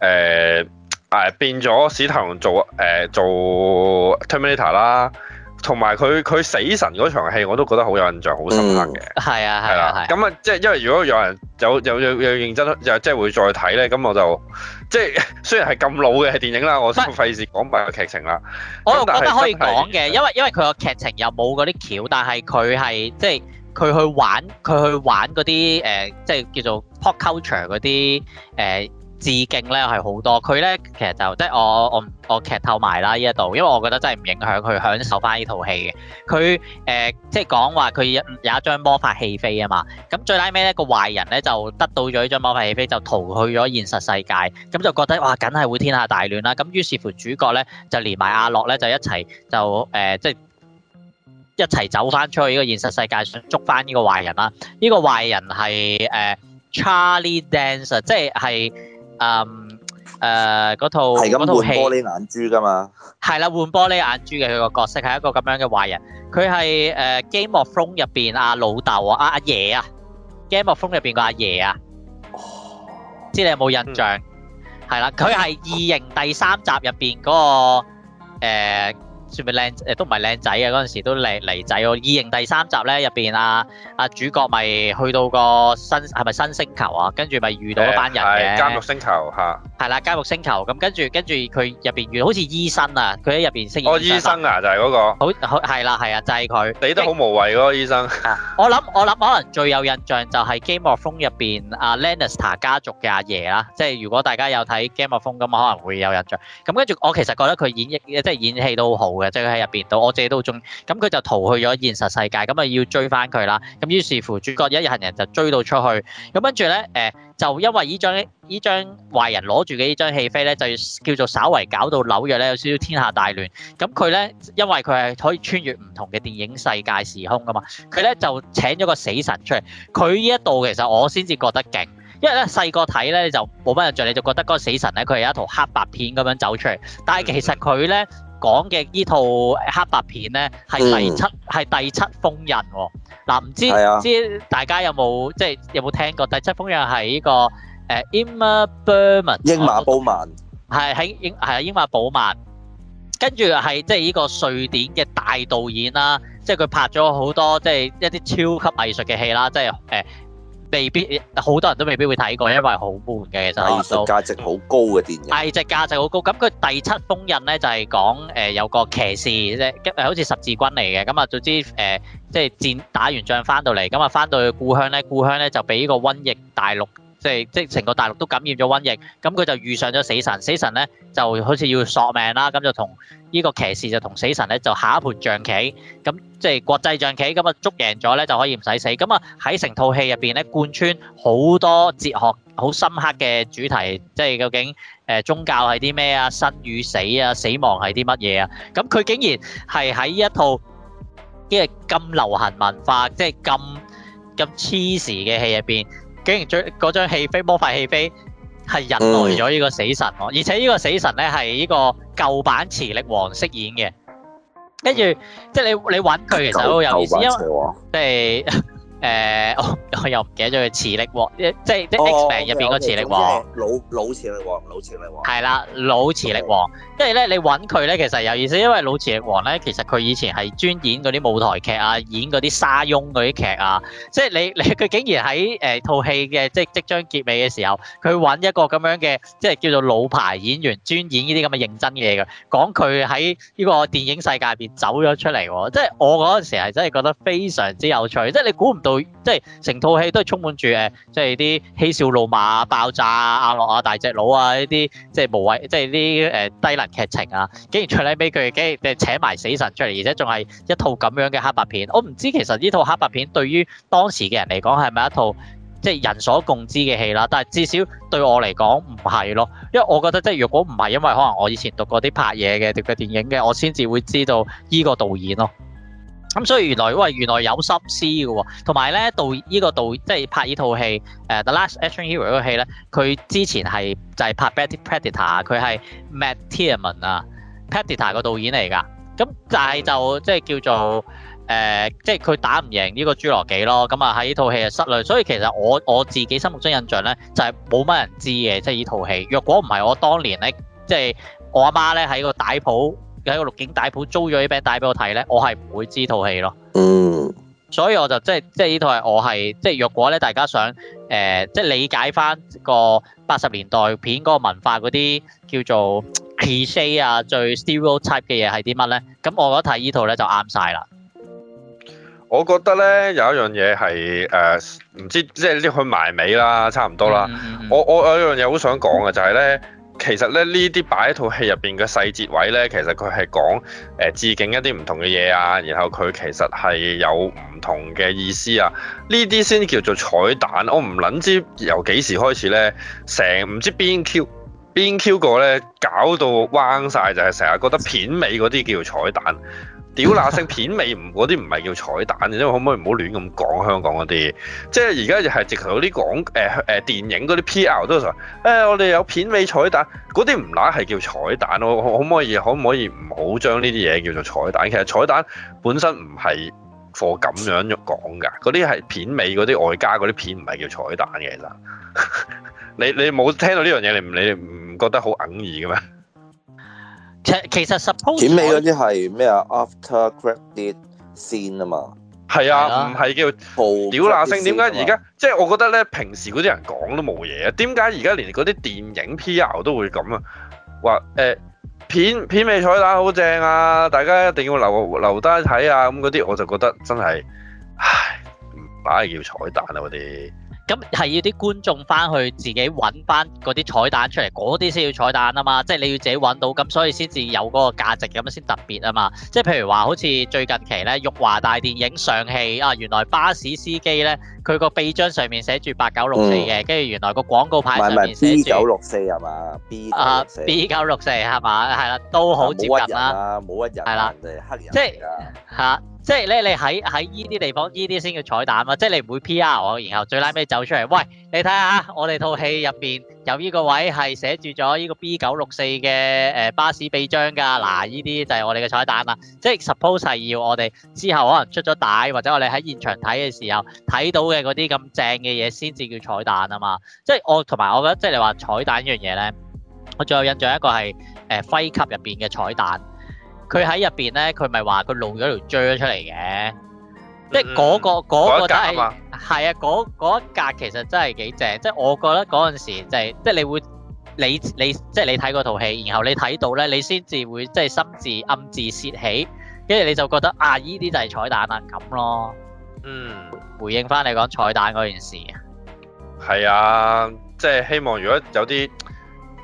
誒誒變咗史泰龍做誒、呃、做 Terminator 啦，同埋佢佢死神嗰場戲我都覺得好有印象，好深刻嘅。係啊係啦，咁啊即係、啊啊、因為如果有人有有有有認真又即係會再睇咧，咁我就即係雖然係咁老嘅電影啦，但我先費事講埋個劇情啦。我又覺得可以講嘅，因為因為佢個劇情又冇嗰啲橋，但係佢係即係。佢去玩，佢去玩嗰啲誒，即係叫做 pop culture 嗰啲誒致敬咧，係好多。佢咧其實就即係我我我劇透埋啦呢一度，因為我覺得真係唔影響佢享受翻呢套戲嘅。佢誒、呃、即係講話佢有一張魔法戲飛飛啊嘛。咁最 l 尾咧個壞人咧就得到咗呢張魔法戲飛，就逃去咗現實世界。咁就覺得哇，梗係會天下大亂啦。咁於是乎主角咧就連埋阿樂咧就一齊就誒、呃、即係。一齊走翻出去呢個現實世界上捉翻呢個壞人啦！呢、這個壞人係誒、呃、Charlie Dancer 即係誒誒嗰套嗰套戲。呃呃、換玻璃眼珠㗎嘛？係啦，換玻璃眼珠嘅佢個角色係一個咁樣嘅壞人。佢係誒 Game of Thrones 入邊阿老豆啊，阿阿爺啊，Game of Thrones 入邊個阿爺啊。哦、啊啊！ 知你有冇印象？係啦、嗯，佢係異形第三集入邊嗰個、呃算咪靚，誒，都唔係靚仔啊！嗰陣時都靚嚟仔喎。異形第三集咧入邊啊，啊主角咪去到個新，係咪新星球啊？跟住咪遇到一班人嘅。係監獄星球嚇。係啦，監獄星球，咁跟住跟住佢入邊遇好似醫生啊！佢喺入邊飾演。哦，個醫生啊，就係嗰個。好，係啦，係啊，就係佢。你都好無謂嗰個醫生。我諗我諗可能最有印象就係《Game of Thrones》入邊啊 Lannister 家族嘅阿爺啦，即係如果大家有睇《Game of Thrones》咁啊，可能會有印象。咁跟住我其實覺得佢演亦即係演戲都好。即係佢喺入邊到我自己都鍾意，咁，佢就逃去咗現實世界，咁啊要追翻佢啦。咁於是乎於是，主角一行人就追到出去。咁跟住咧，誒、呃、就因為依張依張壞人攞住嘅呢張戲飛咧，就叫做稍微搞到紐約咧有少少天下大亂。咁佢咧，因為佢係可以穿越唔同嘅電影世界時空噶嘛，佢咧就請咗個死神出嚟。佢呢一度其實我先至覺得勁，因為咧細個睇咧就冇乜印象，你就覺得嗰個死神咧佢係一套黑白片咁樣走出嚟。但係其實佢咧。嗯講嘅呢套黑白片呢，係第七係、嗯、第，第七封印喎、哦。嗱、啊，唔知知是、啊、大家有冇即係有冇聽過第七封印係呢個誒、啊、Ingmar Bergman 英馬寶曼，係喺英啊英，英馬寶曼。跟住係即係呢個瑞典嘅大導演啦，即係佢拍咗好多即係、就是、一啲超級藝術嘅戲啦，即係誒。啊未必好多人都未必會睇過，因為好悶嘅其實價值好高嘅電影。價值價值好高，咁佢第七封印咧就係講誒有個騎士啫，誒、呃、好似十字軍嚟嘅，咁啊早知誒即係戰打完仗翻到嚟，咁啊翻到去故鄉咧，故鄉咧就俾呢個瘟疫大陸。即係即係成個大陸都感染咗瘟疫，咁佢就遇上咗死神。死神咧就好似要索命啦，咁就同呢個騎士就同死神咧就下一盤象棋，咁即係國際象棋。咁啊捉贏咗咧就可以唔使死。咁啊喺成套戲入邊咧貫穿好多哲學好深刻嘅主題，即係究竟誒宗教係啲咩啊？生與死啊？死亡係啲乜嘢啊？咁佢竟然係喺依一套即係咁流行文化，即係咁咁黐時嘅戲入邊。竟然最嗰張戲飛魔法戲飛，係引來咗呢個死神，嗯、而且呢個死神呢，係呢個舊版磁力王飾演嘅。跟住、嗯、即係你你揾佢其實好有意思，因為即係。就是 誒，我我又唔記得咗佢磁力王，即係即係 X-Men 入邊嗰磁力王，老老磁力王唔老磁力王，係啦老磁力王，即係咧你揾佢咧，其實有意思，因為老磁力王咧，其實佢以前係專演嗰啲舞台劇啊，演嗰啲沙翁嗰啲劇啊，即係你你佢竟然喺誒套戲嘅即係即將結尾嘅時候，佢揾一個咁樣嘅即係叫做老牌演員，專演呢啲咁嘅認真嘢㗎，講佢喺呢個電影世界入邊走咗出嚟喎，即係我嗰陣時係真係覺得非常之有趣，即係你估唔到。即係成套戲都係充滿住誒，即係啲嬉笑怒罵、爆炸阿樂啊，啊、大隻佬啊呢啲，即係無謂，即係啲誒低能劇情啊。竟然出嚟俾佢，竟然俾請埋死神出嚟，而且仲係一套咁樣嘅黑白片。我唔知其實呢套黑白片對於當時嘅人嚟講係咪一套即係人所共知嘅戲啦。但係至少對我嚟講唔係咯，因為我覺得即係如果唔係，因為可能我以前讀過啲拍嘢嘅嘅電影嘅，我先至會知道呢個導演咯。咁所以原來，喂，原來有心思嘅喎，同埋咧導依個導即係拍依套戲，誒《The Last Action Hero》嗰套戲咧，佢之前係就係拍《Batty Predator》，佢係 McTiernan 啊，《Predator》個導演嚟㗎。咁但係就即係叫做誒，即係佢打唔贏呢個侏羅紀咯。咁啊喺依套戲就失累。所以其實我我自己心目中印象咧，就係冇乜人知嘅，即係依套戲。若果唔係我當年咧，即係我阿媽咧喺個底鋪。喺個錄影帶鋪租咗啲 b a 帶俾我睇咧，我係唔會知套戲咯。嗯，所以我就即係即係呢套係我係即係若果咧，大家想誒、呃、即係理解翻個八十年代片嗰個文化嗰啲叫做 p c 啊，最 stereotype 嘅嘢係啲乜咧？咁我覺得睇呢套咧就啱晒啦。我覺得咧有一樣嘢係誒唔知即係呢去埋尾啦，差唔多啦、嗯。我我有一樣嘢好想講嘅就係、是、咧。其實咧，呢啲擺喺套戲入邊嘅細節位呢，其實佢係講誒致敬一啲唔同嘅嘢啊，然後佢其實係有唔同嘅意思啊，呢啲先叫做彩蛋。我唔撚知由幾時開始呢？成唔知邊 Q 邊 Q 個，呢搞到彎晒，就係成日覺得片尾嗰啲叫彩蛋。屌乸聲，片尾唔嗰啲唔係叫彩蛋嘅，因為可唔可以唔好亂咁講香港嗰啲？即係而家就係、是、直頭嗰啲講誒誒電影嗰啲 PR 都成，哎、我哋有片尾彩蛋嗰啲，唔乸係叫彩蛋。哦，我可唔可以可唔可以唔好將呢啲嘢叫做彩蛋？其實彩蛋本身唔係貨咁樣喐講㗎，嗰啲係片尾嗰啲外加嗰啲片唔係叫彩蛋嘅。其實你你冇聽到呢樣嘢，你唔理唔覺得好哽耳嘅咩？其實其實 s 片尾嗰啲係咩啊？After credit 先啊嘛，係啊，唔係、啊、叫屌那聲。點解而家即係我覺得咧，平時嗰啲人講都冇嘢啊。點解而家連嗰啲電影 PR 都會咁啊？話誒、欸、片片尾彩蛋好正啊，大家一定要留留單睇啊。咁嗰啲我就覺得真係，唉，唔擺係叫彩蛋啊，我哋。咁係要啲觀眾翻去自己揾翻嗰啲彩蛋出嚟，嗰啲先要彩蛋啊嘛，即係你要自己揾到，咁所以先至有嗰個價值，咁樣先特別啊嘛。即係譬如話，好似最近期咧，玉華大電影上戲啊，原來巴士司機咧，佢個臂章上面寫住八九六四嘅，跟住、嗯、原來個廣告牌上面寫住九六四係嘛？B, B 啊，B 九六四係嘛？係啦，都好接近啦。冇乜人啊，冇乜人、啊。係啦、啊，即黑人嚟即係咧，你喺喺呢啲地方，呢啲先叫彩蛋啊嘛，即係你唔會 PR 我，然後最拉尾走出嚟。喂，你睇下我哋套戲入面有呢個位係寫住咗呢個 B 九六四嘅誒巴士臂章㗎。嗱，呢啲就係我哋嘅彩蛋啦。即係 suppose 係要我哋之後可能出咗帶，或者我哋喺現場睇嘅時候睇到嘅嗰啲咁正嘅嘢，先至叫彩蛋啊嘛。即係我同埋我覺得，即係你話彩蛋呢樣嘢咧，我最有印象一個係誒 Fight Club 入邊嘅彩蛋。佢喺入邊咧，佢咪話佢露咗條脹出嚟嘅，嗯、即係嗰、嗰個嗰、嗯、個真係係啊嗰一格其實真係幾正，即係我覺得嗰陣時就係、係、即係你會你你即係你睇嗰套戲，然後你睇到咧，你先至會即係心字暗字竊起，跟住你就覺得啊依啲就係彩蛋啊咁咯。嗯，回應翻你講彩蛋嗰件事啊，係啊，即係希望如果有啲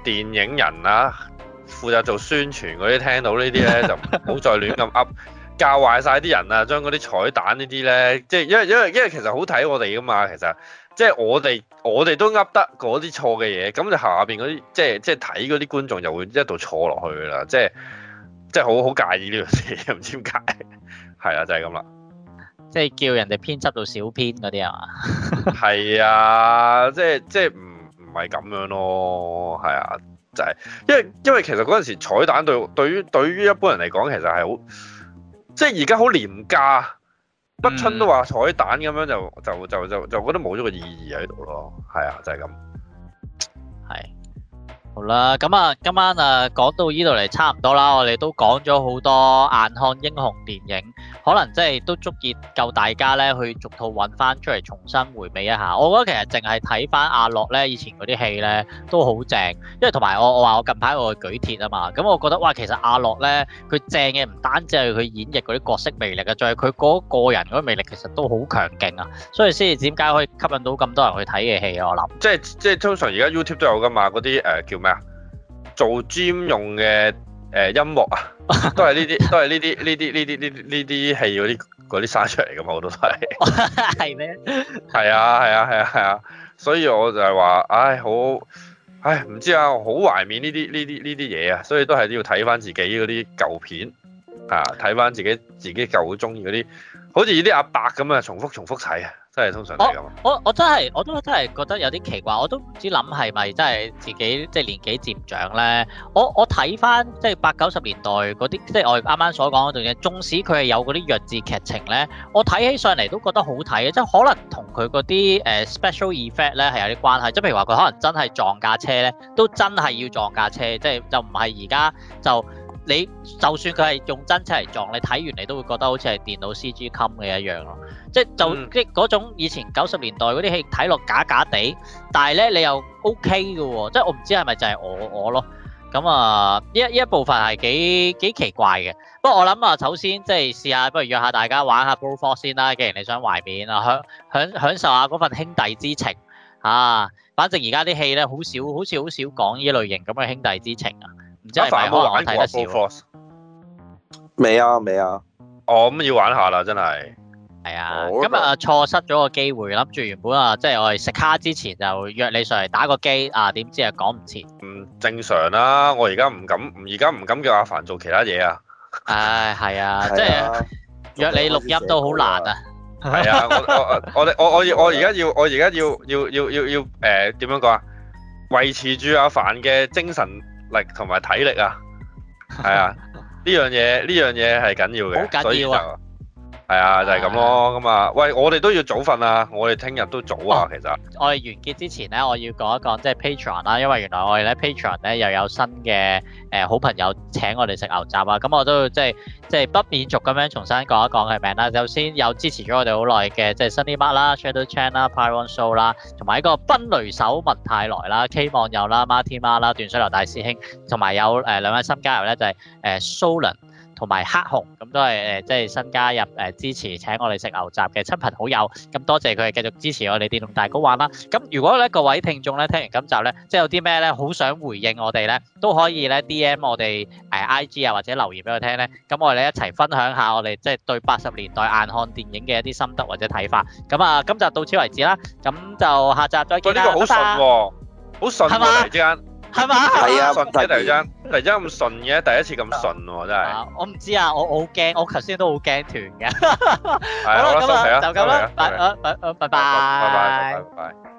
電影人啦、啊。負責做宣傳嗰啲聽到呢啲咧就唔好再亂咁噏教壞晒啲人啊！將嗰啲彩蛋呢啲咧，即係因為因為因為其實好睇我哋㗎嘛，其實即係我哋我哋都噏得嗰啲錯嘅嘢，咁就下邊嗰啲即係即係睇嗰啲觀眾就會一度錯落去㗎啦，即係即係好好介意呢樣嘢，唔知點解係啊，就係咁啦。即係叫人哋編輯到小編嗰啲啊嘛。係 啊，即係即係唔唔係咁樣咯，係啊。就係，因為因為其實嗰陣時彩蛋對對於對於一般人嚟講，其實係好，即係而家好廉價，乜春都話彩蛋咁樣就就就就就覺得冇咗個意義喺度咯，係啊，就係、是、咁，係，好啦，咁啊今晚啊講到呢度嚟差唔多啦，我哋都講咗好多，硬漢英雄電影。可能即係都足以夠大家咧去逐套揾翻出嚟重新回味一下。我覺得其實淨係睇翻阿樂咧以前嗰啲戲咧都好正，因為同埋我我話我近排我去舉鐵啊嘛，咁、嗯、我覺得哇，其實阿樂咧佢正嘅唔單止係佢演繹嗰啲角色魅力啊，仲係佢嗰個人嗰啲魅力其實都好強勁啊，所以先至點解可以吸引到咁多人去睇嘅戲啊？我諗即係即係通常而家 YouTube 都有噶嘛，嗰啲誒叫咩啊？做 gym 用嘅。誒音樂啊，都係呢啲，都係呢啲，呢啲，呢啲，呢呢啲戲嗰啲嗰啲生出嚟㗎嘛，我都睇係咩？係 啊，係啊，係啊，係啊，啊，所以我就係話，唉、哎，好，唉、哎，唔知啊，好懷念呢啲呢啲呢啲嘢啊，所以都係要睇翻自己嗰啲舊片啊，睇翻自己自己舊好鍾意嗰啲，好似啲阿伯咁啊，重複重複睇啊。真係通常係咁，我我真係我都真係覺得有啲奇怪，我都唔知諗係咪真係自己即係年紀漸長咧。我我睇翻即係八九十年代嗰啲，即係我啱啱所講嗰種嘢，縱使佢係有嗰啲弱智劇情咧，我睇起上嚟都覺得好睇嘅，即係可能同佢嗰啲誒 special effect 咧係有啲關係，即係譬如話佢可能真係撞架車咧，都真係要撞架車，即係就唔係而家就。你就算佢係用真車嚟撞，你睇完你都會覺得好似係電腦 C G 噉嘅一樣咯。嗯、即係就即嗰種以前九十年代嗰啲戲睇落假假地，但係咧你又 O K 嘅喎。即係我唔知係咪就係我我咯。咁啊，呢一呢一部分係幾幾奇怪嘅。不過我諗啊，首先即係試下，不如約下大家玩下《BroForce》先啦。既然你想懷緬啊，享享享受下嗰份兄弟之情啊。反正而家啲戲咧好少，好似好少講呢類型咁嘅兄弟之情啊。唔知阿凡有冇玩過 BroForce？未啊，未啊。哦，咁要玩下啦，真係。係啊，咁啊錯失咗個機會，諗住原本啊，即係我哋食蝦之前就約你上嚟打個機啊，點知啊講唔切。嗯，正常啦。我而家唔敢，而家唔敢叫阿凡做其他嘢啊。唉，係啊，即係約你錄音都好難啊。係啊，我我我我我我而家要我而家要要要要要誒點樣講啊？維持住阿凡嘅精神力同埋體力啊，係啊，呢樣嘢呢樣嘢係緊要嘅，好緊要啊！係啊，就係咁咯，咁啊，喂，我哋都要早瞓啊，我哋聽日都早啊，其實。我哋完結之前咧，我要講一講即係 Patreon 啦，因為原來我哋咧 Patreon 咧又有新嘅誒好朋友請我哋食牛雜啊，咁我都即係即係不免俗咁樣重新講一講佢名啦。首先有支持咗我哋好耐嘅即係 Sunny 媽啦、Shadow Chan 啦、Piran Show 啦，同埋一個奔雷手文泰來啦、K 網友啦、Martin 媽啦、段水牛大師兄，同埋有誒兩位新加入咧就係誒 Solan。同埋黑熊咁都係誒，即係新加入誒支持請我哋食牛雜嘅親朋好友，咁多謝佢哋繼續支持我哋電動大 GO 玩啦。咁如果咧各位聽眾咧聽完今集咧，即係有啲咩咧好想回應我哋咧，都可以咧 D M 我哋誒 I G 啊，或者留言俾我聽咧。咁我哋咧一齊分享下我哋即係對八十年代硬漢電影嘅一啲心得或者睇法。咁啊，今集到此為止啦。咁就下集再見啦。咁呢個好順喎，好順嘅，係嘛？突然之間。係嘛？係啊，順嘅第一張，第一張咁順嘅，第一次咁順喎，真係。我唔知啊，我我好驚，我頭先都好驚斷㗎。係啊，咁就咁啦，拜拜拜，拜拜，拜拜，拜拜。